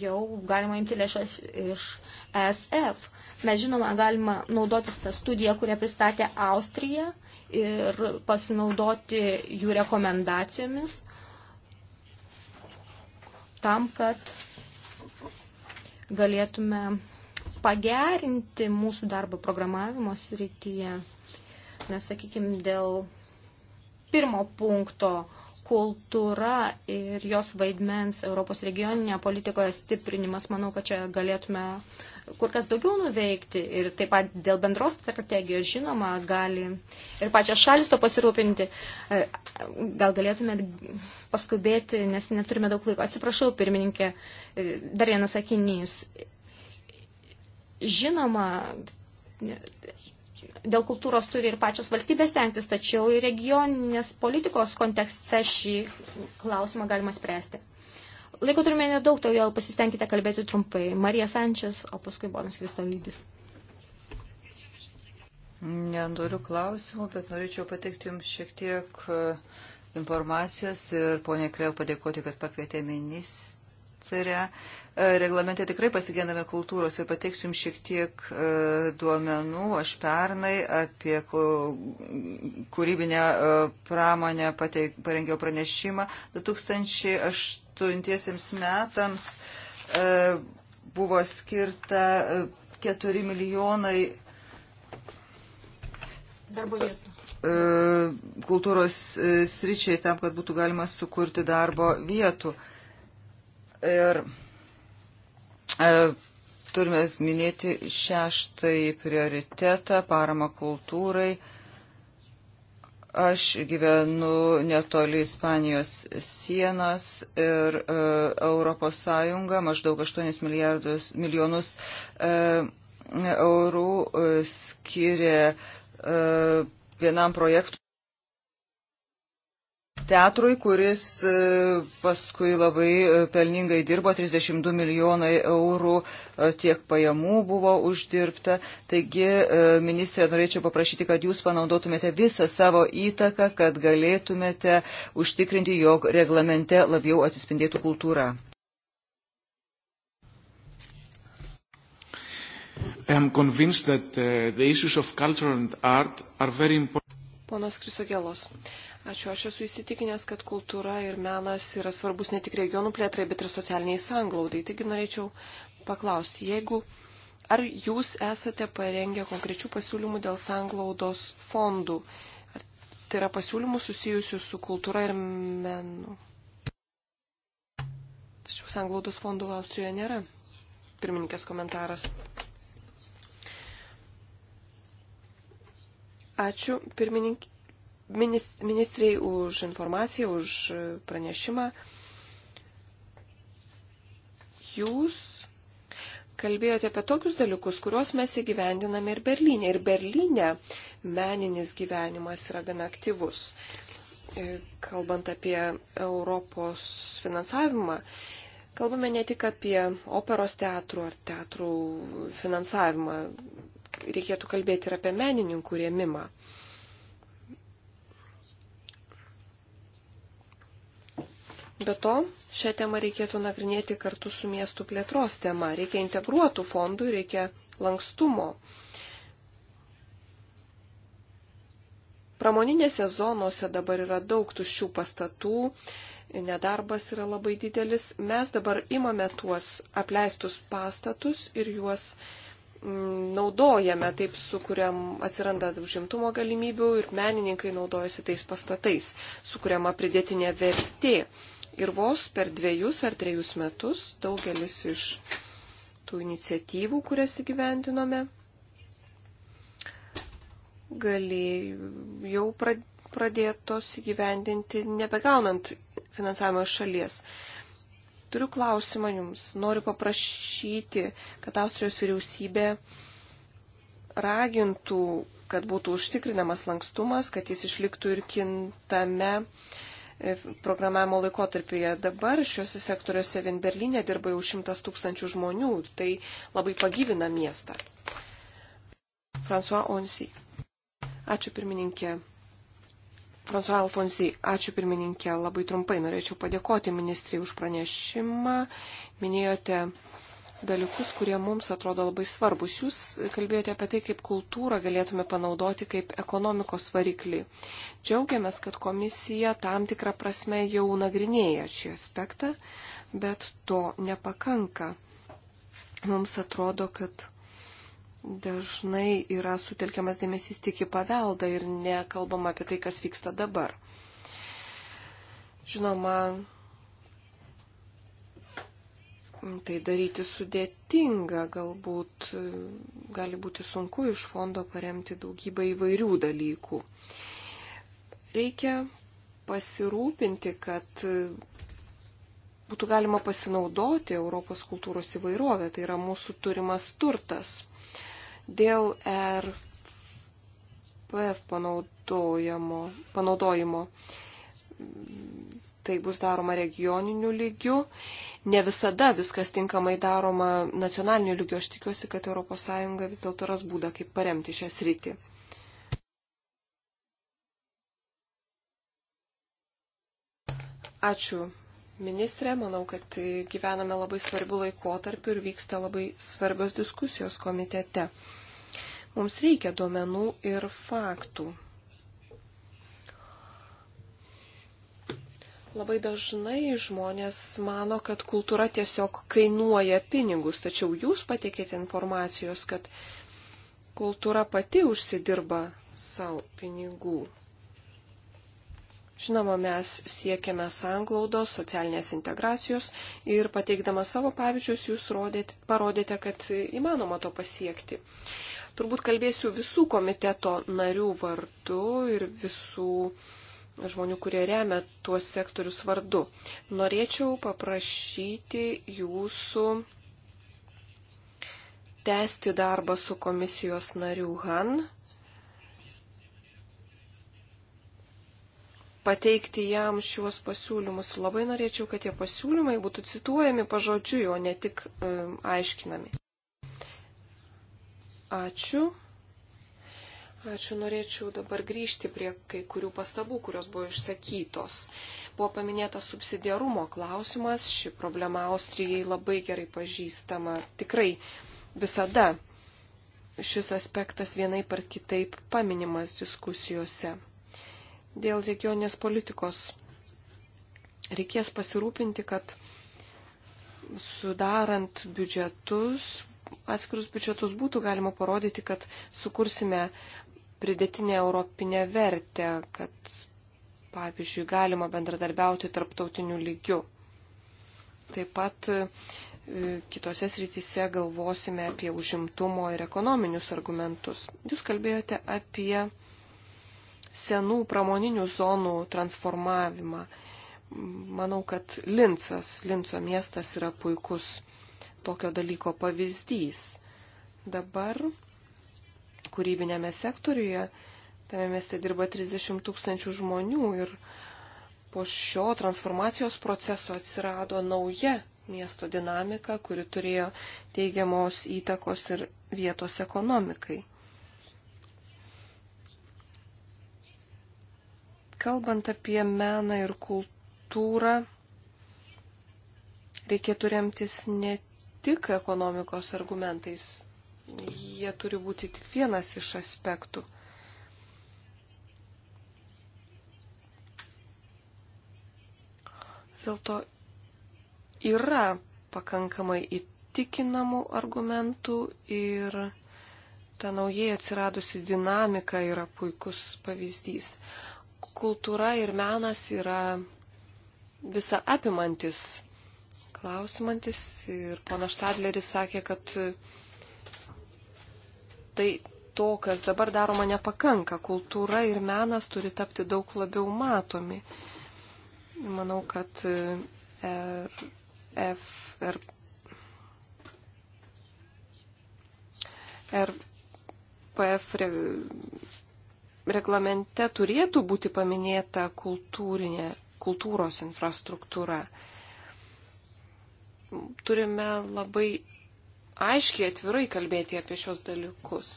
jau galima imti lėšas iš ESF. Mes žinoma galima naudotis tą studiją, kurią pristatė Austrija ir pasinaudoti jų rekomendacijomis tam, kad galėtume pagerinti mūsų darbo programavimo srityje. Nes, sakykime, dėl pirmo punkto kultūra ir jos vaidmens Europos regioninėje politikoje stiprinimas, manau, kad čia galėtume kur kas daugiau nuveikti ir taip pat dėl bendros strategijos žinoma gali ir pačios šalis to pasirūpinti. E, gal galėtumėt paskubėti, nes neturime daug laiko. Atsiprašau, pirmininkė, e, dar vienas sakinys. Žinoma, dėl kultūros turi ir pačios valstybės tenktis, tačiau ir regioninės politikos kontekste šį klausimą galima spręsti. Laiko turime nedaug, todėl pasistengkite kalbėti trumpai. Marija Sančias, o paskui Bonas Kristolydis. Nenoriu klausimų, bet norėčiau pateikti Jums šiek tiek e, informacijos ir ponė Krel padėkoti, kad pakvietė ministrę. E, reglamente tikrai pasigendame kultūros ir pateiksiu Jums šiek tiek e, duomenų. Aš pernai apie kūrybinę pramonę pateik, parengiau pranešimą 2008 2014 metams e, buvo skirta 4 e, milijonai darbo vietų e, kultūros sričiai tam, kad būtų galima sukurti darbo vietų. Ir turime minėti šeštąjį prioritetą, paramą kultūrai. Aš gyvenu netoli Ispanijos sienos ir e, Europos Sąjunga maždaug 8 milijardus, milijonus e, eurų e, skiria e, vienam projektui teatrui, kuris e, paskui labai e, pelningai dirbo, 32 milijonai eurų e, tiek pajamų buvo uždirbta. Taigi, ministrė, norėčiau paprašyti, kad jūs panaudotumėte visą savo įtaką, kad galėtumėte užtikrinti, jog reglamente labiau atsispindėtų kultūra. I am convinced that uh, the issues of culture and art are very important. Ponas Krisogėlos, Ačiū, aš esu įsitikinęs, kad kultūra ir menas yra svarbus ne tik regionų plėtrai, bet ir socialiniai sanglaudai. Taigi norėčiau paklausti, jeigu ar jūs esate parengę konkrečių pasiūlymų dėl sanglaudos fondų? Ar tai yra pasiūlymų susijusių su kultūra ir menu? Tačiau sanglaudos fondų Austrijoje nėra. Pirmininkės komentaras. Ačiū, pirmininkė ministrai už informaciją, už pranešimą. Jūs kalbėjote apie tokius dalykus, kuriuos mes įgyvendiname ir Berlyne. Ir Berlyne meninis gyvenimas yra gana aktyvus. E, kalbant apie Europos finansavimą, kalbame ne tik apie operos teatrų ar teatrų finansavimą, reikėtų kalbėti ir apie menininkų rėmimą. Be to, šią temą reikėtų nagrinėti kartu su miestų plėtros tema. Reikia integruotų fondų, reikia lankstumo. Pramoninėse zonose dabar yra daug tuščių pastatų, nedarbas yra labai didelis. Mes dabar imame tuos apleistus pastatus ir juos mm, naudojame, taip sukuriam, atsiranda užimtumo galimybių ir menininkai naudojasi tais pastatais, sukuriama pridėtinė vertė. Ir vos per dviejus ar trejus metus daugelis iš tų iniciatyvų, kurias įgyvendinome, galėjau pradėtos įgyvendinti nebegaunant finansavimo iš šalies. Turiu klausimą jums. Noriu paprašyti, kad Austrijos vyriausybė ragintų, kad būtų užtikrinamas lankstumas, kad jis išliktų ir kintame E, programavimo laikotarpyje. Dabar šiuose sektoriuose vien Berlyne dirba jau šimtas tūkstančių žmonių. Tai labai pagyvina miestą. François Onsi. Ačiū pirmininkė. François Alfonsi, ačiū pirmininkė. Labai trumpai norėčiau padėkoti ministrai už pranešimą. Minėjote dalykus, kurie mums atrodo labai svarbus. Jūs kalbėjote apie tai, kaip kultūrą galėtume panaudoti kaip ekonomikos variklį. Džiaugiamės, kad komisija tam tikrą prasme jau nagrinėja šį aspektą, bet to nepakanka. Mums atrodo, kad dažnai yra sutelkiamas dėmesys tik į paveldą ir nekalbama apie tai, kas vyksta dabar. Žinoma, tai daryti sudėtinga, galbūt gali būti sunku iš fondo paremti daugybą įvairių dalykų. Reikia pasirūpinti, kad būtų galima pasinaudoti Europos kultūros įvairovę, tai yra mūsų turimas turtas. Dėl RPF panaudojimo, panaudojimo tai bus daroma regioniniu lygiu ne visada viskas tinkamai daroma nacionaliniu lygiu. Aš tikiuosi, kad ES vis dėlto ras būdą, kaip paremti šią sritį. Ačiū. Ministrė, manau, kad gyvename labai svarbių laikotarpių ir vyksta labai svarbios diskusijos komitete. Mums reikia duomenų ir faktų. Labai dažnai žmonės mano, kad kultūra tiesiog kainuoja pinigus, tačiau jūs patikėte informacijos, kad kultūra pati užsidirba savo pinigų. Žinoma, mes siekiame sanglaudos, socialinės integracijos ir pateikdama savo pavyzdžius jūs rodėt, parodėte, kad įmanoma to pasiekti. Turbūt kalbėsiu visų komiteto narių vardu ir visų žmonių, kurie remia tuos sektorius vardu. Norėčiau paprašyti jūsų tęsti darbą su komisijos nariu Han, pateikti jam šiuos pasiūlymus. Labai norėčiau, kad tie pasiūlymai būtų cituojami pažodžiui, o ne tik um, aiškinami. Ačiū. Ačiū, norėčiau dabar grįžti prie kai kurių pastabų, kurios buvo išsakytos. Buvo paminėtas subsidiarumo klausimas, ši problema Austrijai labai gerai pažįstama. Tikrai visada šis aspektas vienai par kitaip paminimas diskusijose. Dėl regioninės politikos reikės pasirūpinti, kad sudarant biudžetus atskirus biudžetus būtų galima parodyti, kad sukursime pridėtinę europinę vertę, kad, pavyzdžiui, galima bendradarbiauti tarptautiniu lygiu. Taip pat e, kitose srityse galvosime apie užimtumo ir ekonominius argumentus. Jūs kalbėjote apie senų pramoninių zonų transformavimą. Manau, kad Lincas, Linco miestas yra puikus tokio dalyko pavyzdys. Dabar kūrybinėme sektoriuje. Tame mieste dirba 30 tūkstančių žmonių ir po šio transformacijos proceso atsirado nauja miesto dinamika, kuri turėjo teigiamos įtakos ir vietos ekonomikai. Kalbant apie meną ir kultūrą, reikėtų remtis ne tik ekonomikos argumentais, jie turi būti tik vienas iš aspektų. Dėl to yra pakankamai įtikinamų argumentų ir ta naujai atsiradusi dinamika yra puikus pavyzdys. Kultūra ir menas yra visa apimantis klausimantis ir pana Štadleris sakė, kad tai to, kas dabar daroma, nepakanka. Kultūra ir menas turi tapti daug labiau matomi. Manau, kad RF, e, R, RPF re, reglamente turėtų būti paminėta kultūrinė, kultūros infrastruktūra. Turime labai aiškiai atvirai kalbėti apie šios dalykus.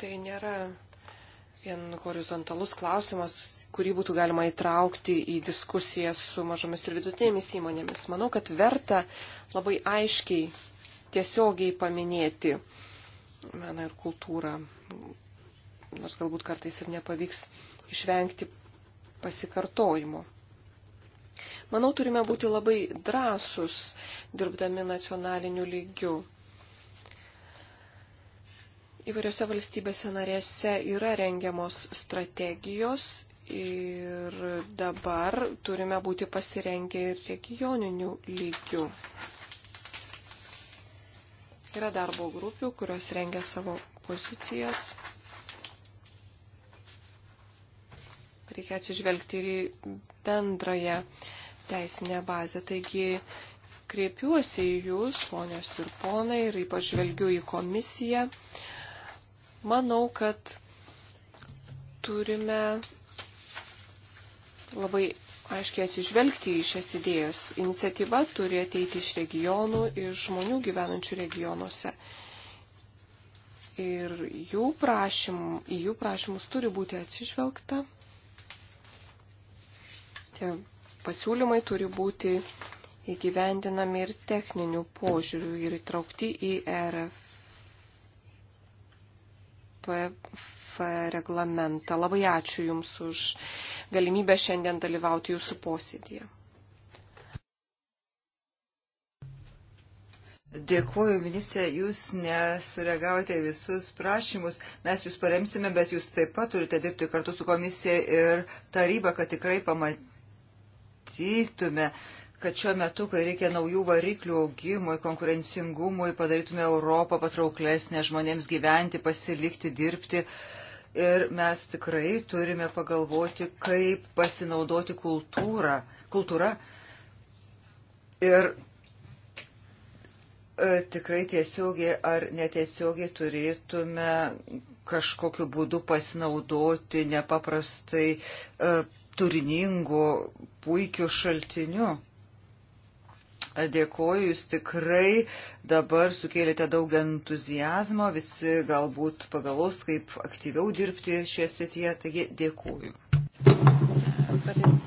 Tai nėra vien horizontalus klausimas, kurį būtų galima įtraukti į diskusiją su mažomis ir vidutinėmis įmonėmis. Manau, kad verta labai aiškiai, tiesiogiai paminėti meną ir kultūrą. Nors galbūt kartais ir nepavyks išvengti pasikartojimo. Manau, turime būti labai drąsus dirbdami nacionaliniu lygiu. Įvairiose valstybėse narėse yra rengiamos strategijos ir dabar turime būti pasirengę ir regioniniu lygiu. Yra darbo grupių, kurios rengia savo pozicijas. Reikia atsižvelgti ir į bendrąją teisinę bazę. Taigi kreipiuosi į Jūs, ponios ir ponai, ir ypač žvelgiu į komisiją. Manau, kad turime labai aiškiai atsižvelgti į šias idėjas. Iniciatyva turi ateiti iš regionų, iš žmonių gyvenančių regionuose. Ir jų prašym, į jų prašymus turi būti atsižvelgta. Tie pasiūlymai turi būti įgyvendinami ir techninių požiūrių ir įtraukti į RFP reglamentą. Labai ačiū Jums už galimybę šiandien dalyvauti Jūsų posėdėje. Dėkuoju, ministrė, jūs nesureagavote visus prašymus. Mes jūs paremsime, bet jūs taip pat turite dirbti kartu su komisija ir taryba, kad tikrai pamat, matytume, kad šiuo metu, kai reikia naujų variklių augimui, konkurencingumui, padarytume Europą patrauklesnę žmonėms gyventi, pasilikti, dirbti. Ir mes tikrai turime pagalvoti, kaip pasinaudoti kultūrą, kultūra. Ir e, tikrai tiesiogiai ar netiesiogiai turėtume kažkokiu būdu pasinaudoti nepaprastai e, turiningu, puikiu šaltiniu. Dėkoju, jūs tikrai dabar sukėlėte daug entuzijazmo, visi galbūt pagalvos, kaip aktyviau dirbti šioje srityje, taigi dėkoju. But it's